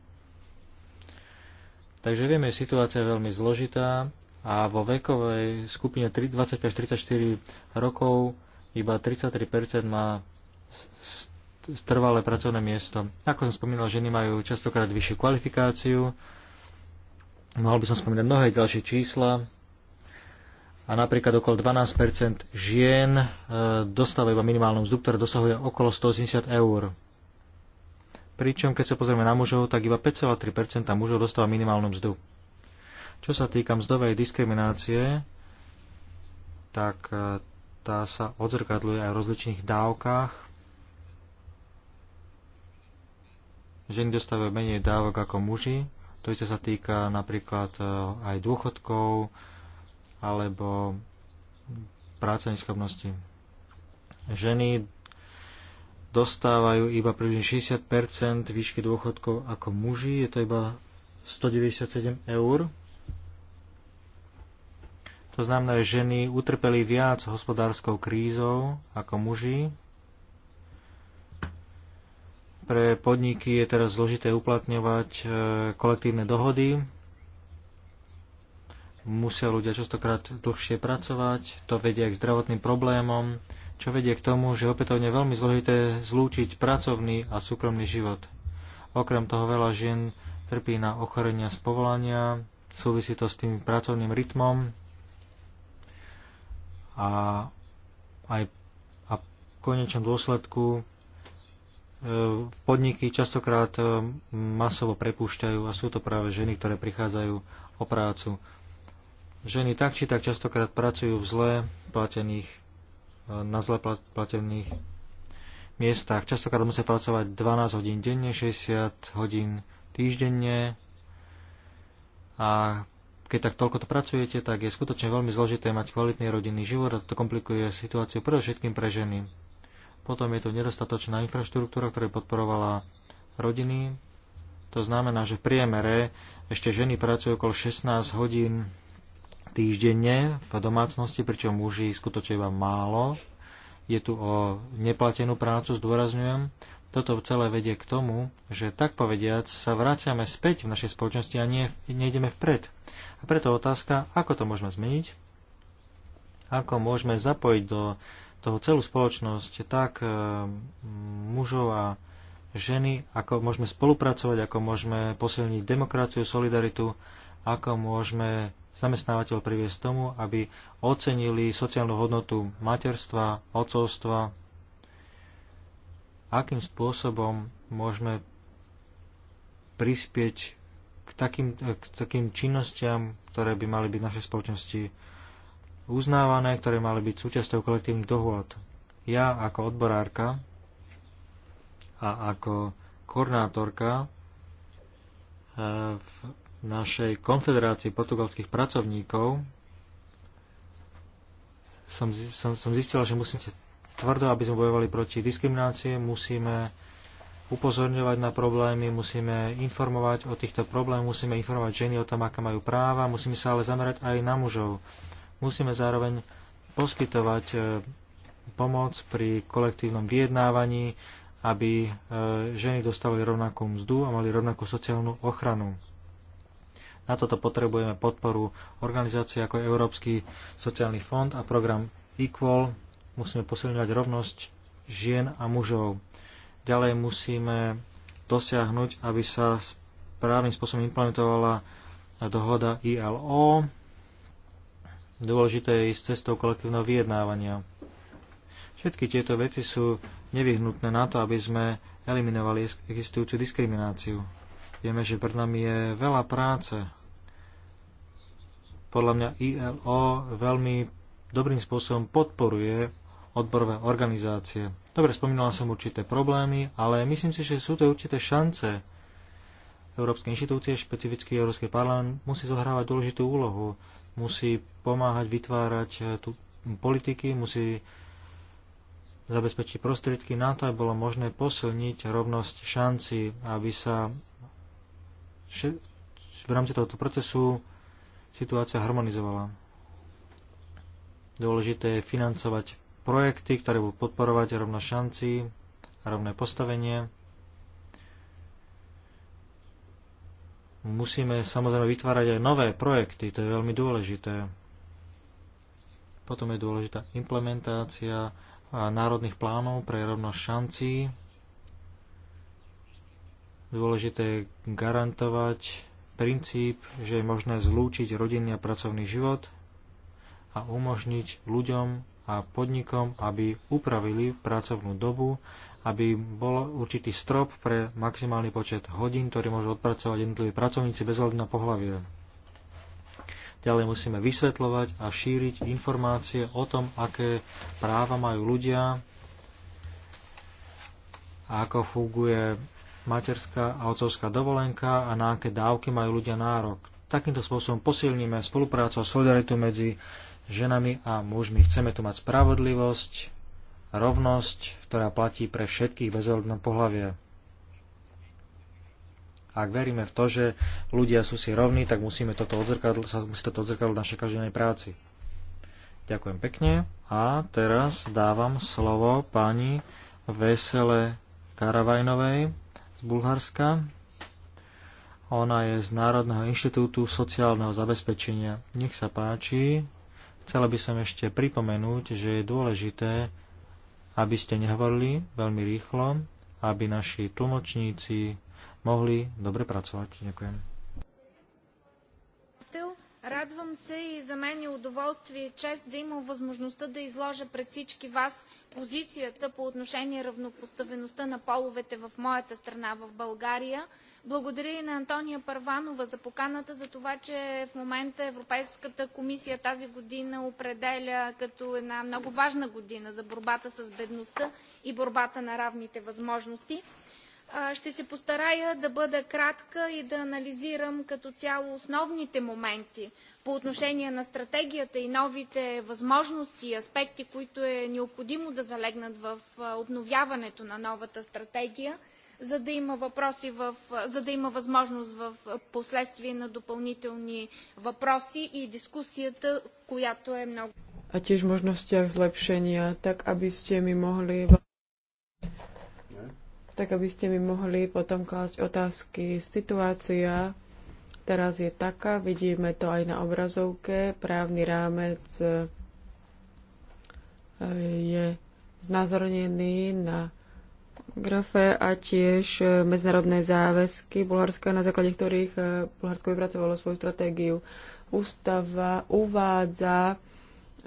Takže vieme, že situácia je veľmi zložitá a vo vekovej skupine 25-34 rokov iba 33% má trvalé pracovné miesto. Ako som spomínal, ženy majú častokrát vyššiu kvalifikáciu. Mohol by som spomínať mnohé ďalšie čísla a napríklad okolo 12 žien e, dostáva iba minimálnu mzdu, ktorá dosahuje okolo 180 eur. Pričom, keď sa pozrieme na mužov, tak iba 5,3 mužov dostáva minimálnu mzdu. Čo sa týka mzdovej diskriminácie, tak e, tá sa odzrkadľuje aj v rozličných dávkach. Ženy dostávajú menej dávok ako muži. To isté sa týka napríklad e, aj dôchodkov, alebo práce neschopnosti. Ženy dostávajú iba približne 60 výšky dôchodkov ako muži, je to iba 197 eur. To znamená, že ženy utrpeli viac hospodárskou krízou ako muži. Pre podniky je teraz zložité uplatňovať e, kolektívne dohody, musia ľudia častokrát dlhšie pracovať, to vedie k zdravotným problémom, čo vedie k tomu, že opätovne veľmi zložité zlúčiť pracovný a súkromný život. Okrem toho veľa žien trpí na ochorenia z povolania, súvisí to s tým pracovným rytmom a aj a v konečnom dôsledku e, podniky častokrát e, masovo prepúšťajú a sú to práve ženy, ktoré prichádzajú o prácu ženy tak či tak častokrát pracujú v zle platených, e, na zle platených miestach. Častokrát musia pracovať 12 hodín denne, 60 hodín týždenne a keď tak toľko to pracujete, tak je skutočne veľmi zložité mať kvalitný rodinný život a to komplikuje situáciu predovšetkým pre ženy. Potom je tu nedostatočná infraštruktúra, ktorá podporovala rodiny. To znamená, že v priemere ešte ženy pracujú okolo 16 hodín týždenne v domácnosti, pričom muži skutočne iba málo. Je tu o neplatenú prácu, zdôrazňujem. Toto celé vedie k tomu, že tak povediac sa vraciame späť v našej spoločnosti a nie, nejdeme vpred. A preto otázka, ako to môžeme zmeniť, ako môžeme zapojiť do toho celú spoločnosť tak e, mužov a ženy, ako môžeme spolupracovať, ako môžeme posilniť demokraciu, solidaritu, ako môžeme zamestnávateľ priviesť tomu, aby ocenili sociálnu hodnotu materstva, otcovstva, akým spôsobom môžeme prispieť k takým, k takým činnostiam, ktoré by mali byť v našej spoločnosti uznávané, ktoré mali byť súčasťou kolektívnych dohôd. Ja ako odborárka a ako koordinátorka eh, v našej konfederácii portugalských pracovníkov som, som, som zistil, že musíte tvrdo, aby sme bojovali proti diskriminácii, musíme upozorňovať na problémy, musíme informovať o týchto problémoch, musíme informovať ženy o tom, aké majú práva, musíme sa ale zamerať aj na mužov. Musíme zároveň poskytovať e, pomoc pri kolektívnom vyjednávaní, aby e, ženy dostali rovnakú mzdu a mali rovnakú sociálnu ochranu. Na toto potrebujeme podporu organizácie ako Európsky sociálny fond a program Equal. Musíme posilňovať rovnosť žien a mužov. Ďalej musíme dosiahnuť, aby sa správnym spôsobom implementovala dohoda ILO. Dôležité je ísť cestou kolektívneho vyjednávania. Všetky tieto veci sú nevyhnutné na to, aby sme eliminovali existujúcu diskrimináciu. Vieme, že pred nami je veľa práce podľa mňa ILO veľmi dobrým spôsobom podporuje odborové organizácie. Dobre, spomínala som určité problémy, ale myslím si, že sú to určité šance. Európske inštitúcie, špecificky Európsky parlament, musí zohrávať dôležitú úlohu. Musí pomáhať vytvárať eh, tú politiky, musí zabezpečiť prostriedky na to, aby bolo možné posilniť rovnosť šanci, aby sa v rámci tohoto procesu situácia harmonizovala. Dôležité je financovať projekty, ktoré budú podporovať rovno šanci a rovné postavenie. Musíme samozrejme vytvárať aj nové projekty, to je veľmi dôležité. Potom je dôležitá implementácia národných plánov pre rovnosť šancí. Dôležité je garantovať princíp, že je možné zlúčiť rodinný a pracovný život a umožniť ľuďom a podnikom, aby upravili pracovnú dobu, aby bol určitý strop pre maximálny počet hodín, ktorý môžu odpracovať jednotliví pracovníci bez hľadu na pohľavie. Ďalej musíme vysvetľovať a šíriť informácie o tom, aké práva majú ľudia a ako funguje materská a otcovská dovolenka a na aké dávky majú ľudia nárok. Takýmto spôsobom posilníme spoluprácu a solidaritu medzi ženami a mužmi. Chceme tu mať spravodlivosť, rovnosť, ktorá platí pre všetkých bez ohľadu na pohľavie. Ak veríme v to, že ľudia sú si rovní, tak musíme toto odzrkadl- musí toto odzrkadlo v našej každodennej práci. Ďakujem pekne a teraz dávam slovo pani Vesele Karavajnovej, z Bulharska. Ona je z Národného inštitútu sociálneho zabezpečenia. Nech sa páči. Chcela by som ešte pripomenúť, že je dôležité, aby ste nehovorili veľmi rýchlo, aby naši tlmočníci mohli dobre pracovať. Ďakujem. Радвам се и за мен е удоволствие и чест да имам възможността да изложа пред всички вас позицията по отношение равнопоставеността на половете в моята страна, в България. Благодаря и на Антония Парванова за поканата, за това, че в момента Европейската комисия тази година определя като една много важна година за борбата с бедността и борбата на равните възможности. Ще се постарая да бъда кратка и да анализирам като цяло основните моменти по отношение на стратегията и новите възможности и аспекти, които е необходимо да залегнат в обновяването на новата стратегия, за да има, въпроси в, за да има възможност в последствие на допълнителни въпроси и дискусията, която е много. А tiež možnostiach zlepšenia, так, аби ste mi могли tak aby ste mi mohli potom klásť otázky. Situácia teraz je taká, vidíme to aj na obrazovke, právny rámec e, je znázornený na grafe a tiež e, medzinárodné záväzky Bulharska, na základe ktorých e, Bulharsko vypracovalo svoju stratégiu. Ústava uvádza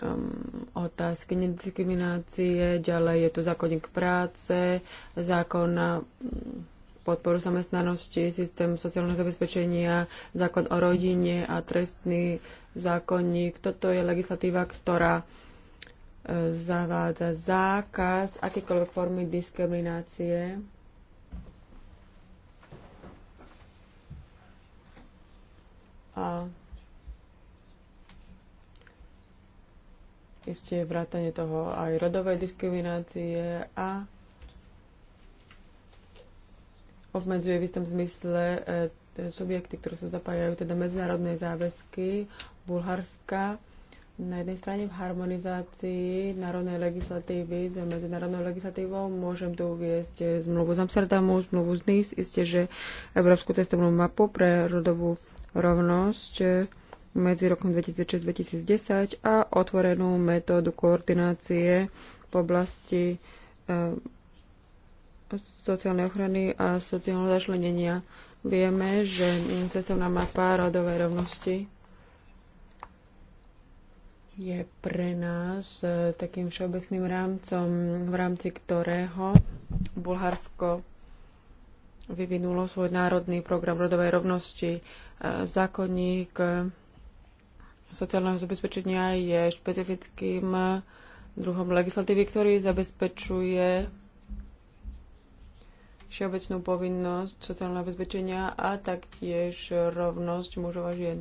um, otázky nediskriminácie, ďalej je tu zákonník práce, zákon na podporu zamestnanosti, systém sociálneho zabezpečenia, zákon o rodine a trestný zákonník. Toto je legislatíva, ktorá e, zavádza zákaz akýkoľvek formy diskriminácie. A Isté vrátanie toho aj rodovej diskriminácie a obmedzuje v istom zmysle e, subjekty, ktoré sa zapájajú, teda medzinárodné záväzky Bulharska na jednej strane v harmonizácii národnej legislatívy s medzinárodnou legislatívou môžem tu uviezť e, zmluvu z Amsterdamu, zmluvu z NIS, isté, že Európsku cestovnú mapu pre rodovú rovnosť e, medzi rokom 2006-2010 a otvorenú metódu koordinácie v oblasti eh, sociálnej ochrany a sociálneho zašlenenia. Vieme, že cestovná mapa rodovej rovnosti je pre nás eh, takým všeobecným rámcom, v rámci ktorého Bulharsko vyvinulo svoj národný program rodovej rovnosti, eh, zákonník sociálneho zabezpečenia je špecifickým druhom legislatívy, ktorý zabezpečuje všeobecnú povinnosť sociálneho zabezpečenia a taktiež rovnosť mužov a žien.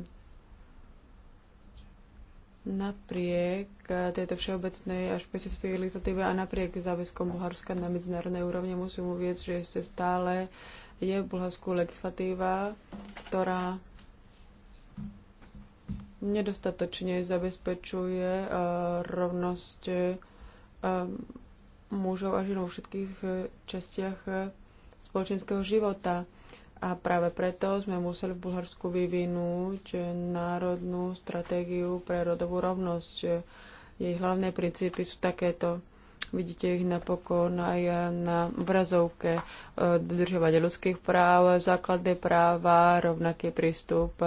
Napriek tejto všeobecnej a špecifickej legislatíve a napriek záväzkom Bulharska na medzinárodnej úrovni musím uvieť, že ešte stále je v Bulharsku legislatíva, ktorá nedostatočne zabezpečuje eh, rovnosť eh, mužov a žien vo všetkých eh, častiach spoločenského života. A práve preto sme museli v Bulharsku vyvinúť národnú stratégiu pre rodovú rovnosť. Jej hlavné princípy sú takéto. Vidíte ich napokon aj na obrazovke. Dodržovať ľudských práv, základné práva, rovnaký prístup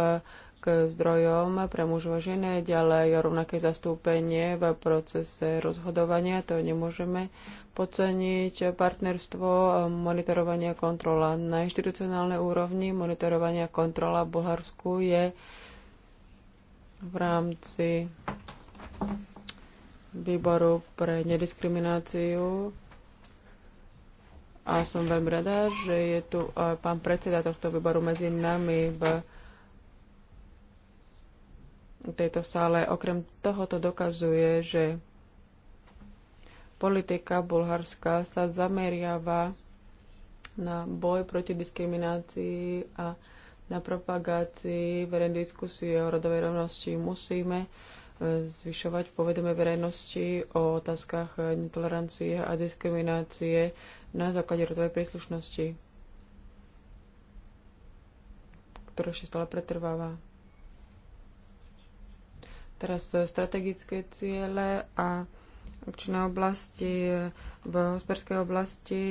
k zdrojom pre mužov a ženy, ďalej rovnaké zastúpenie v procese rozhodovania, to nemôžeme podceniť, partnerstvo, monitorovanie a kontrola. Na inštitucionálnej úrovni monitorovanie a kontrola v Bulharsku je v rámci výboru pre nediskrimináciu a som veľmi rada, že je tu eh, pán predseda tohto výboru medzi nami v tejto sále. Okrem toho to dokazuje, že politika bulharská sa zameriava na boj proti diskriminácii a na propagácii verejnej diskusie o rodovej rovnosti. Musíme e, zvyšovať povedomie verejnosti o otázkach netolerancie a diskriminácie na základe rodovej príslušnosti, ktorá ešte stále pretrváva. Teraz strategické ciele a akčné oblasti eh, v hospodárskej oblasti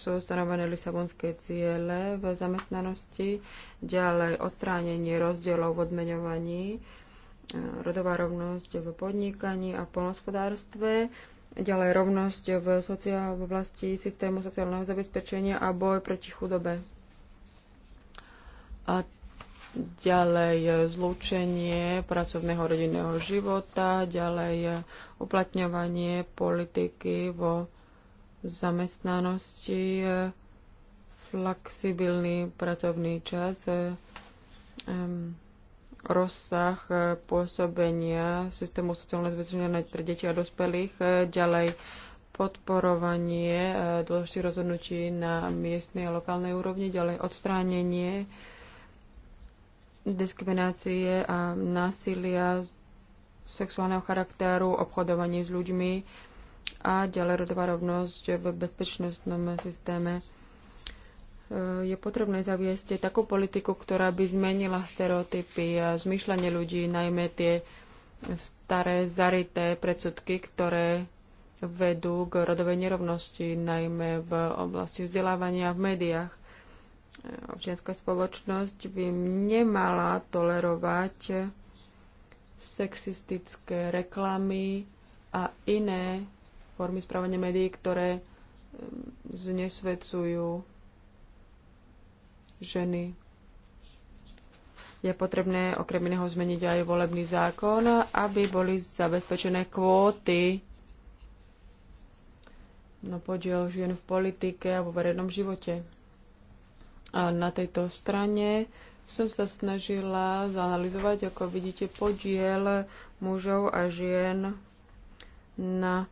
sú stanovené Lisabonské ciele v zamestnanosti, ďalej odstránenie rozdielov v odmeňovaní, eh, rodová rovnosť v podnikaní a polnospodárstve, ďalej rovnosť v, sociál- v oblasti systému sociálneho zabezpečenia a boj proti chudobe. A ďalej eh, zlúčenie pracovného rodinného života, ďalej eh, uplatňovanie politiky vo zamestnanosti, eh, flexibilný pracovný čas, rozsah pôsobenia systému sociálneho zabezpečenia pre deti a dospelých, ďalej podporovanie dôležitých rozhodnutí na miestnej a lokálnej úrovni, ďalej odstránenie diskriminácie a násilia sexuálneho charakteru, obchodovaní s ľuďmi a ďalej rodová rovnosť v bezpečnostnom systéme. E, je potrebné zaviesť takú politiku, ktorá by zmenila stereotypy a zmyšľanie ľudí, najmä tie staré, zarité predsudky, ktoré vedú k rodovej nerovnosti, najmä v oblasti vzdelávania a v médiách občianská spoločnosť by nemala tolerovať sexistické reklamy a iné formy správania médií, ktoré znesvedcujú ženy. Je potrebné okrem iného zmeniť aj volebný zákon, aby boli zabezpečené kvóty na no, podiel žien v politike a vo verejnom živote. A na tejto strane som sa snažila zanalizovať, ako vidíte, podiel mužov a žien na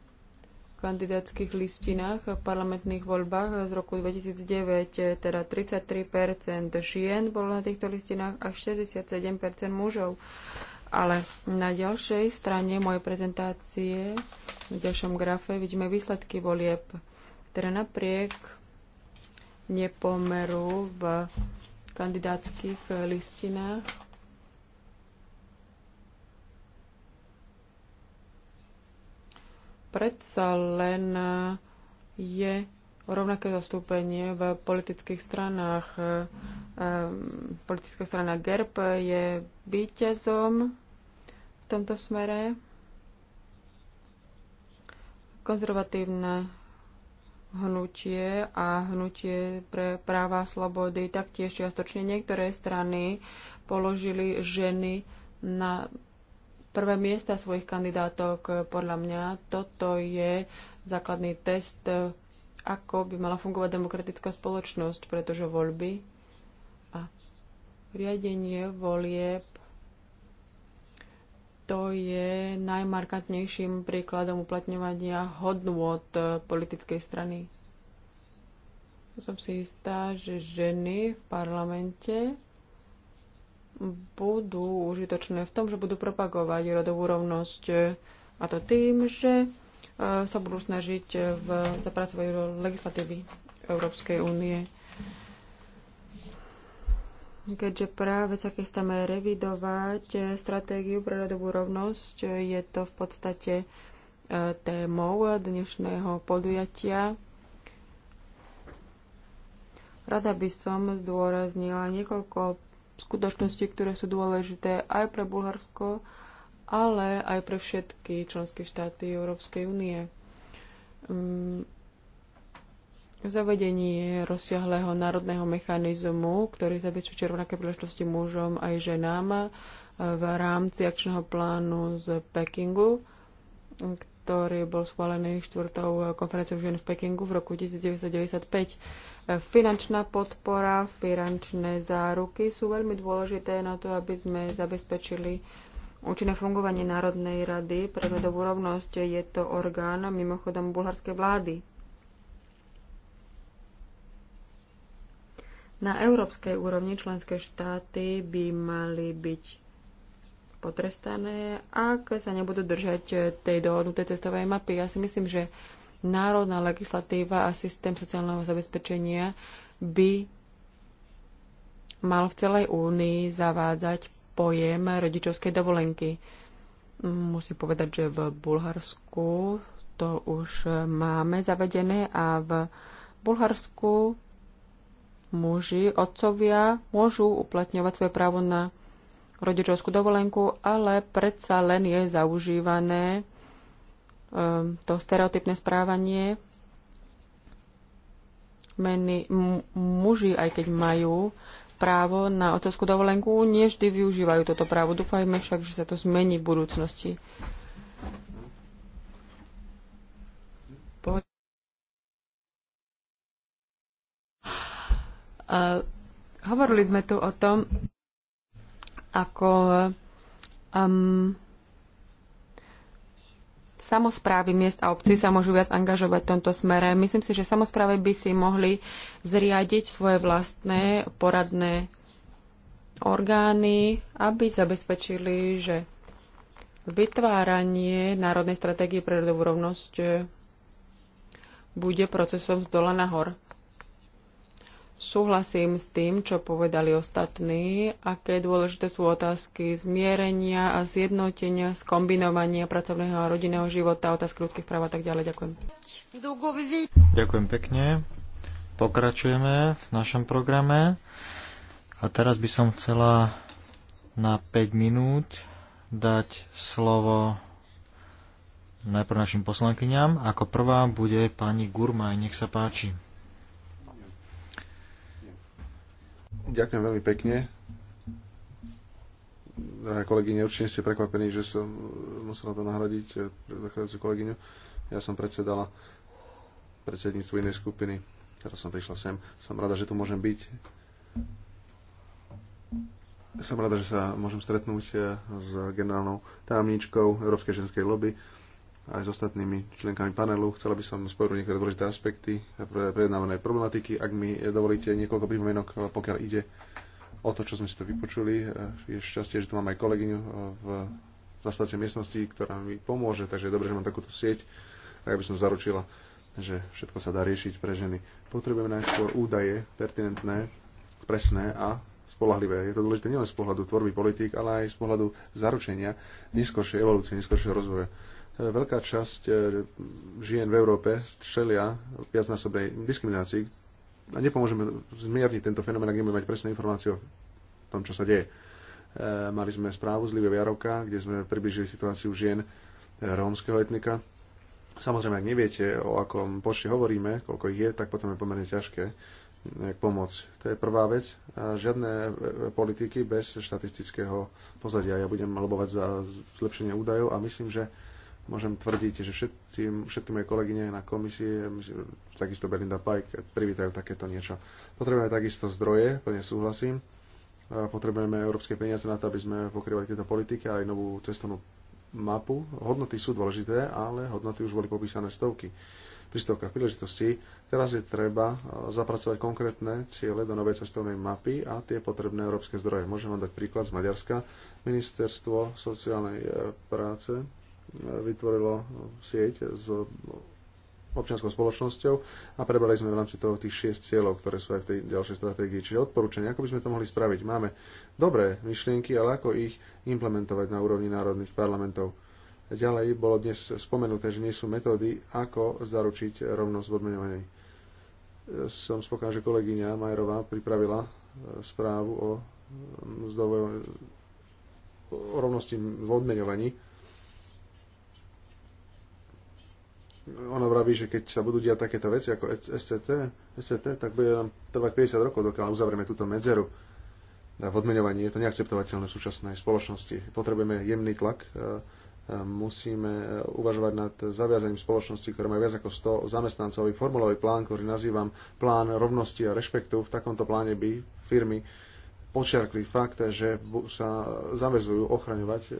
kandidátskych listinách v parlamentných voľbách z roku 2009, teda 33% žien bolo na týchto listinách a 67% mužov. Ale na ďalšej strane mojej prezentácie, v ďalšom grafe, vidíme výsledky volieb. ktoré teda napriek nepomeru v kandidátskych listinách. Predsa len je rovnaké zastúpenie v politických stranách. Ehm, politická strana GERB je víťazom v tomto smere. Konzervatívna hnutie a hnutie pre práva a slobody taktiež čiastočne niektoré strany položili ženy na prvé miesta svojich kandidátok. Podľa mňa toto je základný test, ako by mala fungovať demokratická spoločnosť, pretože voľby a riadenie volieb to je najmarkantnejším príkladom uplatňovania hodnôt eh, politickej strany. Som si istá, že ženy v parlamente budú užitočné v tom, že budú propagovať rodovú rovnosť eh, a to tým, že eh, sa budú snažiť v, zapracovať legislatívy Európskej únie keďže práve sa chystáme revidovať eh, stratégiu pre rodovú rovnosť. Eh, je to v podstate eh, témou dnešného podujatia. Rada by som zdôraznila niekoľko skutočností, ktoré sú dôležité aj pre Bulharsko, ale aj pre všetky členské štáty Európskej únie. Mm, Zavedenie rozsiahleho národného mechanizmu, ktorý zabezpečí rovnaké príležitosti mužom aj ženám eh, v rámci akčného plánu z Pekingu, ktorý bol schválený štvrtou eh, konferenciou žien v Pekingu v roku 1995. Eh, finančná podpora, finančné záruky sú veľmi dôležité na to, aby sme zabezpečili účinné fungovanie Národnej rady pre rodovú rovnosť. Je to orgán mimochodom bulharskej vlády. Na európskej úrovni členské štáty by mali byť potrestané, ak sa nebudú držať tej dohodnutej cestovej mapy. Ja si myslím, že národná legislatíva a systém sociálneho zabezpečenia by mal v celej únii zavádzať pojem rodičovskej dovolenky. Musím povedať, že v Bulharsku to už máme zavedené a v Bulharsku muži, otcovia môžu uplatňovať svoje právo na rodičovskú dovolenku, ale predsa len je zaužívané um, to stereotypné správanie. Meny, muži, aj keď majú právo na otcovskú dovolenku, nie vždy využívajú toto právo. Dúfajme však, že sa to zmení v budúcnosti. Eh, hovorili sme tu o tom, ako um, samozprávy miest a obcí sa môžu viac angažovať v tomto smere. Myslím si, že samozprávy by si mohli zriadiť svoje vlastné poradné orgány, aby zabezpečili, že vytváranie národnej stratégie pre rodovú rovnosť bude procesom z dola nahor. Súhlasím s tým, čo povedali ostatní, aké dôležité sú otázky zmierenia a zjednotenia, skombinovania pracovného a rodinného života, otázky ľudských práv a tak ďalej. Ďakujem. Ďakujem pekne. Pokračujeme v našom programe. A teraz by som chcela na 5 minút dať slovo najprv našim poslankyňam. Ako prvá bude pani Gurmaj. Nech sa páči. Ďakujem veľmi pekne. Drahé kolegyne, určite ste prekvapení, že som musela to nahradiť zachádzajúcu eh, kolegyňu. Ja som predsedala predsedníctvu inej skupiny. Teraz som prišla sem. Som rada, že tu môžem byť. Som rada, že sa môžem stretnúť eh, s generálnou tajomníčkou Európskej ženskej lobby aj s ostatnými členkami panelu. Chcela by som spojiť niektoré dôležité aspekty pre prejednávané problematiky. Ak mi dovolíte niekoľko pripomienok, e, pokiaľ ide o to, čo sme si to vypočuli. E, je šťastie, že tu mám aj kolegyňu e, v zastacie miestnosti, ktorá mi pomôže, takže je dobré, že mám takúto sieť, tak aby som zaručila, že všetko sa dá riešiť pre ženy. Potrebujeme najskôr údaje pertinentné, presné a spolahlivé. Je to dôležité nielen z pohľadu tvorby politík, ale aj z pohľadu zaručenia neskôršej evolúcie, neskôršieho rozvoja veľká časť e, žien v Európe čelia viacnásobnej diskriminácii a nepomôžeme zmierniť tento fenomén, ak nebudeme mať presné informácie o tom, čo sa deje. E, mali sme správu z Livia Jarovka, kde sme približili situáciu žien rómskeho etnika. Samozrejme, ak neviete, o akom počte hovoríme, koľko ich je, tak potom je pomerne ťažké e, pomôcť. To je prvá vec. Žiadne politiky bez štatistického pozadia. Ja budem lobovať za zlepšenie údajov a myslím, že môžem tvrdiť, že všetci, všetky moje kolegyne na komisie, takisto Belinda Pike, privítajú takéto niečo. Potrebujeme takisto zdroje, plne súhlasím. Potrebujeme európske peniaze na to, aby sme pokrývali tieto politiky a aj novú cestovnú mapu. Hodnoty sú dôležité, ale hodnoty už boli popísané stovky pri stovkách príležitostí. Teraz je treba zapracovať konkrétne ciele do novej cestovnej mapy a tie potrebné európske zdroje. Môžem vám dať príklad z Maďarska. Ministerstvo sociálnej e, práce vytvorilo sieť s občianskou spoločnosťou a prebrali sme v rámci toho tých šiest cieľov, ktoré sú aj v tej ďalšej stratégii. Čiže odporúčania, ako by sme to mohli spraviť. Máme dobré myšlienky, ale ako ich implementovať na úrovni národných parlamentov. Ďalej bolo dnes spomenuté, že nie sú metódy, ako zaručiť rovnosť v odmenovaní. Som spokojná, že kolegyňa Majerová pripravila e, správu o, o rovnosti v odmenovaní. ona vraví, že keď sa budú diať takéto veci ako SCT, SCT tak bude nám trvať 50 rokov, dokiaľ uzavrieme túto medzeru v odmeňovaní. Je to neakceptovateľné v súčasnej spoločnosti. Potrebujeme jemný tlak, musíme e, uvažovať nad zaviazaním spoločnosti, ktoré má viac ako 100 zamestnancov. Formulový plán, ktorý nazývam plán rovnosti a rešpektu, v takomto pláne by firmy počiarkli fakt, že sa zavezujú ochraňovať e,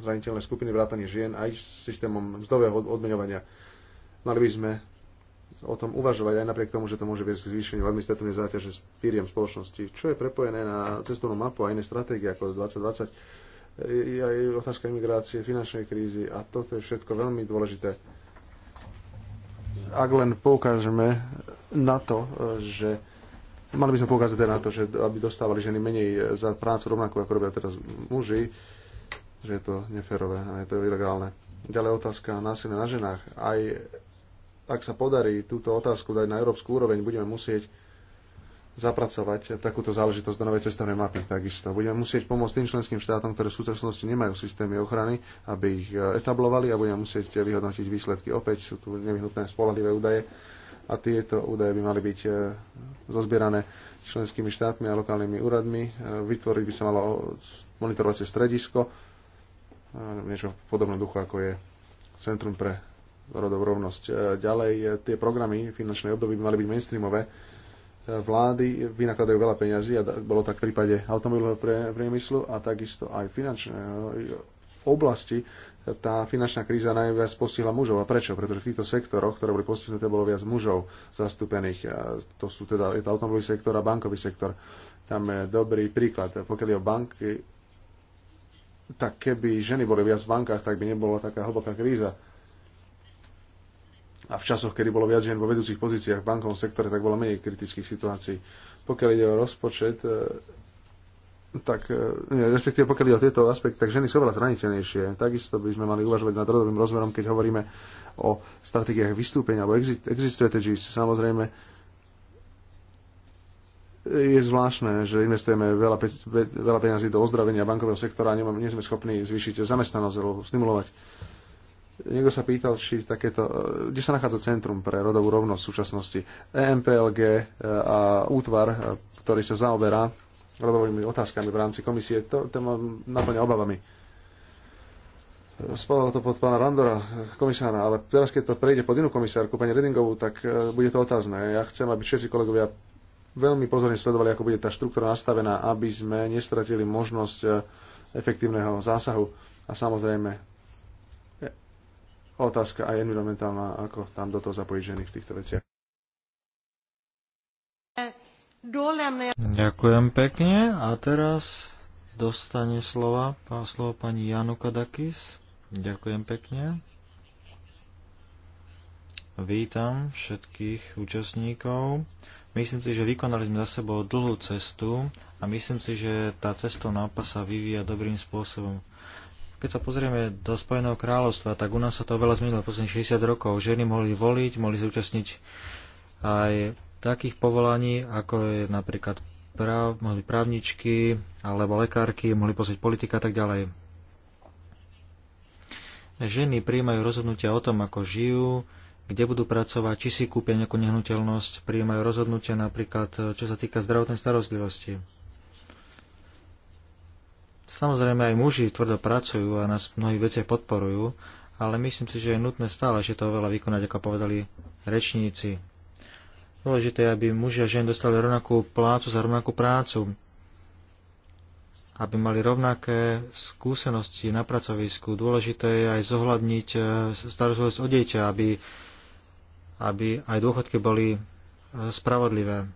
zraniteľné skupiny vrátanie žien aj s systémom mzdového odmeňovania. Mali by sme o tom uvažovať aj napriek tomu, že to môže viesť k zvýšeniu administratívnej záťaže s firiem spoločnosti, čo je prepojené na cestovnú mapu a iné stratégie ako 2020, je aj otázka imigrácie, finančnej krízy a toto je všetko veľmi dôležité. Ak len poukážeme na to, že mali by sme poukázať teda na to, že aby dostávali ženy menej za prácu rovnako, ako robia teraz muži, že je to neférové a je to ilegálne. Ďalej otázka násilie na ženách. Aj ak sa podarí túto otázku dať na európsku úroveň, budeme musieť zapracovať takúto záležitosť do novej cestovnej mapy. Takisto budeme musieť pomôcť tým členským štátom, ktoré v súčasnosti nemajú systémy ochrany, aby ich e, etablovali a budeme musieť vyhodnotiť výsledky. Opäť sú tu nevyhnutné spolahlivé údaje a tieto údaje by mali byť e, zozbierané členskými štátmi a lokálnymi úradmi. E, vytvoriť by sa malo monitorovacie stredisko, niečo v podobnom duchu, ako je Centrum pre rodovú rovnosť. Ďalej, e, tie programy finančnej obdoby by mali byť mainstreamové. E, vlády vynakladajú veľa peňazí a bolo tak v prípade automobilového priemyslu a takisto aj finančné e, oblasti tá finančná kríza najviac postihla mužov. A prečo? Pretože v týchto sektoroch, ktoré boli postihnuté, bolo viac mužov zastúpených. A to sú teda, je to automobilový sektor a bankový sektor. Tam je dobrý príklad. Pokiaľ je o banky, tak keby ženy boli viac v bankách, tak by nebola taká hlboká kríza. A v časoch, kedy bolo viac žien vo vedúcich pozíciách v bankovom sektore, tak bolo menej kritických situácií. Pokiaľ ide o rozpočet, e, tak, e, nie, respektíve pokiaľ ide o tieto aspekty, tak ženy sú oveľa zraniteľnejšie. Takisto by sme mali uvažovať nad rodovým rozmerom, keď hovoríme o stratégiách vystúpenia alebo exit, exit strategies. Samozrejme, je zvláštne, že investujeme veľa, pe veľa peňazí do ozdravenia bankového sektora a nemám, nie sme schopní zvýšiť zamestnanosť alebo stimulovať. Niekto sa pýtal, či takéto, e, kde sa nachádza Centrum pre rodovú rovnosť v súčasnosti. EMPLG e, a útvar, e, ktorý sa zaoberá rodovými otázkami v rámci komisie, to, to ma naplňa obavami spadalo to pod pána Randora, komisára, ale teraz keď to prejde pod inú komisárku, pani Redingovú, tak bude to otázne. Ja chcem, aby všetci kolegovia veľmi pozorne sledovali, ako bude tá štruktúra nastavená, aby sme nestratili možnosť eh, efektívneho zásahu. A samozrejme, eh, otázka aj environmentálna, ako tam do toho zapojiť ženy v týchto veciach. Ďakujem pekne a teraz dostane slova, slovo pani Janu Kadakis. Ďakujem pekne. Vítam všetkých účastníkov. Myslím si, že vykonali sme za sebou dlhú cestu a myslím si, že tá na opa sa vyvíja dobrým spôsobom. Keď sa pozrieme do Spojeného kráľovstva, tak u nás sa to veľa zmenilo posledných 60 rokov. Ženy mohli voliť, mohli zúčastniť aj takých povolaní, ako je napríklad práv, mohli právničky alebo lekárky, mohli pozrieť politika a tak ďalej. Ženy príjmajú rozhodnutia o tom, ako žijú, kde budú pracovať, či si kúpia nejakú nehnuteľnosť, prijímajú rozhodnutia napríklad, e, čo sa týka zdravotnej starostlivosti. Samozrejme aj muži tvrdo pracujú a nás mnohí veciach podporujú, ale myslím si, že je nutné stále že to veľa vykonať, ako povedali rečníci. Dôležité je, aby muži a ženy dostali rovnakú plácu za rovnakú prácu, aby mali rovnaké skúsenosti na pracovisku. Dôležité je aj zohľadniť e, starostlivosť o dieťa, aby aby aj dôchodky boli e, spravodlivé.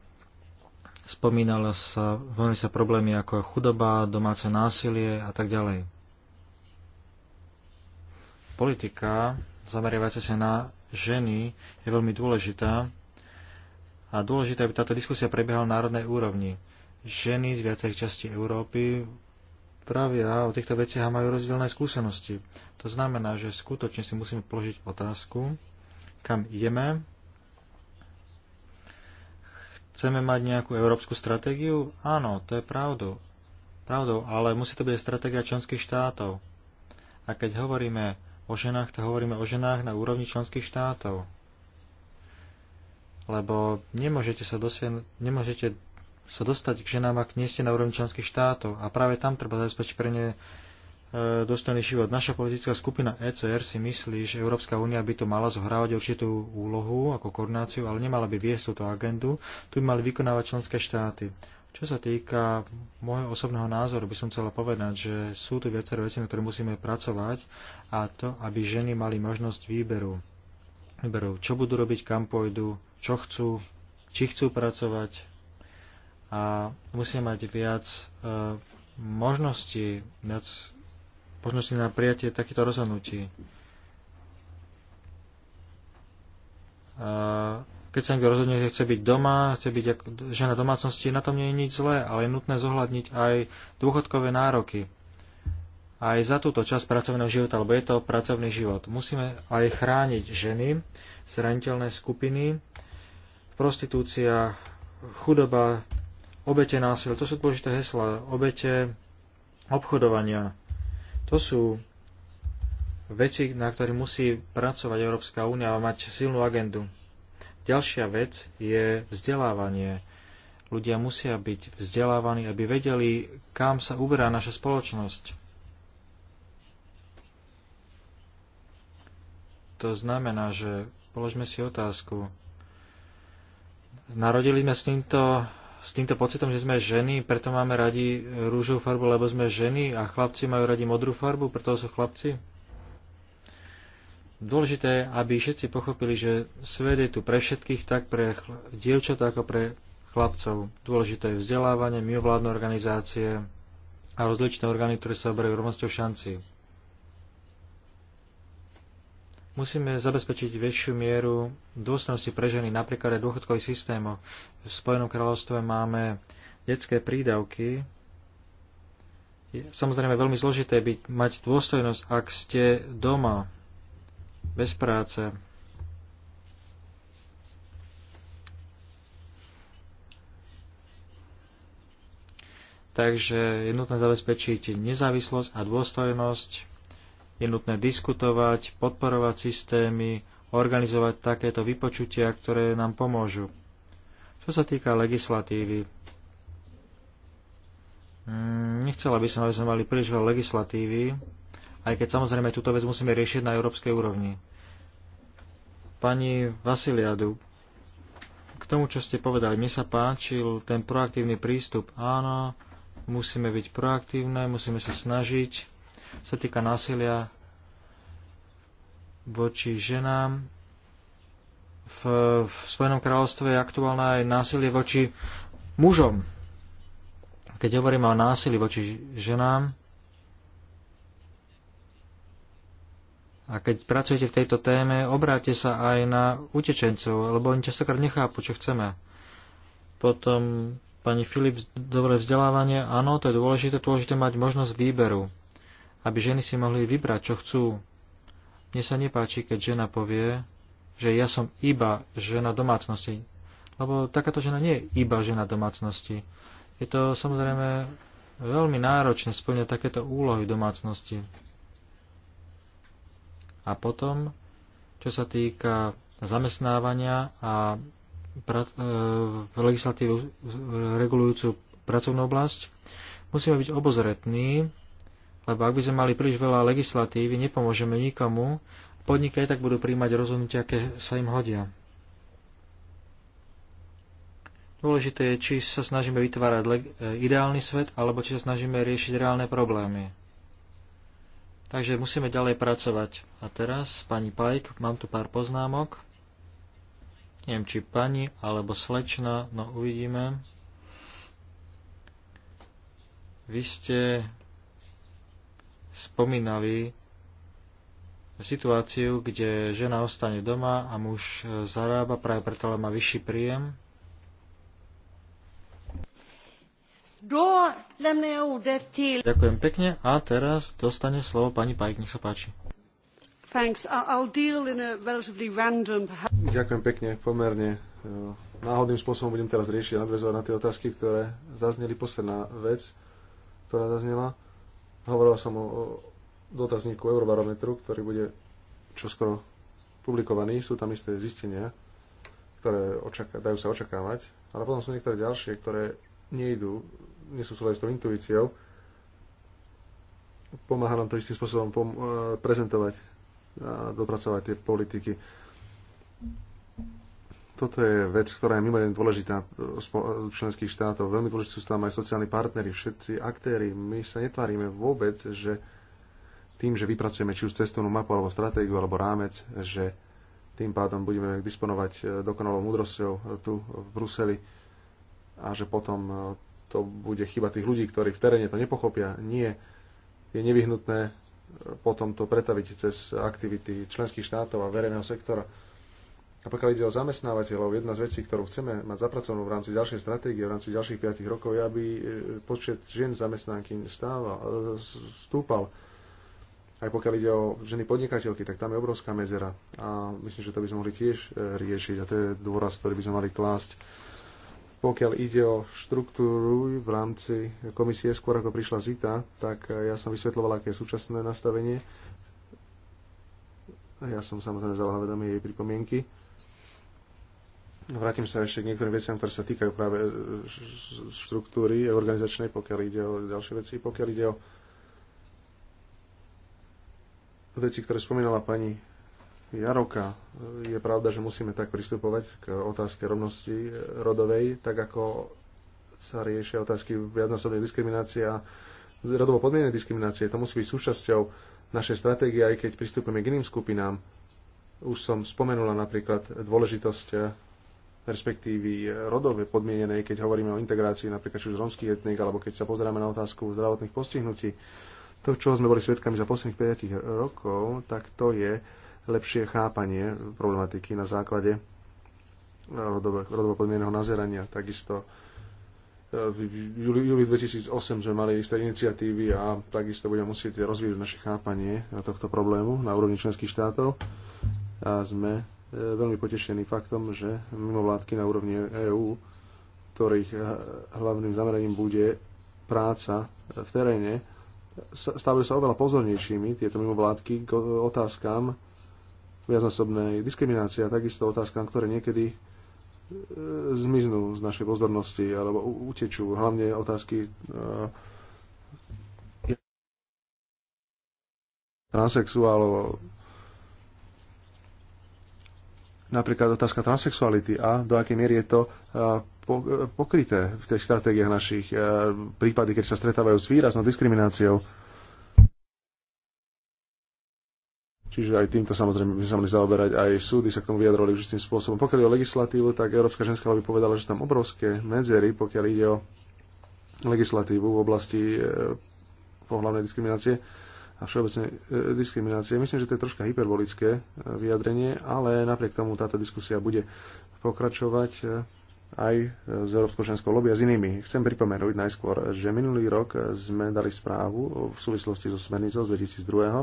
Spomínalo sa, spomínali sa problémy ako chudoba, domáce násilie a tak ďalej. Politika, zameriavate sa na ženy, je veľmi dôležitá a dôležité, aby táto diskusia prebiehala na národnej úrovni. Ženy z viacerých častí Európy pravia o týchto veciach majú rozdielne skúsenosti. To znamená, že skutočne si musíme položiť otázku, kam ideme. Chceme mať nejakú európsku stratégiu? Áno, to je pravdou. Pravdou, ale musí to byť stratégia členských štátov. A keď hovoríme o ženách, to hovoríme o ženách na úrovni členských štátov. Lebo nemôžete sa, dosi- nemôžete sa dostať k ženám, ak nie ste na úrovni členských štátov. A práve tam treba zabezpečiť pre ne dostojný život. Naša politická skupina ECR si myslí, že Európska únia by tu mala zohrávať určitú úlohu ako koordináciu, ale nemala by viesť túto agendu. Tu by mali vykonávať členské štáty. Čo sa týka môjho osobného názoru, by som chcela povedať, že sú tu viaceré veci, na ktoré musíme pracovať a to, aby ženy mali možnosť výberu. Výberu, čo budú robiť, kam pôjdu, čo chcú, či chcú pracovať a musia mať viac e, možností, viac možnosti na prijatie takýchto rozhodnutí. Keď sa niekto rozhodne, že chce byť doma, chce byť žena domácnosti, na tom nie je nič zlé, ale je nutné zohľadniť aj dôchodkové nároky. Aj za túto časť pracovného života, alebo je to pracovný život. Musíme aj chrániť ženy, zraniteľné skupiny, prostitúcia, chudoba, obete násilia. To sú dôležité hesla. Obete obchodovania, to sú veci, na ktorých musí pracovať Európska únia a mať silnú agendu. Ďalšia vec je vzdelávanie. Ľudia musia byť vzdelávaní, aby vedeli, kam sa uberá naša spoločnosť. To znamená, že položme si otázku. Narodili sme s týmto s týmto pocitom, že sme ženy, preto máme radi rúžovú farbu, lebo sme ženy a chlapci majú radi modrú farbu, preto sú chlapci? Dôležité je, aby všetci pochopili, že svet je tu pre všetkých, tak pre dievčatá ako pre chlapcov. Dôležité je vzdelávanie, mimovládne organizácie a rozličné orgány, ktoré sa oberajú rovnosťou šanci. Musíme zabezpečiť väčšiu mieru dôstojnosti pre ženy, napríklad aj v dôchodkových systémoch. V Spojenom kráľovstve máme detské prídavky. Je samozrejme veľmi zložité byť, mať dôstojnosť, ak ste doma, bez práce. Takže je nutné zabezpečiť nezávislosť a dôstojnosť je nutné diskutovať, podporovať systémy, organizovať takéto vypočutia, ktoré nám pomôžu. Čo sa týka legislatívy, mm, nechcela by som, aby sme mali príliš veľa legislatívy, aj keď samozrejme túto vec musíme riešiť na európskej úrovni. Pani Vasiliadu, k tomu, čo ste povedali, mne sa páčil ten proaktívny prístup. Áno, musíme byť proaktívne, musíme sa snažiť. Sa týka násilia voči ženám. V, v Spojenom kráľovstve je aktuálne aj násilie voči mužom. Keď hovoríme o násilí voči ženám, A keď pracujete v tejto téme, obráte sa aj na utečencov, lebo oni častokrát nechápu, čo chceme. Potom pani Filip, dobré vzdelávanie, áno, to je dôležité, dôležité mať možnosť výberu, aby ženy si mohli vybrať, čo chcú. Mne sa nepáči, keď žena povie, že ja som iba žena domácnosti. Lebo takáto žena nie je iba žena domácnosti. Je to samozrejme veľmi náročné splňať takéto úlohy v domácnosti. A potom, čo sa týka zamestnávania a pra- e, legislatívu regulujúcu pracovnú oblasť, musíme byť obozretní, lebo ak by sme mali príliš veľa legislatívy, nepomôžeme nikomu, podniky aj tak budú príjmať rozhodnutia, aké sa im hodia. Dôležité je, či sa snažíme vytvárať e, ideálny svet, alebo či sa snažíme riešiť reálne problémy. Takže musíme ďalej pracovať. A teraz, pani Pajk, mám tu pár poznámok. Neviem, či pani alebo slečna, no uvidíme. Vy ste spomínali situáciu, kde žena ostane doma a muž zarába práve preto, má vyšší príjem. Ďakujem pekne a teraz dostane slovo pani Pajk, nech sa páči. Ďakujem pekne, pomerne eh, náhodným spôsobom budem teraz riešiť a nadvezovať na tie otázky, ktoré zazneli. Posledná vec, ktorá zaznela Hovoril som o dotazníku Eurobarometru, ktorý bude čoskoro publikovaný. Sú tam isté zistenia, ktoré očaká, dajú sa očakávať, ale potom sú niektoré ďalšie, ktoré nejdu, nie sú súľadné s tou intuíciou. Pomáha nám to istým spôsobom pom- e, prezentovať a dopracovať tie politiky. Toto je vec, ktorá je mimoriadne dôležitá e, e, členských štátov. Veľmi dôležití sú tam aj sociálni partnery, všetci aktéry. My sa netvárime vôbec, že tým, že vypracujeme či už cestovnú mapu, alebo stratégiu, alebo rámec, že tým pádom budeme disponovať e, dokonalou múdrosťou tu v Bruseli a že potom to bude chyba tých ľudí, ktorí v teréne to nepochopia. Nie. Je nevyhnutné potom to pretaviť cez aktivity členských štátov a verejného sektora a pokiaľ ide o zamestnávateľov, jedna z vecí, ktorú chceme mať zapracovanú v rámci ďalšej stratégie, v rámci ďalších 5 rokov, je, aby e, počet žien zamestnanky stával, e, stúpal. Aj pokiaľ ide o ženy podnikateľky, tak tam je obrovská medzera. A myslím, že to by sme mohli tiež e, riešiť. A to je dôraz, ktorý by sme mali klásť. Pokiaľ ide o štruktúru v rámci komisie, skôr ako prišla ZITA, tak ja som vysvetloval, aké je súčasné nastavenie. Ja som samozrejme vzal na vedomie jej pripomienky No, vrátim sa ešte k niektorým veciam, ktoré sa týkajú práve e, štruktúry organizačnej, pokiaľ ide o ďalšie veci, pokiaľ ide o veci, ktoré spomínala pani Jaroka. E, je pravda, že musíme tak pristupovať k otázke rovnosti e, rodovej, tak ako sa riešia otázky viacnásobnej diskriminácie a rodovo podmienenej diskriminácie. To musí byť súčasťou našej stratégie, aj keď pristupujeme k iným skupinám. Už som spomenula napríklad dôležitosť perspektívy rodové podmienenej, keď hovoríme o integrácii napríklad či už romských etník, alebo keď sa pozeráme na otázku zdravotných postihnutí. To, čo sme boli svedkami za posledných 5 rokov, tak to je lepšie chápanie problematiky na základe rodovo, rodovo podmieneného nazerania. Takisto e, v júli 2008 sme mali isté iniciatívy a takisto budeme musieť rozvíjať naše chápanie tohto problému na úrovni členských štátov. A sme E, veľmi potešený faktom, že mimovládky na úrovni EÚ, ktorých e, hlavným zameraním bude práca e, v teréne, stávajú sa oveľa pozornejšími tieto mimovládky k otázkam viacnásobnej diskriminácie a takisto otázkam, ktoré niekedy zmiznú z našej pozornosti alebo utečú. Hlavne otázky transexuálov, napríklad otázka transexuality a do akej miery je to e, e, pokryté v tých stratégiách našich e, prípady, keď sa stretávajú s výraznou diskrimináciou. Čiže aj týmto samozrejme by sa mali zaoberať. Aj súdy sa k tomu vyjadrovali tým spôsobom. Pokiaľ o legislatívu, tak Európska ženská by povedala, že tam obrovské medzery, pokiaľ ide o legislatívu v oblasti pohľavnej diskriminácie a všeobecnej e, diskriminácie. Myslím, že to je troška hyperbolické e, vyjadrenie, ale napriek tomu táto diskusia bude pokračovať e, aj s Európskou ženskou lobby a s inými. Chcem pripomenúť najskôr, že minulý rok sme dali správu v súvislosti so smernicou z 2002.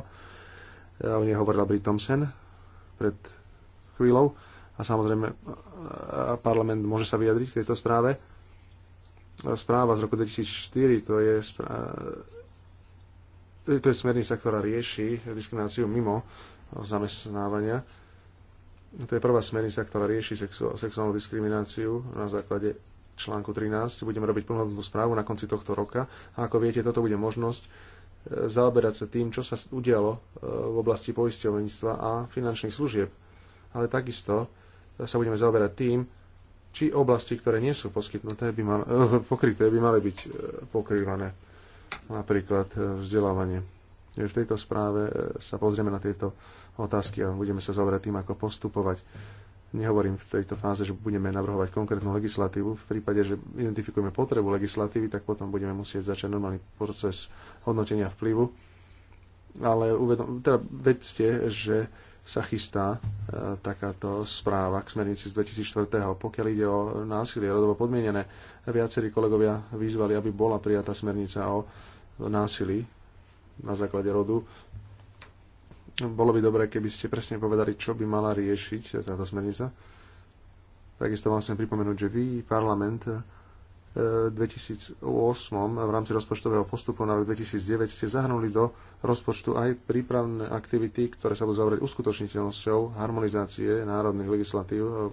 O nej hovorila Brit Thompson pred chvíľou a samozrejme parlament môže sa vyjadriť k tejto správe. Správa z roku 2004, to je správa E, to je smernica, ktorá rieši diskrimináciu mimo zamestnávania. To je prvá smernica, ktorá rieši sexu, sexuálnu diskrimináciu na základe článku 13. Budeme robiť plnohodnotnú správu na konci tohto roka. A ako viete, toto bude možnosť e, zaoberať sa tým, čo sa udialo e, v oblasti poisťovníctva a finančných služieb. Ale takisto sa budeme zaoberať tým, či oblasti, ktoré nie sú poskytnuté, by mal, pokryté, by mali byť pokrývané napríklad e, vzdelávanie. V tejto správe e, sa pozrieme na tieto otázky a budeme sa zaoberať tým, ako postupovať. Nehovorím v tejto fáze, že budeme navrhovať konkrétnu legislatívu. V prípade, že identifikujeme potrebu legislatívy, tak potom budeme musieť začať normálny proces hodnotenia vplyvu. Ale uvedom, teda vedzte, že sa chystá e, takáto správa k smernici z 2004. Pokiaľ ide o násilie rodovo podmienené, viacerí kolegovia vyzvali, aby bola prijatá smernica o násilí na základe rodu. Bolo by dobré, keby ste presne povedali, čo by mala riešiť táto smernica. Takisto vám chcem pripomenúť, že vy, parlament, 2008 v rámci rozpočtového postupu na rok 2009 ste zahrnuli do rozpočtu aj prípravné aktivity, ktoré sa budú zaoberať uskutočniteľnosťou harmonizácie národných legislatív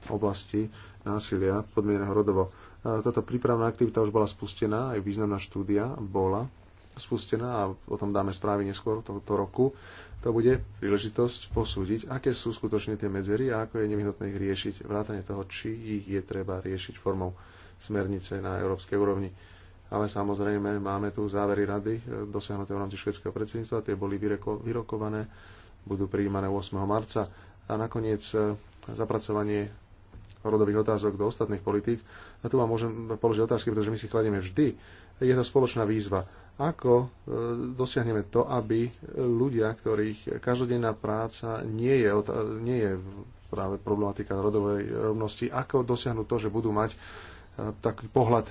v oblasti násilia podmieneného rodovo. Táto prípravná aktivita už bola spustená, aj významná štúdia bola spustená a o tom dáme správy neskôr tohto roku. To bude príležitosť posúdiť, aké sú skutočne tie medzery a ako je nevyhnutné ich riešiť, vrátane toho, či ich je treba riešiť formou smernice na európskej úrovni. Ale samozrejme máme tu závery rady e, dosiahnuté v rámci švedského predsedníctva, tie boli vyroko, vyrokované, budú prijímané 8. marca a nakoniec e, zapracovanie rodových otázok do ostatných politík. A tu vám môžem položiť otázky, pretože my si kladieme vždy. Je to spoločná výzva. Ako e, dosiahneme to, aby ľudia, ktorých každodenná práca nie je, nie je práve problematika rodovej rovnosti, ako dosiahnuť to, že budú mať taký pohľad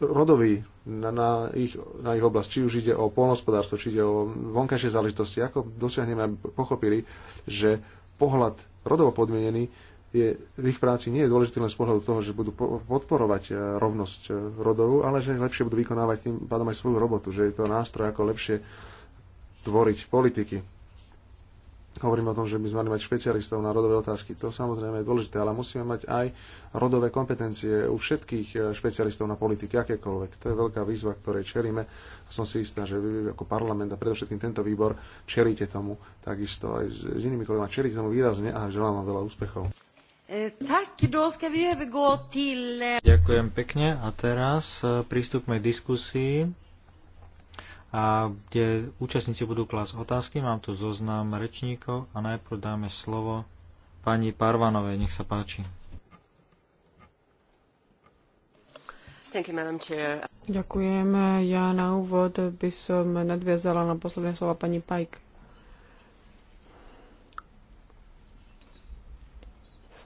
rodový na, na, ich, na ich oblasť, či už ide o polnospodárstvo, či ide o vonkajšie záležitosti, ako dosiahneme, aby pochopili, že pohľad rodovo podmienený je, v ich práci nie je dôležitý len z pohľadu toho, že budú podporovať e, rovnosť e, rodovú, ale že lepšie budú vykonávať tým pádom aj svoju robotu, že je to nástroj, ako lepšie tvoriť politiky. Hovorím o tom, že by sme mali mať špecialistov na rodové otázky. To samozrejme je dôležité, ale musíme mať aj rodové kompetencie u všetkých eh, špecialistov na politike, akékoľvek. To je veľká výzva, ktorej čelíme. Som si istá, že vy ako parlament a predovšetkým tento výbor čelíte tomu takisto aj s, s inými kolegami. Čelíte tomu výrazne a želám vám veľa úspechov. Eh, eh? Ďakujem pekne a teraz prístupme k diskusii a kde účastníci budú klásť otázky. Mám tu zoznam rečníkov a najprv dáme slovo pani Parvanovej. Nech sa páči. You, Ďakujem. Ja na úvod by som nadviazala na posledné slova pani Pajk.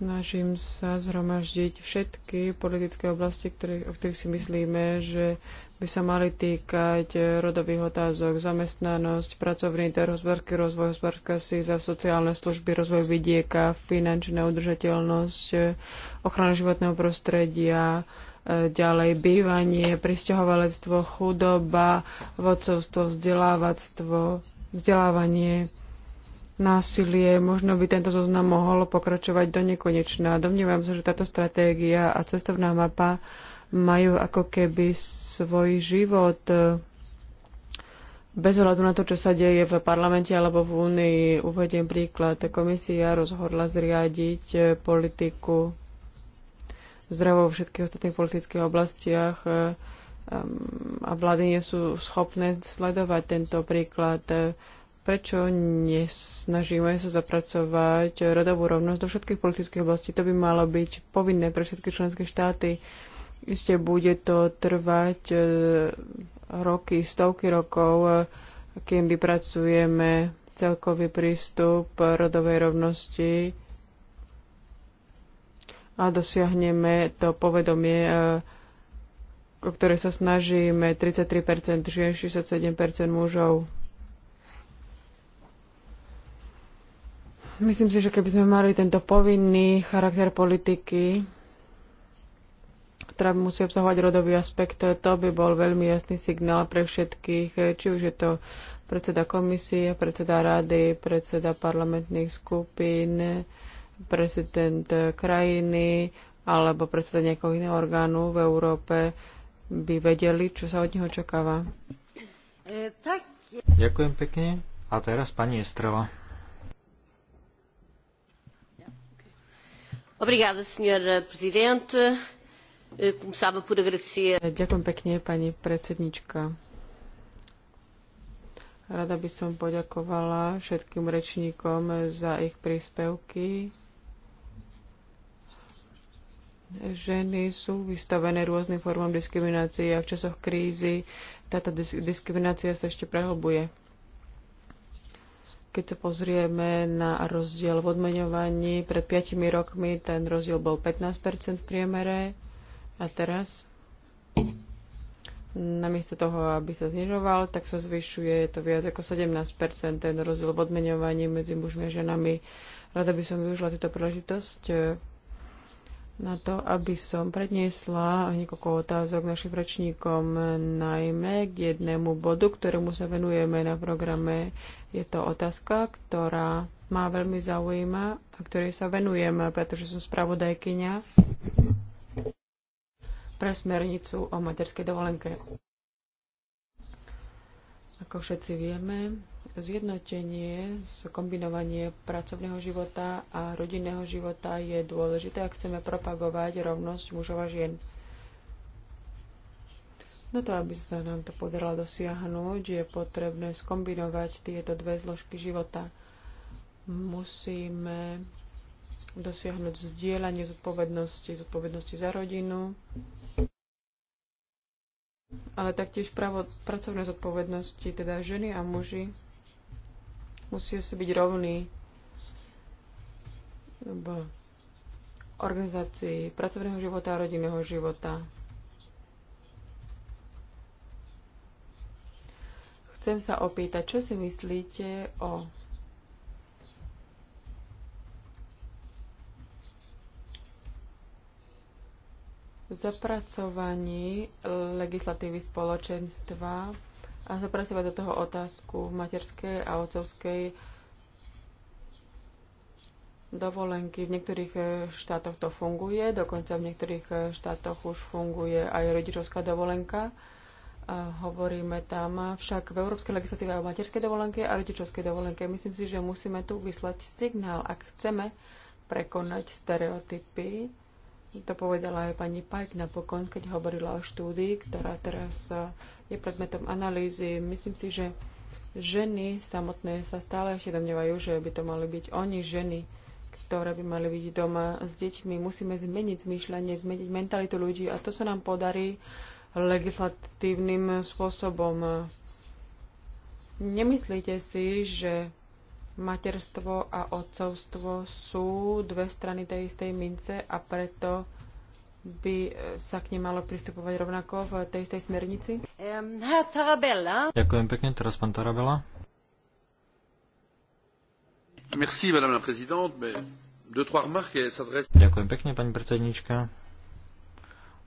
snažím sa zhromaždiť všetky politické oblasti, ktoré, o ktorých si myslíme, že by sa mali týkať eh, rodových otázok, zamestnanosť, pracovný trh, hospodársky rozvoj, hospodárska síza, sociálne služby, rozvoj vidieka, finančná udržateľnosť, eh, ochrana životného prostredia, eh, ďalej bývanie, pristahovalectvo, chudoba, vodcovstvo, vzdelávactvo, vzdelávanie, násilie. Možno by tento zoznam mohol pokračovať do nekonečná. Domnievam sa, že táto stratégia a cestovná mapa majú ako keby svoj život e, bez ohľadu na to, čo sa deje v parlamente alebo v Únii. Uvediem príklad. Komisia rozhodla zriadiť e, politiku zdravo vo všetkých ostatných politických oblastiach e, a vlády nie sú schopné sledovať tento príklad. Prečo nesnažíme sa zapracovať rodovú rovnosť do všetkých politických oblastí? To by malo byť povinné pre všetky členské štáty. Isté bude to trvať e, roky, stovky rokov, e, kým vypracujeme celkový prístup rodovej rovnosti a dosiahneme to povedomie, e, o ktoré sa snažíme, 33% žien, 67% mužov. Myslím si, že keby sme mali tento povinný charakter politiky, potrav musí obsahovať rodový aspekt, to by bol veľmi jasný signál pre všetkých, či už je to predseda komisie, predseda rady, predseda parlamentných skupín, prezident krajiny alebo predseda nejakého iného orgánu v Európe by vedeli, čo sa od neho očakáva. Ďakujem pekne. A teraz pani Estrela. Obrigada, senhor presidente. E, Ďakujem pekne, pani predsednička. Rada by som poďakovala všetkým rečníkom za ich príspevky. Ženy sú vystavené rôznym formám diskriminácie a v časoch krízy táto diskriminácia sa ešte prehlbuje. Keď sa pozrieme na rozdiel v odmeňovaní, pred 5 rokmi ten rozdiel bol 15 v priemere, a teraz, namiesto toho, aby sa znižoval, tak sa zvyšuje to viac ako 17 ten rozdiel v odmeňovaní medzi mužmi a ženami. Rada by som využila túto príležitosť eh, na to, aby som predniesla niekoľko otázok našim rečníkom, najmä k jednému bodu, ktorému sa venujeme na programe. Je to otázka, ktorá má veľmi zaujíma a ktorej sa venujeme, pretože som spravodajkyňa pre smernicu o materskej dovolenke. Ako všetci vieme, zjednotenie, kombinovanie pracovného života a rodinného života je dôležité, ak chceme propagovať rovnosť mužov a žien. Na to, aby sa nám to podarilo dosiahnuť, je potrebné skombinovať tieto dve zložky života. Musíme dosiahnuť zdieľanie zodpovednosti, zodpovednosti za rodinu, ale taktiež právo pracovné zodpovednosti, teda ženy a muži musia si byť rovní v organizácii pracovného života a rodinného života. Chcem sa opýtať, čo si myslíte o zapracovaní e, legislatívy spoločenstva a zapracovať do toho otázku materskej a otcovskej dovolenky. V niektorých e, štátoch to funguje, dokonca v niektorých e, štátoch už funguje aj rodičovská dovolenka. A hovoríme tam však v európskej legislatíve o materskej dovolenke a rodičovskej dovolenke. Myslím si, že musíme tu vyslať signál, ak chceme prekonať stereotypy to povedala aj pani Pajk napokon, keď hovorila o štúdii, ktorá teraz eh, je predmetom analýzy. Myslím si, že ženy samotné sa stále ešte domnievajú, že by to mali byť oni ženy, ktoré by mali byť doma s deťmi. Musíme zmeniť zmýšľanie, zmeniť mentalitu ľudí a to sa nám podarí legislatívnym spôsobom. Nemyslíte si, že Materstvo a otcovstvo sú dve strany tej istej mince a preto by e, sa k nim malo pristupovať rovnako v tej istej smernici? Ďakujem pekne, teraz pán Tarabela. Merci, madame la présidente, mais deux, trois remarques s'adressent... Ďakujem pekne, pani predsednička.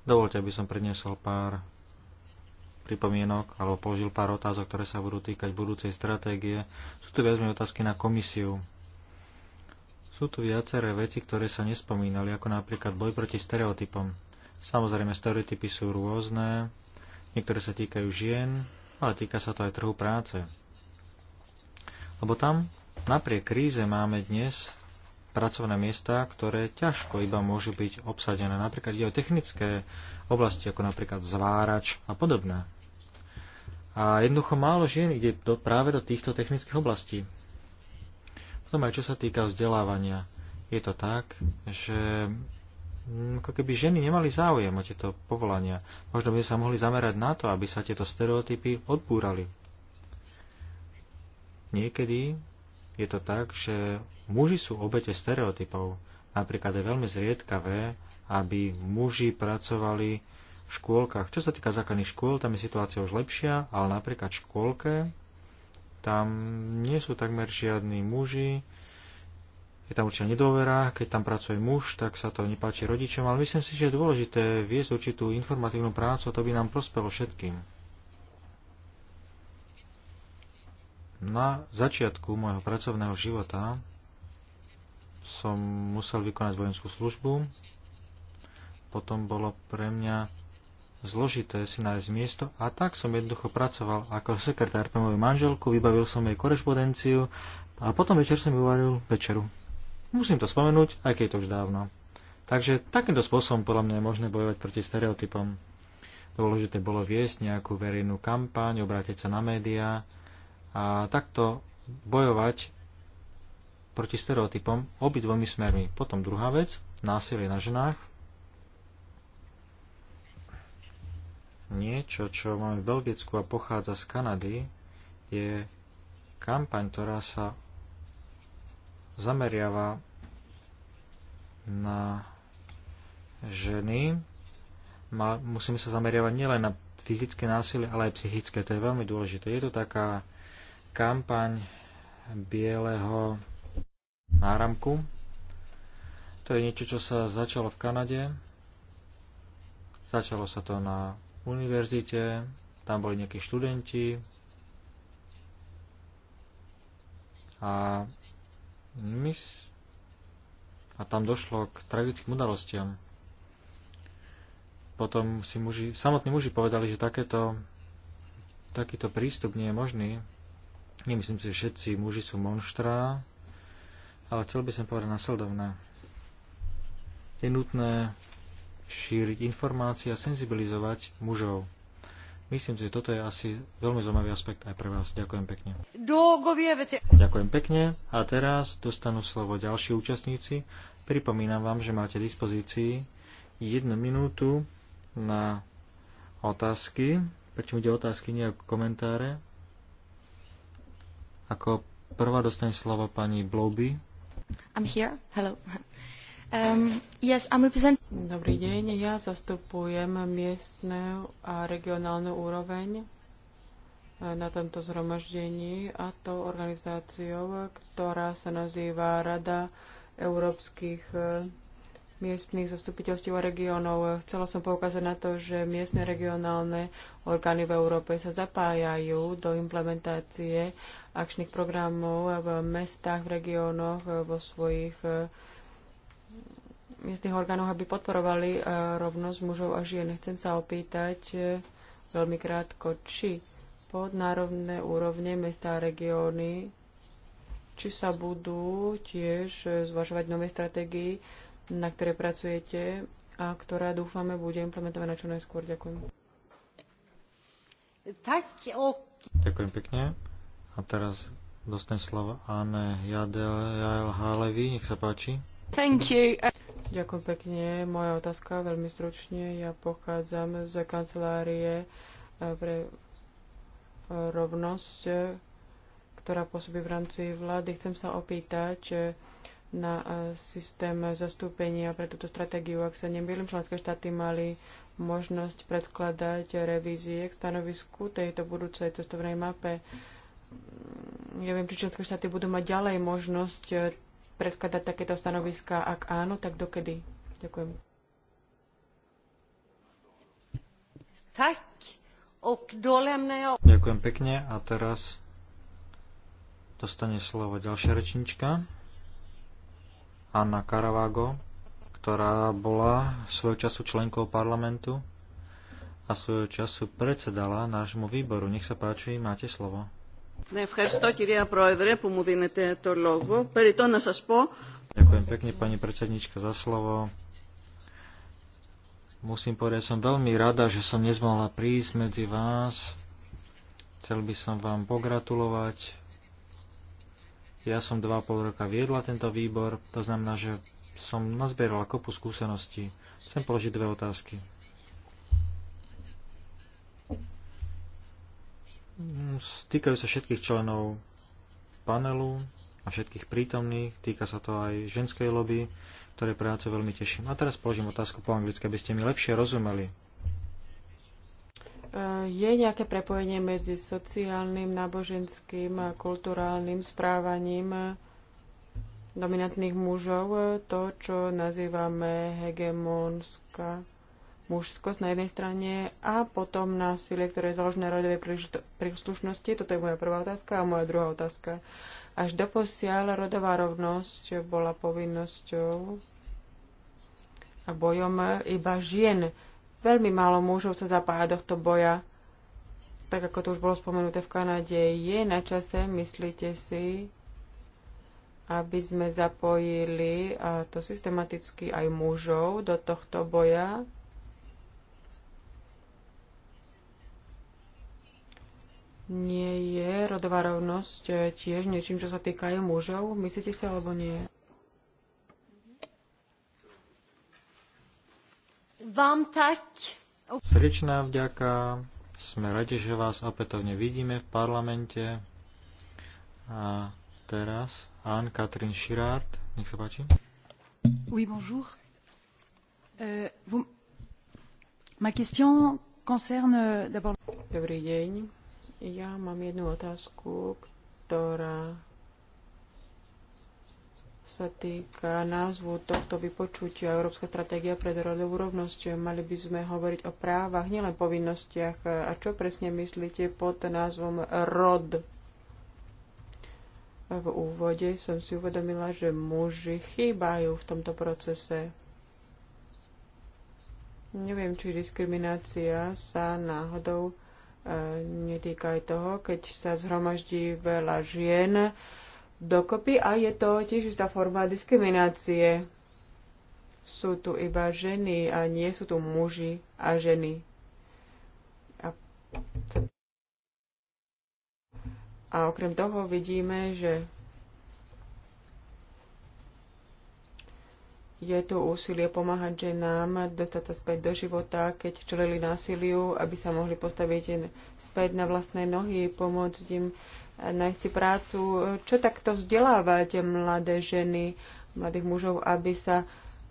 Dovolte, aby som predniesol pár pripomienok alebo položil pár otázok, ktoré sa budú týkať budúcej stratégie. Sú tu viac otázky na komisiu. Sú tu viaceré veci, ktoré sa nespomínali, ako napríklad boj proti stereotypom. Samozrejme, stereotypy sú rôzne, niektoré sa týkajú žien, ale týka sa to aj trhu práce. Lebo tam napriek kríze máme dnes pracovné miesta, ktoré ťažko iba môžu byť obsadené. Napríklad ide o technické oblasti, ako napríklad zvárač a podobné. A jednoducho málo žien ide do, práve do týchto technických oblastí. Potom aj čo sa týka vzdelávania, je to tak, že mm, ako keby ženy nemali záujem o tieto povolania. Možno by sa mohli zamerať na to, aby sa tieto stereotypy odbúrali. Niekedy je to tak, že muži sú obete stereotypov. Napríklad je veľmi zriedkavé, aby muži pracovali v škôlkach. Čo sa týka základných škôl, tam je situácia už lepšia, ale napríklad v škôlke tam nie sú takmer žiadni muži, je tam určitá nedôvera, keď tam pracuje muž, tak sa to nepáči rodičom, ale myslím si, že je dôležité viesť určitú informatívnu prácu, to by nám prospelo všetkým. Na začiatku môjho pracovného života som musel vykonať vojenskú službu potom bolo pre mňa zložité si nájsť miesto a tak som jednoducho pracoval ako sekretár pre moju manželku, vybavil som jej korešpondenciu a potom večer som vyvaril večeru. Musím to spomenúť, aj keď je to už dávno. Takže takýmto spôsobom podľa mňa je možné bojovať proti stereotypom. Dôležité bolo viesť nejakú verejnú kampaň, obrátiť sa na médiá a takto bojovať proti stereotypom obidvomi smermi. Potom druhá vec, násilie na ženách. niečo, čo máme v Belgicku a pochádza z Kanady, je kampaň, ktorá sa zameriava na ženy. musíme sa zameriavať nielen na fyzické násilie, ale aj psychické. To je veľmi dôležité. Je to taká kampaň bieleho náramku. To je niečo, čo sa začalo v Kanade. Začalo sa to na univerzite, tam boli nejakí študenti a my a tam došlo k tragickým udalostiam. Potom si muži, samotní muži povedali, že takéto, takýto prístup nie je možný. Nemyslím si, že všetci muži sú monštra, ale chcel by som povedať nasledovné. Je nutné šíriť informácie a senzibilizovať mužov. Myslím si, že toto je asi veľmi zaujímavý aspekt aj pre vás. Ďakujem pekne. Ďakujem pekne. A teraz dostanú slovo ďalší účastníci. Pripomínam vám, že máte dispozícii jednu minútu na otázky. Prečo ide otázky, nie ako komentáre. Ako prvá dostane slovo pani Blouby. I'm here. Hello. Um, yes, I'm represent... Dobrý deň, ja zastupujem miestne a regionálnu úroveň eh, na tomto zhromaždení a to organizáciou, ktorá sa nazýva Rada európskych eh, miestnych zastupiteľstiev a regiónov. Chcela som poukázať na to, že miestne regionálne orgány v Európe sa zapájajú do implementácie akčných programov v mestách, v regiónoch, eh, vo svojich miestnych orgánov, aby podporovali e, rovnosť mužov a žien. Chcem sa opýtať e, veľmi krátko, či pod národné úrovne mesta a regióny, či sa budú tiež e, zvažovať nové stratégie, na ktoré pracujete a ktorá dúfame bude implementovaná čo najskôr. Ďakujem. Ďakujem pekne. A teraz dostane slovo Anne Jadel Halevi. Nech sa páči. Thank you. Ďakujem pekne. Moja otázka veľmi stručne. Ja pochádzam z kancelárie eh, pre rovnosť, eh, ktorá pôsobí v rámci vlády. Chcem sa opýtať eh, na systém zastúpenia pre túto stratégiu. Ak sa nemýlim, členské štáty mali možnosť predkladať revízie k stanovisku tejto budúcej cestovnej mape. Neviem, mm, ja či členské štáty budú mať ďalej možnosť predkladať takéto stanoviska? Ak áno, tak dokedy? Ďakujem. Ďakujem pekne a teraz dostane slovo ďalšia rečnička, Anna Caravago, ktorá bola svojho času členkou parlamentu a svojho času predsedala nášmu výboru. Nech sa páči, máte slovo. Ďakujem pekne, pani predsednička, za slovo. Musím povedať, som veľmi rada, že som dnes mohla prísť medzi vás. Chcel by som vám pogratulovať. Ja som dva pol roka viedla tento výbor, to znamená, že som nazbierala kopu skúseností. Chcem položiť dve otázky. Týkajú sa všetkých členov panelu a všetkých prítomných. Týka sa to aj ženskej lobby, ktoré prácu veľmi teším. A teraz položím otázku po anglicky, aby ste mi lepšie rozumeli. E, je nejaké prepojenie medzi sociálnym, náboženským a kulturálnym správaním dominantných mužov, e, to, čo nazývame hegemonská mužskosť na jednej strane a potom násilie, ktoré je založené rodovej príslušnosti. Toto je moja prvá otázka a moja druhá otázka. Až doposiaľ rodová rovnosť bola povinnosťou a bojom iba žien. Veľmi málo mužov sa zapája do tohto boja. Tak ako to už bolo spomenuté v Kanade, je na čase, myslíte si, aby sme zapojili to systematicky aj mužov do tohto boja, nie je rodová rovnosť eh, tiež niečím, čo sa týka aj mužov? Myslíte si alebo nie? Vám tak. Srdečná vďaka. Sme radi, že vás opätovne vidíme v parlamente. A teraz Anne Katrin Schirard. Nech sa páči. Oui, bonjour. Euh, vous... Ma question concerne euh, d'abord... Dobrý deň. Ja mám jednu otázku, ktorá sa týka názvu tohto vypočutia Európska stratégia pre rodovú rovnosť. Mali by sme hovoriť o právach, nielen povinnostiach. A čo presne myslíte pod názvom rod? V úvode som si uvedomila, že muži chýbajú v tomto procese. Neviem, či diskriminácia sa náhodou netýka aj toho, keď sa zhromaždí veľa žien dokopy a je to tiež istá forma diskriminácie. Sú tu iba ženy a nie sú tu muži a ženy. A, a okrem toho vidíme, že je tu úsilie pomáhať ženám dostať sa späť do života, keď čelili násiliu, aby sa mohli postaviť späť na vlastné nohy, pomôcť im nájsť si prácu. Čo takto vzdelávať mladé ženy, mladých mužov, aby sa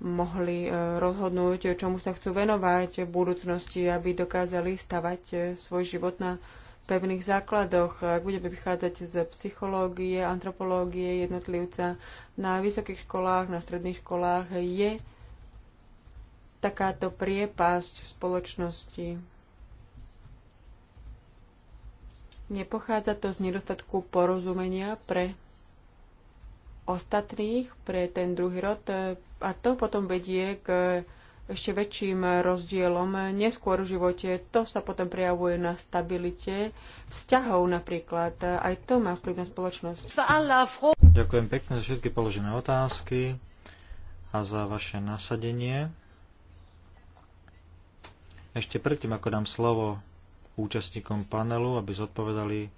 mohli e, rozhodnúť, čomu sa chcú venovať v budúcnosti, aby dokázali stavať e, svoj život na pevných základoch. Ak budeme vychádzať z psychológie, antropológie jednotlivca, na vysokých školách, na stredných školách je takáto priepasť v spoločnosti. Nepochádza to z nedostatku porozumenia pre ostatných, pre ten druhý rod a to potom vedie k ešte väčším rozdielom neskôr v živote. To sa potom prejavuje na stabilite vzťahov napríklad. Aj to má vplyv na spoločnosť. Ďakujem pekne za všetky položené otázky a za vaše nasadenie. Ešte predtým, ako dám slovo účastníkom panelu, aby zodpovedali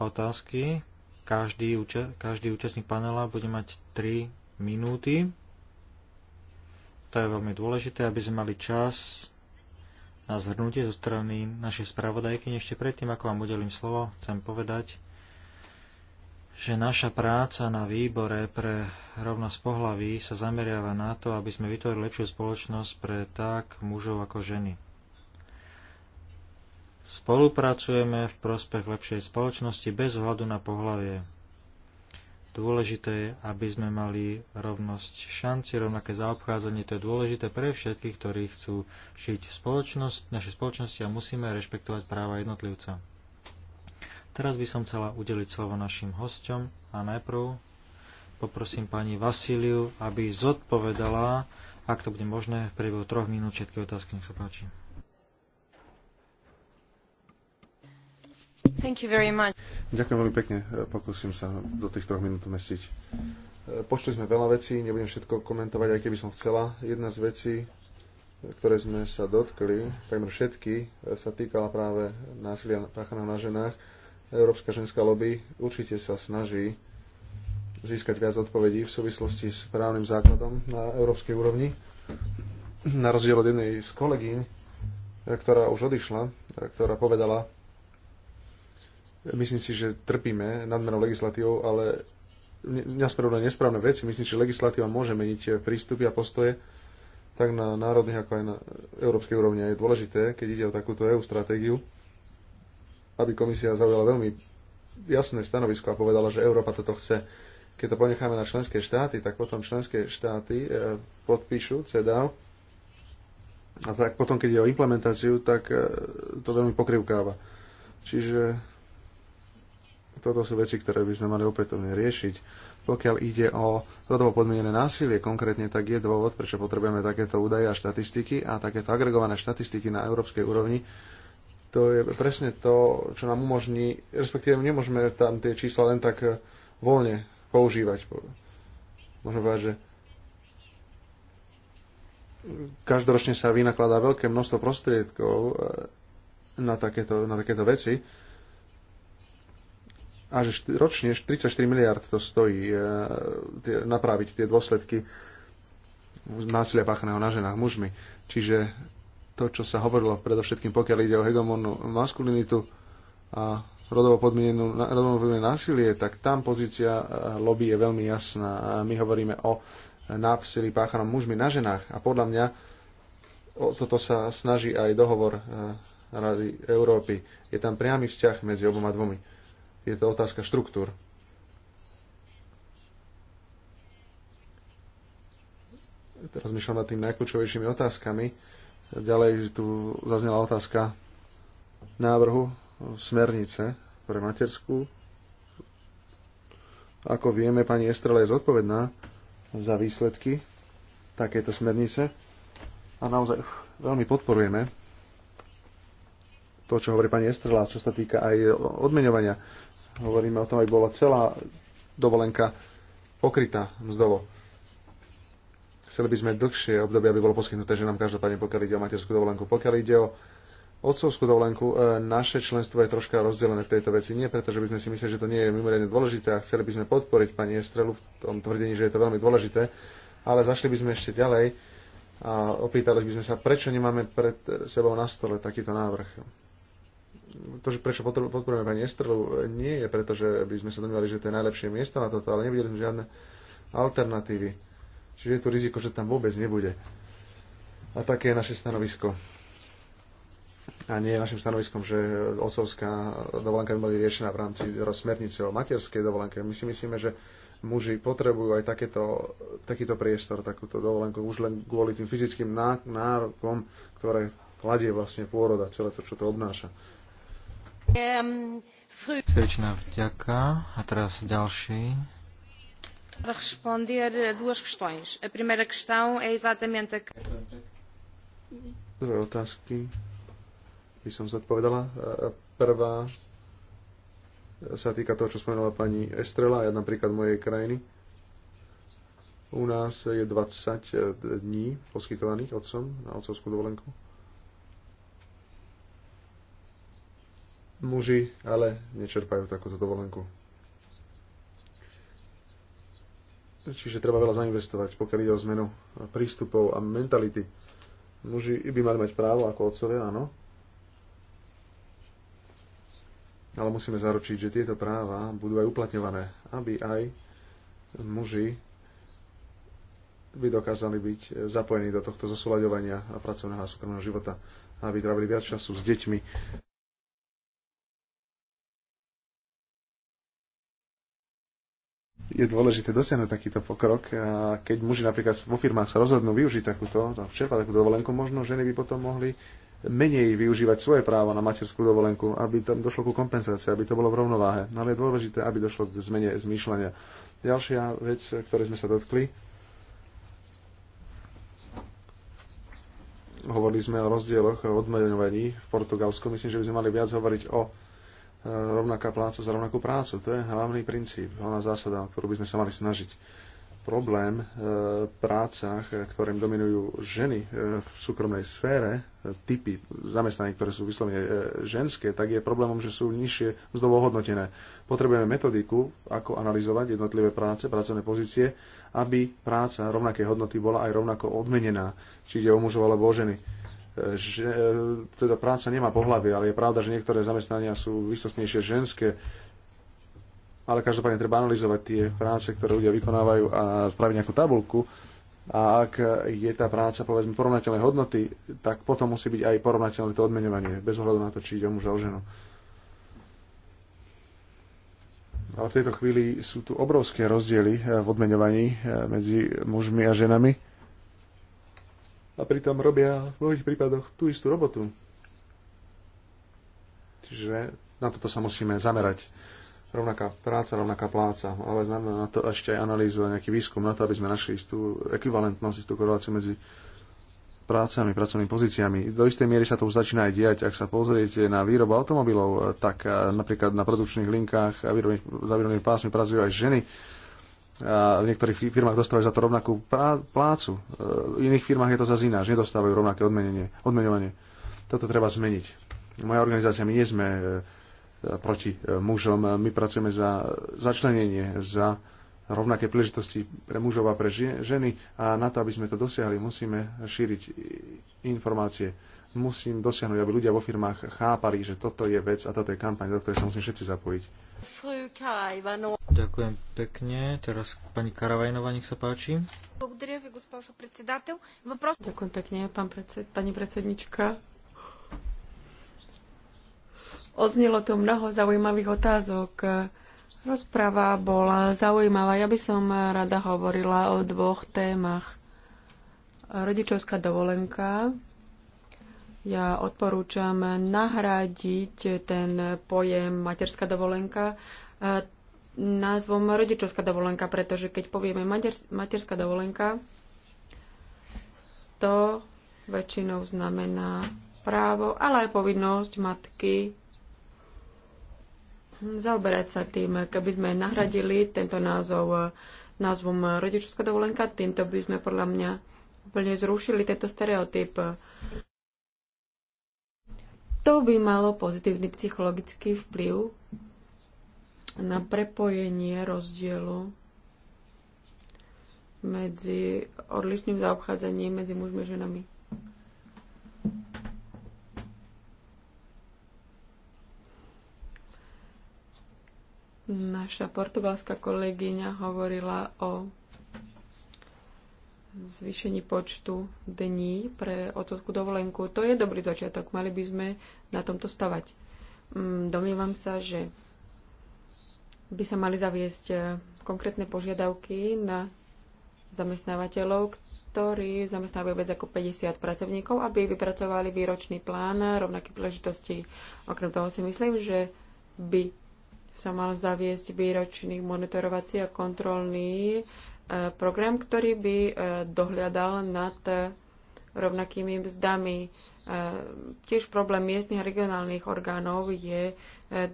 otázky, každý, každý účastník panela bude mať 3 minúty to je veľmi dôležité, aby sme mali čas na zhrnutie zo strany našej spravodajky. Ešte predtým, ako vám udelím slovo, chcem povedať, že naša práca na výbore pre rovnosť pohlaví sa zameriava na to, aby sme vytvorili lepšiu spoločnosť pre tak mužov ako ženy. Spolupracujeme v prospech lepšej spoločnosti bez ohľadu na pohlavie. Dôležité je, aby sme mali rovnosť šanci, rovnaké zaobchádzanie. To je dôležité pre všetkých, ktorí chcú žiť v spoločnosť, našej spoločnosti a musíme rešpektovať práva jednotlivca. Teraz by som chcela udeliť slovo našim hosťom a najprv poprosím pani Vasiliu, aby zodpovedala, ak to bude možné, v priebehu troch minút všetky otázky. Nech sa páči. Thank you very much. Ďakujem veľmi pekne. Pokúsim sa do tých troch minút mestiť. Počuli sme veľa vecí, nebudem všetko komentovať, aj keby som chcela. Jedna z vecí, ktoré sme sa dotkli, takmer všetky, sa týkala práve násilia páchaného na ženách. Európska ženská lobby určite sa snaží získať viac odpovedí v súvislosti s právnym základom na európskej úrovni. Na rozdiel od jednej z kolegyň, ktorá už odišla, ktorá povedala, Myslím si, že trpíme nadmerou legislatívou, ale nespravedlné nesprávne veci. Myslím, že legislatíva môže meniť prístupy a postoje tak na národných, ako aj na európskej úrovni. je dôležité, keď ide o takúto EU stratégiu, aby komisia zaujala veľmi jasné stanovisko a povedala, že Európa toto chce. Keď to ponecháme na členské štáty, tak potom členské štáty e, podpíšu CEDAW a tak potom, keď je o implementáciu, tak e, to veľmi pokrivkáva. Čiže toto sú veci, ktoré by sme mali opätovne riešiť. Pokiaľ ide o rodovo podmienené násilie konkrétne, tak je dôvod, prečo potrebujeme takéto údaje a štatistiky a takéto agregované štatistiky na európskej úrovni. To je presne to, čo nám umožní, respektíve nemôžeme tam tie čísla len tak eh, voľne používať. Môžeme povedať, že každoročne sa vynakladá veľké množstvo prostriedkov eh, na takéto, na takéto veci a že ročne 34 miliard to stojí e, napraviť tie dôsledky násilia páchaného na ženách mužmi. Čiže to, čo sa hovorilo predovšetkým, pokiaľ ide o hegemonu maskulinitu a rodovo podmienenú, rodovo podmienenú násilie, tak tam pozícia e, lobby je veľmi jasná. My hovoríme o násilí páchanom mužmi na ženách a podľa mňa o toto sa snaží aj dohovor e, Rady Európy. Je tam priamy vzťah medzi oboma dvomi je to otázka štruktúr. Teraz myšľam nad tým najkľúčovejšími otázkami. Ďalej tu zaznela otázka návrhu smernice pre materskú. Ako vieme, pani Estrela je zodpovedná za výsledky takéto smernice a naozaj veľmi podporujeme to, čo hovorí pani Estrela, čo sa týka aj odmeňovania Hovoríme o tom, aby bola celá dovolenka pokrytá mzdovo. Chceli by sme dlhšie obdobie, aby bolo poskytnuté ženám každopádne, pokiaľ ide o materskú dovolenku. Pokiaľ ide o otcovskú dovolenku, e, naše členstvo je troška rozdelené v tejto veci. Nie preto, že by sme si mysleli, že to nie je mimoriadne dôležité a chceli by sme podporiť pani Estrelu v tom tvrdení, že je to veľmi dôležité, ale zašli by sme ešte ďalej a opýtali by sme sa, prečo nemáme pred sebou na stole takýto návrh to, že prečo podporujeme Nestrelu, nie je preto, že by sme sa domývali, že to je najlepšie miesto na toto, ale nevideli sme žiadne alternatívy. Čiže je tu riziko, že tam vôbec nebude. A také je naše stanovisko. A nie je našim stanoviskom, že otcovská dovolenka by mali riešená v rámci smernice o materskej dovolenke. My si myslíme, že muži potrebujú aj takéto, takýto priestor, takúto dovolenku, už len kvôli tým fyzickým nárokom, ktoré kladie vlastne pôroda, celé to, čo to obnáša. Srdečná vďaka. A teraz ďalší. Para responder duas questões. A primeira questão é exatamente a... Dve otázky by som zodpovedala. Prvá sa týka toho, čo spomenula pani Estrela, ja napríklad mojej krajiny. U nás je 20 dní poskytovaných otcom na otcovskú dovolenku. muži, ale nečerpajú takúto dovolenku. Čiže treba veľa zainvestovať, pokiaľ ide o zmenu prístupov a mentality. Muži by mali mať právo ako otcovia, áno. Ale musíme zaručiť, že tieto práva budú aj uplatňované, aby aj muži by dokázali byť zapojení do tohto zosúľaďovania a pracovného a súkromného života, aby trávili viac času s deťmi. je dôležité dosiahnuť takýto pokrok. A keď muži napríklad vo firmách sa rozhodnú využiť takúto, včerpa no, takúto dovolenku, možno ženy by potom mohli menej využívať svoje právo na materskú dovolenku, aby tam došlo ku kompenzácii, aby to bolo v rovnováhe. No ale je dôležité, aby došlo k zmene zmýšľania. Ďalšia vec, ktorej sme sa dotkli, hovorili sme o rozdieloch o odmeňovaní v Portugalsku. Myslím, že by sme mali viac hovoriť o E, rovnaká pláca za rovnakú prácu. To je hlavný princíp, hlavná zásada, o ktorú by sme sa mali snažiť. Problém e, v prácach, e, ktorým dominujú ženy v súkromnej sfére, typy zamestnaní, ktoré sú vyslovene ženské, tak je problémom, že sú nižšie mzdovo Potrebujeme metodiku, ako analyzovať jednotlivé práce, pracovné pozície, aby práca rovnakej hodnoty bola aj rovnako odmenená, či ide o mužov alebo o ženy že e, teda práca nemá pohľavy, ale je pravda, že niektoré zamestnania sú vysostnejšie ženské, ale každopádne treba analyzovať tie práce, ktoré ľudia vykonávajú a spraviť nejakú tabulku. A ak je tá práca, povedzme, porovnateľnej hodnoty, tak potom musí byť aj porovnateľné to odmenovanie, bez ohľadu na to, či ide o muža o ženu. Ale v tejto chvíli sú tu obrovské rozdiely v odmenovaní e, medzi mužmi a ženami a pritom robia v mnohých prípadoch tú istú robotu. Čiže na toto sa musíme zamerať. Rovnaká práca, rovnaká pláca, ale znamená na to ešte aj analýzu a nejaký výskum na to, aby sme našli istú ekvivalentnosť, istú koreláciu medzi prácami, pracovnými pozíciami. Do istej miery sa to už začína aj diať. Ak sa pozriete na výrobu automobilov, tak napríklad na produkčných linkách a výrobných, za výrobnými pásmi pracujú aj ženy v niektorých firmách dostávajú za to rovnakú plácu. E, v iných firmách je to zase ináč, nedostávajú rovnaké odmenenie, odmenovanie. Toto treba zmeniť. Moja organizácia, my nie sme e, proti e, mužom, my pracujeme za začlenenie, za rovnaké príležitosti pre mužov a pre ženy a na to, aby sme to dosiahli, musíme šíriť informácie musím dosiahnuť, aby ľudia vo firmách chápali, že toto je vec a toto je kampaň, do ktorej sa musím všetci zapojiť. Ďakujem pekne. Teraz pani Karavajnova, nech sa páči. Ďakujem pekne, pán predsed, pani predsednička. Odznelo tu mnoho zaujímavých otázok. Rozprava bola zaujímavá. Ja by som rada hovorila o dvoch témach. Rodičovská dovolenka ja odporúčam nahradiť ten pojem materská dovolenka e, názvom rodičovská dovolenka, pretože keď povieme materská dovolenka, to väčšinou znamená právo, ale aj povinnosť matky zaoberať sa tým, keby sme nahradili tento názov e, názvom rodičovská dovolenka, týmto by sme podľa mňa úplne zrušili tento stereotyp. To by malo pozitívny psychologický vplyv na prepojenie rozdielu medzi odlišným zaobchádzaním medzi mužmi a ženami. Naša portugalská kolegyňa hovorila o zvýšení počtu dní pre otcovskú dovolenku. To je dobrý začiatok, mali by sme na tomto stavať. Mm, Domnívam sa, že by sa mali zaviesť e, konkrétne požiadavky na zamestnávateľov, ktorí zamestnávajú viac ako 50 pracovníkov, aby vypracovali výročný plán rovnaké príležitosti. Okrem toho si myslím, že by sa mal zaviesť výročný monitorovací a kontrolný program, ktorý by e, dohľadal nad e, rovnakými mzdami. E, tiež problém miestnych a regionálnych orgánov je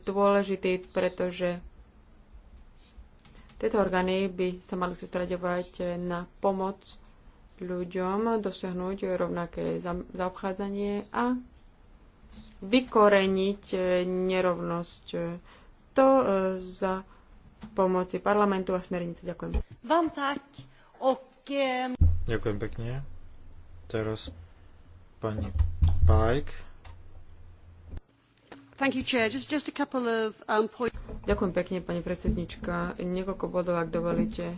dôležitý, pretože tieto orgány by sa mali sústredovať na pomoc ľuďom dosiahnuť rovnaké zaobchádzanie a vykoreniť nerovnosť. To za pomoci parlamentu a smernice. Ďakujem. Vám tak. Okay. Ďakujem pekne. Teraz pani Pike. Thank you, Chair. Just, just a couple of um, points. Ďakujem pekne, pani predsednička. Niekoľko bodov, ak dovolíte.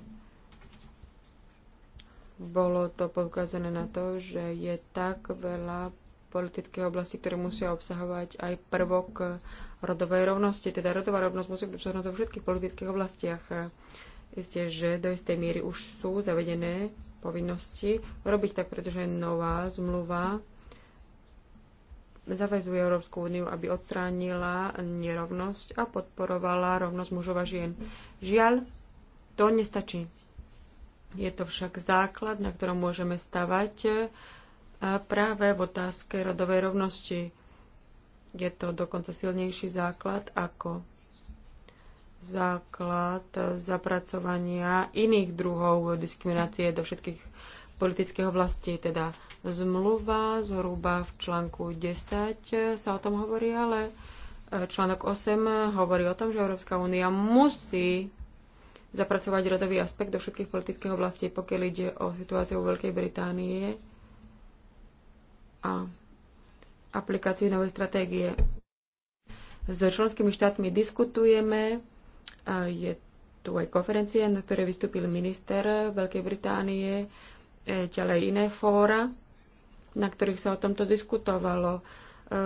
Bolo to poukázané na to, že je tak veľa politické oblasti, ktoré musia obsahovať aj prvok rodovej rovnosti. Teda rodová rovnosť musí byť obsahnutá vo všetkých politických oblastiach. Isté, že do istej miery už sú zavedené povinnosti robiť tak, pretože nová zmluva zavezuje Európsku úniu, aby odstránila nerovnosť a podporovala rovnosť mužov a žien. Žiaľ, to nestačí. Je to však základ, na ktorom môžeme stavať práve v otázke rodovej rovnosti je to dokonca silnejší základ ako základ zapracovania iných druhov diskriminácie do všetkých politických oblastí. Teda zmluva zhruba v článku 10 sa o tom hovorí, ale e, článok 8 hovorí o tom, že Európska únia musí zapracovať rodový aspekt do všetkých politických oblastí, pokiaľ ide o situáciu v Veľkej Británie. A aplikáciu novej stratégie. S členskými štátmi diskutujeme, je tu aj konferencie, na ktorej vystúpil minister Veľkej Británie, e, ďalej iné fóra, na ktorých sa o tomto diskutovalo. E,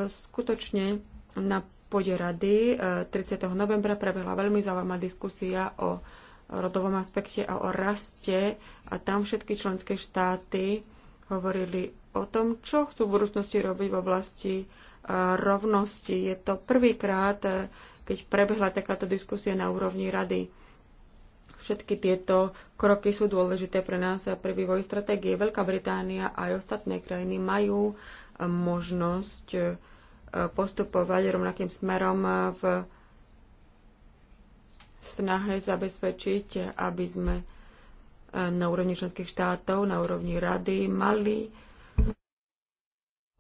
skutočne na pôde rady 30. E, novembra prebehla veľmi zaujímavá diskusia o rodovom aspekte a o raste a tam všetky členské štáty hovorili o tom, čo chcú v budúcnosti robiť v oblasti e, rovnosti. Je to prvýkrát, e, keď prebehla takáto diskusia na úrovni rady. Všetky tieto kroky sú dôležité pre nás a pre vývoj stratégie. Veľká Británia a aj ostatné krajiny majú e, možnosť postupovať rovnakým smerom v snahe zabezpečiť, aby sme na úrovni členských štátov, na úrovni rady mali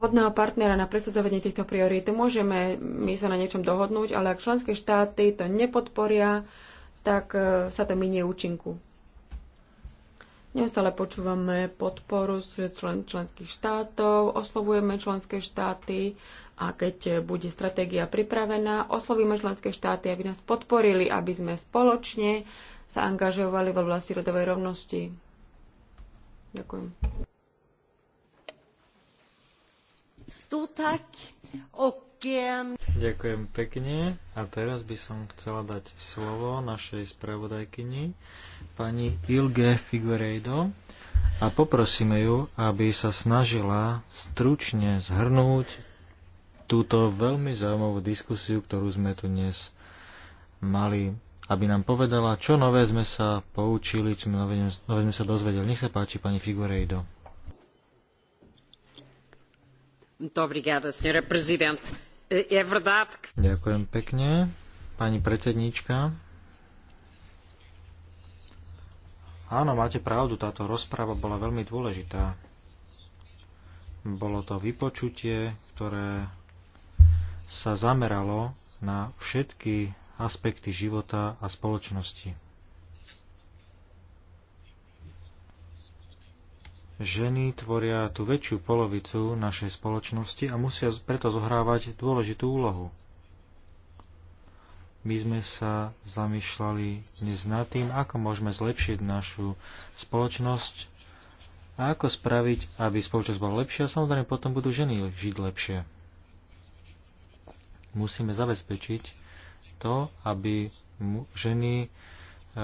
Vhodného partnera na presadzovanie týchto priorít. Môžeme my sa na niečom dohodnúť, ale ak členské štáty to nepodporia, tak e, sa to minie účinku. Neustále počúvame podporu z člen, členských štátov, oslovujeme členské štáty a keď bude stratégia pripravená, oslovíme členské štáty, aby nás podporili, aby sme spoločne sa angažovali vo vlasti rodovej rovnosti. Ďakujem. Ďakujem pekne a teraz by som chcela dať slovo našej spravodajkyni pani Ilge Figueiredo a poprosíme ju, aby sa snažila stručne zhrnúť túto veľmi zaujímavú diskusiu, ktorú sme tu dnes mali, aby nám povedala, čo nové sme sa poučili, čo nové, nové sme sa dozvedeli. Nech sa páči, pani Figueiredo. Eh, Ďakujem pekne, pani predsedníčka. Áno, máte pravdu, táto rozprava bola veľmi dôležitá. Bolo to vypočutie, ktoré sa zameralo na všetky aspekty života a spoločnosti. Ženy tvoria tú väčšiu polovicu našej spoločnosti a musia preto zohrávať dôležitú úlohu. My sme sa zamýšľali dnes nad tým, ako môžeme zlepšiť našu spoločnosť a ako spraviť, aby spoločnosť bola lepšia a samozrejme potom budú ženy žiť lepšie. Musíme zabezpečiť to, aby ženy E,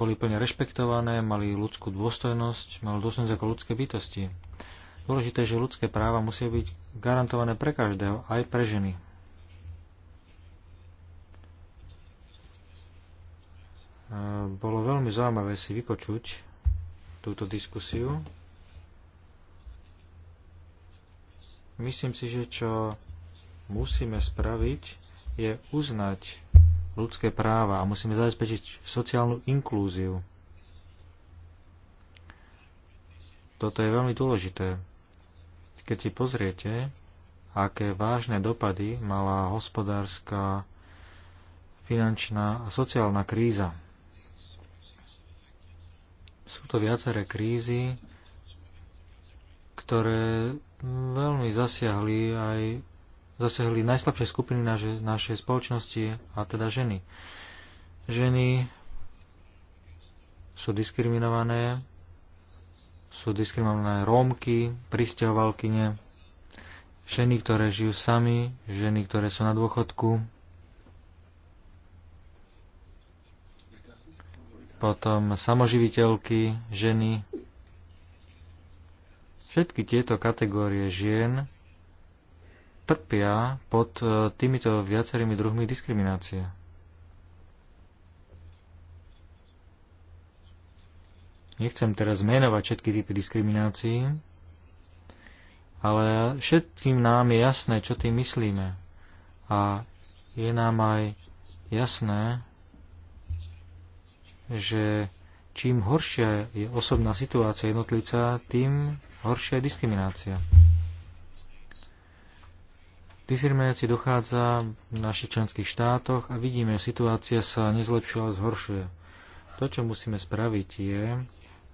boli plne rešpektované, mali ľudskú dôstojnosť, mali dôstojnosť ako ľudské bytosti. Dôležité je, že ľudské práva musia byť garantované pre každého, aj pre ženy. E, bolo veľmi zaujímavé si vypočuť túto diskusiu. Myslím si, že čo musíme spraviť, je uznať ľudské práva a musíme zabezpečiť sociálnu inklúziu. Toto je veľmi dôležité. Keď si pozriete, aké vážne dopady mala hospodárska, finančná a sociálna kríza. Sú to viaceré krízy, ktoré veľmi zasiahli aj zasehli najslabšie skupiny naše, našej spoločnosti, a teda ženy. Ženy sú diskriminované, sú diskriminované Rómky, pristahovalkyne, ženy, ktoré žijú sami, ženy, ktoré sú na dôchodku, potom samoživiteľky, ženy. Všetky tieto kategórie žien trpia pod e, týmito viacerými druhmi diskriminácie. Nechcem teraz menovať všetky typy diskriminácií, ale všetkým nám je jasné, čo tým myslíme. A je nám aj jasné, že čím horšia je osobná situácia jednotlivca, tým horšia je diskriminácia diskriminácii dochádza v našich členských štátoch a vidíme, že situácia sa nezlepšuje, ale zhoršuje. To, čo musíme spraviť, je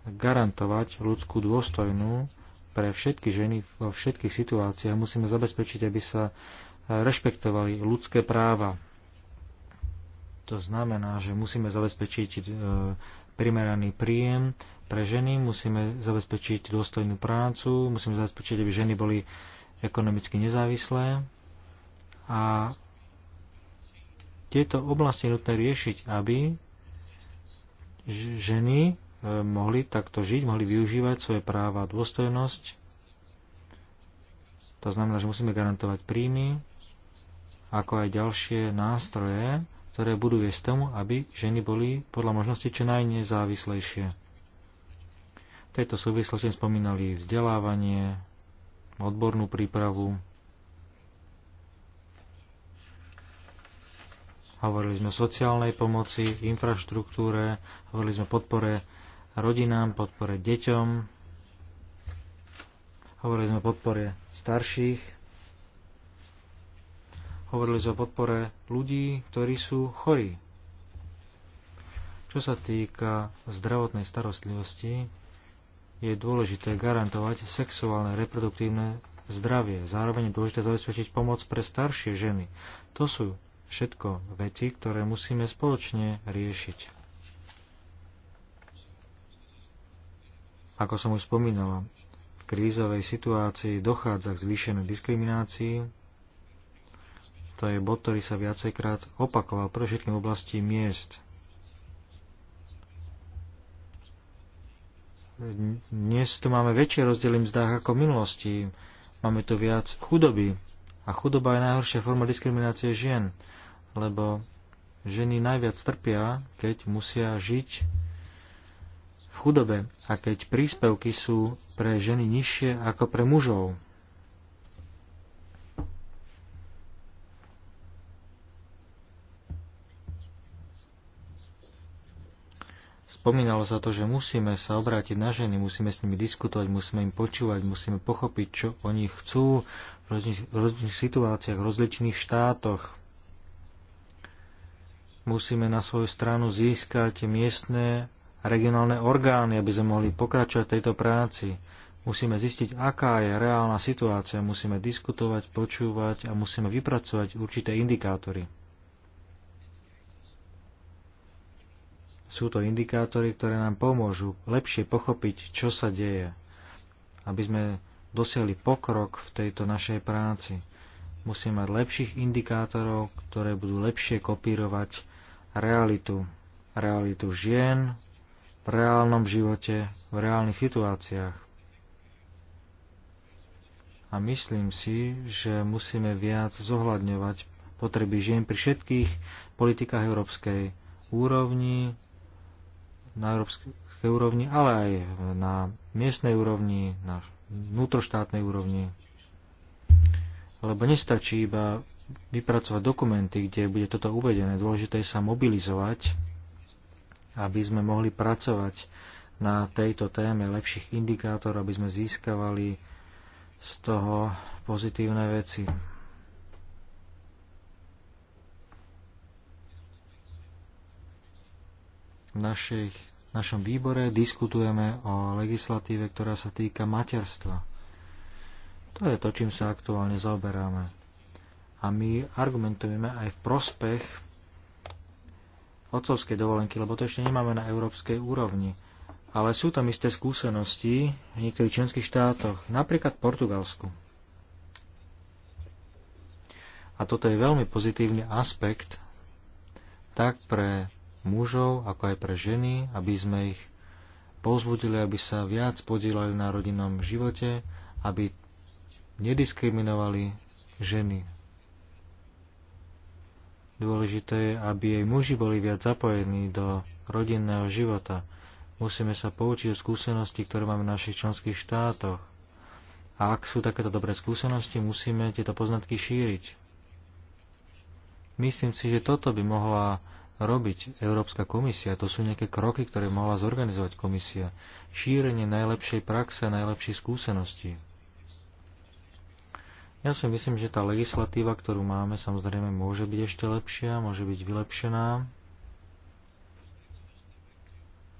garantovať ľudskú dôstojnú pre všetky ženy vo všetkých situáciách. Musíme zabezpečiť, aby sa rešpektovali ľudské práva. To znamená, že musíme zabezpečiť e, primeraný príjem pre ženy, musíme zabezpečiť dôstojnú prácu, musíme zabezpečiť, aby ženy boli ekonomicky nezávislé a tieto oblasti nutné riešiť, aby ženy e, mohli takto žiť, mohli využívať svoje práva a dôstojnosť. To znamená, že musíme garantovať príjmy, ako aj ďalšie nástroje, ktoré budú viesť tomu, aby ženy boli podľa možnosti čo najnezávislejšie. V tejto súvislosti spomínali vzdelávanie, odbornú prípravu, hovorili sme o sociálnej pomoci, infraštruktúre, hovorili sme o podpore rodinám, podpore deťom, hovorili sme o podpore starších, hovorili sme o podpore ľudí, ktorí sú chorí. Čo sa týka zdravotnej starostlivosti, je dôležité garantovať sexuálne reproduktívne zdravie. Zároveň je dôležité zabezpečiť pomoc pre staršie ženy. To sú všetko veci, ktoré musíme spoločne riešiť. Ako som už spomínala, v krízovej situácii dochádza k zvýšenej diskriminácii. To je bod, ktorý sa viacejkrát opakoval pre všetkým oblasti miest. Dnes tu máme väčšie rozdiely mzdách ako v minulosti. Máme tu viac chudoby. A chudoba je najhoršia forma diskriminácie žien lebo ženy najviac trpia, keď musia žiť v chudobe a keď príspevky sú pre ženy nižšie ako pre mužov. Spomínalo sa to, že musíme sa obrátiť na ženy, musíme s nimi diskutovať, musíme im počúvať, musíme pochopiť, čo oni chcú v rôznych, rôznych situáciách, v rozličných štátoch musíme na svoju stranu získať miestne a regionálne orgány, aby sme mohli pokračovať v tejto práci. Musíme zistiť, aká je reálna situácia, musíme diskutovať, počúvať a musíme vypracovať určité indikátory. Sú to indikátory, ktoré nám pomôžu lepšie pochopiť, čo sa deje, aby sme dosiahli pokrok v tejto našej práci Musíme mať lepších indikátorov, ktoré budú lepšie kopírovať realitu. Realitu žien v reálnom živote, v reálnych situáciách. A myslím si, že musíme viac zohľadňovať potreby žien pri všetkých politikách európskej úrovni, na európskej úrovni, ale aj na miestnej úrovni, na vnútroštátnej úrovni. Lebo nestačí iba vypracovať dokumenty, kde bude toto uvedené. Dôležité je sa mobilizovať, aby sme mohli pracovať na tejto téme lepších indikátorov, aby sme získavali z toho pozitívne veci. V našich, našom výbore diskutujeme o legislatíve, ktorá sa týka materstva. To je to, čím sa aktuálne zaoberáme a my argumentujeme aj v prospech otcovskej dovolenky, lebo to ešte nemáme na európskej úrovni. Ale sú tam isté skúsenosti v niektorých členských štátoch, napríklad v Portugalsku. A toto je veľmi pozitívny aspekt tak pre mužov, ako aj pre ženy, aby sme ich povzbudili, aby sa viac podielali na rodinnom živote, aby nediskriminovali ženy Dôležité je, aby jej muži boli viac zapojení do rodinného života. Musíme sa poučiť o skúsenosti, ktoré máme v našich členských štátoch. A ak sú takéto dobré skúsenosti, musíme tieto poznatky šíriť. Myslím si, že toto by mohla robiť Európska komisia. To sú nejaké kroky, ktoré mohla zorganizovať komisia. Šírenie najlepšej praxe a najlepších skúseností. Ja si myslím, že tá legislatíva, ktorú máme, samozrejme môže byť ešte lepšia, môže byť vylepšená.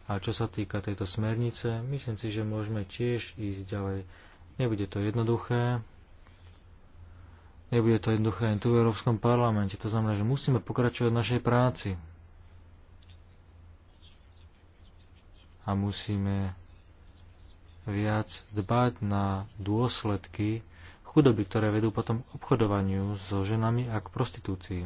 A čo sa týka tejto smernice, myslím si, že môžeme tiež ísť ďalej. Nebude to jednoduché. Nebude to jednoduché aj tu v Európskom parlamente. To znamená, že musíme pokračovať v našej práci. A musíme viac dbať na dôsledky chudoby, ktoré vedú potom k obchodovaniu so ženami a k prostitúcii.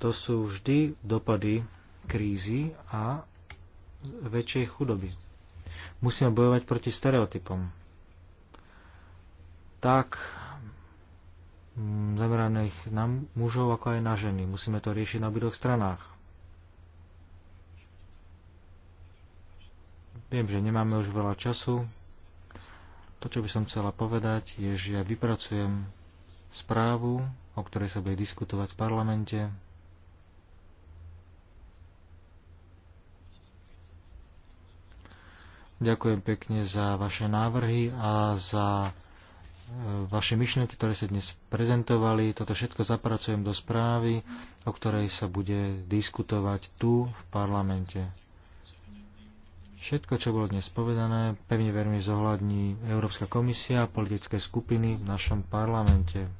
To sú vždy dopady krízy a väčšej chudoby. Musíme bojovať proti stereotypom. Tak mm, zameraných na mužov ako aj na ženy. Musíme to riešiť na obidvoch stranách. Viem, že nemáme už veľa času. To, čo by som chcela povedať, je, že ja vypracujem správu, o ktorej sa bude diskutovať v parlamente. Ďakujem pekne za vaše návrhy a za e, vaše myšlienky, ktoré ste dnes prezentovali. Toto všetko zapracujem do správy, o ktorej sa bude diskutovať tu v parlamente. Všetko, čo bolo dnes povedané, pevne veľmi zohľadní Európska komisia a politické skupiny v našom parlamente.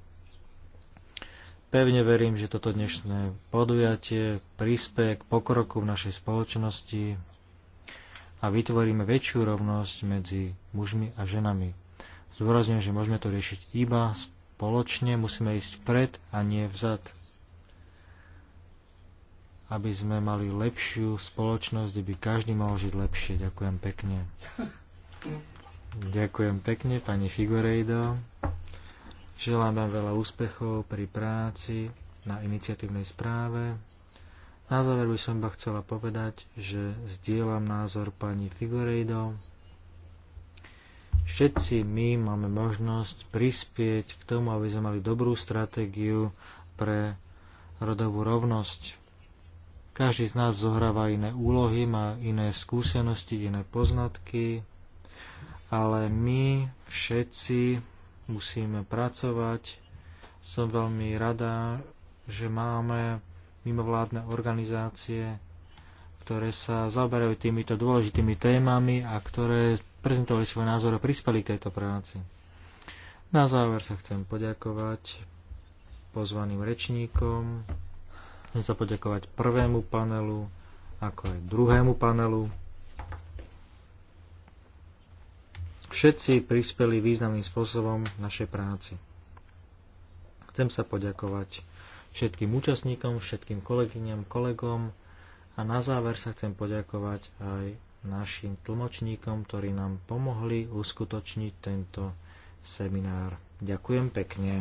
Pevne verím, že toto dnešné podujatie prispieje k pokroku v našej spoločnosti a vytvoríme väčšiu rovnosť medzi mužmi a ženami. Zdôrazňujem, že môžeme to riešiť iba spoločne, musíme ísť pred a nie vzad aby sme mali lepšiu spoločnosť, kde by každý mohol žiť lepšie. Ďakujem pekne. Ďakujem pekne, pani Figurejdo. Želám vám veľa úspechov pri práci na iniciatívnej správe. Na záver by som iba chcela povedať, že zdieľam názor pani Figurejdo. Všetci my máme možnosť prispieť k tomu, aby sme mali dobrú stratégiu pre rodovú rovnosť každý z nás zohráva iné úlohy, má iné skúsenosti, iné poznatky, ale my všetci musíme pracovať. Som veľmi rada, že máme mimovládne organizácie, ktoré sa zaoberajú týmito dôležitými témami a ktoré prezentovali svoj názor a prispeli k tejto práci. Na záver sa chcem poďakovať pozvaným rečníkom, Chcem sa poďakovať prvému panelu, ako aj druhému panelu. Všetci prispeli významným spôsobom našej práci. Chcem sa poďakovať všetkým účastníkom, všetkým kolegyňam, kolegom a na záver sa chcem poďakovať aj našim tlmočníkom, ktorí nám pomohli uskutočniť tento seminár. Ďakujem pekne.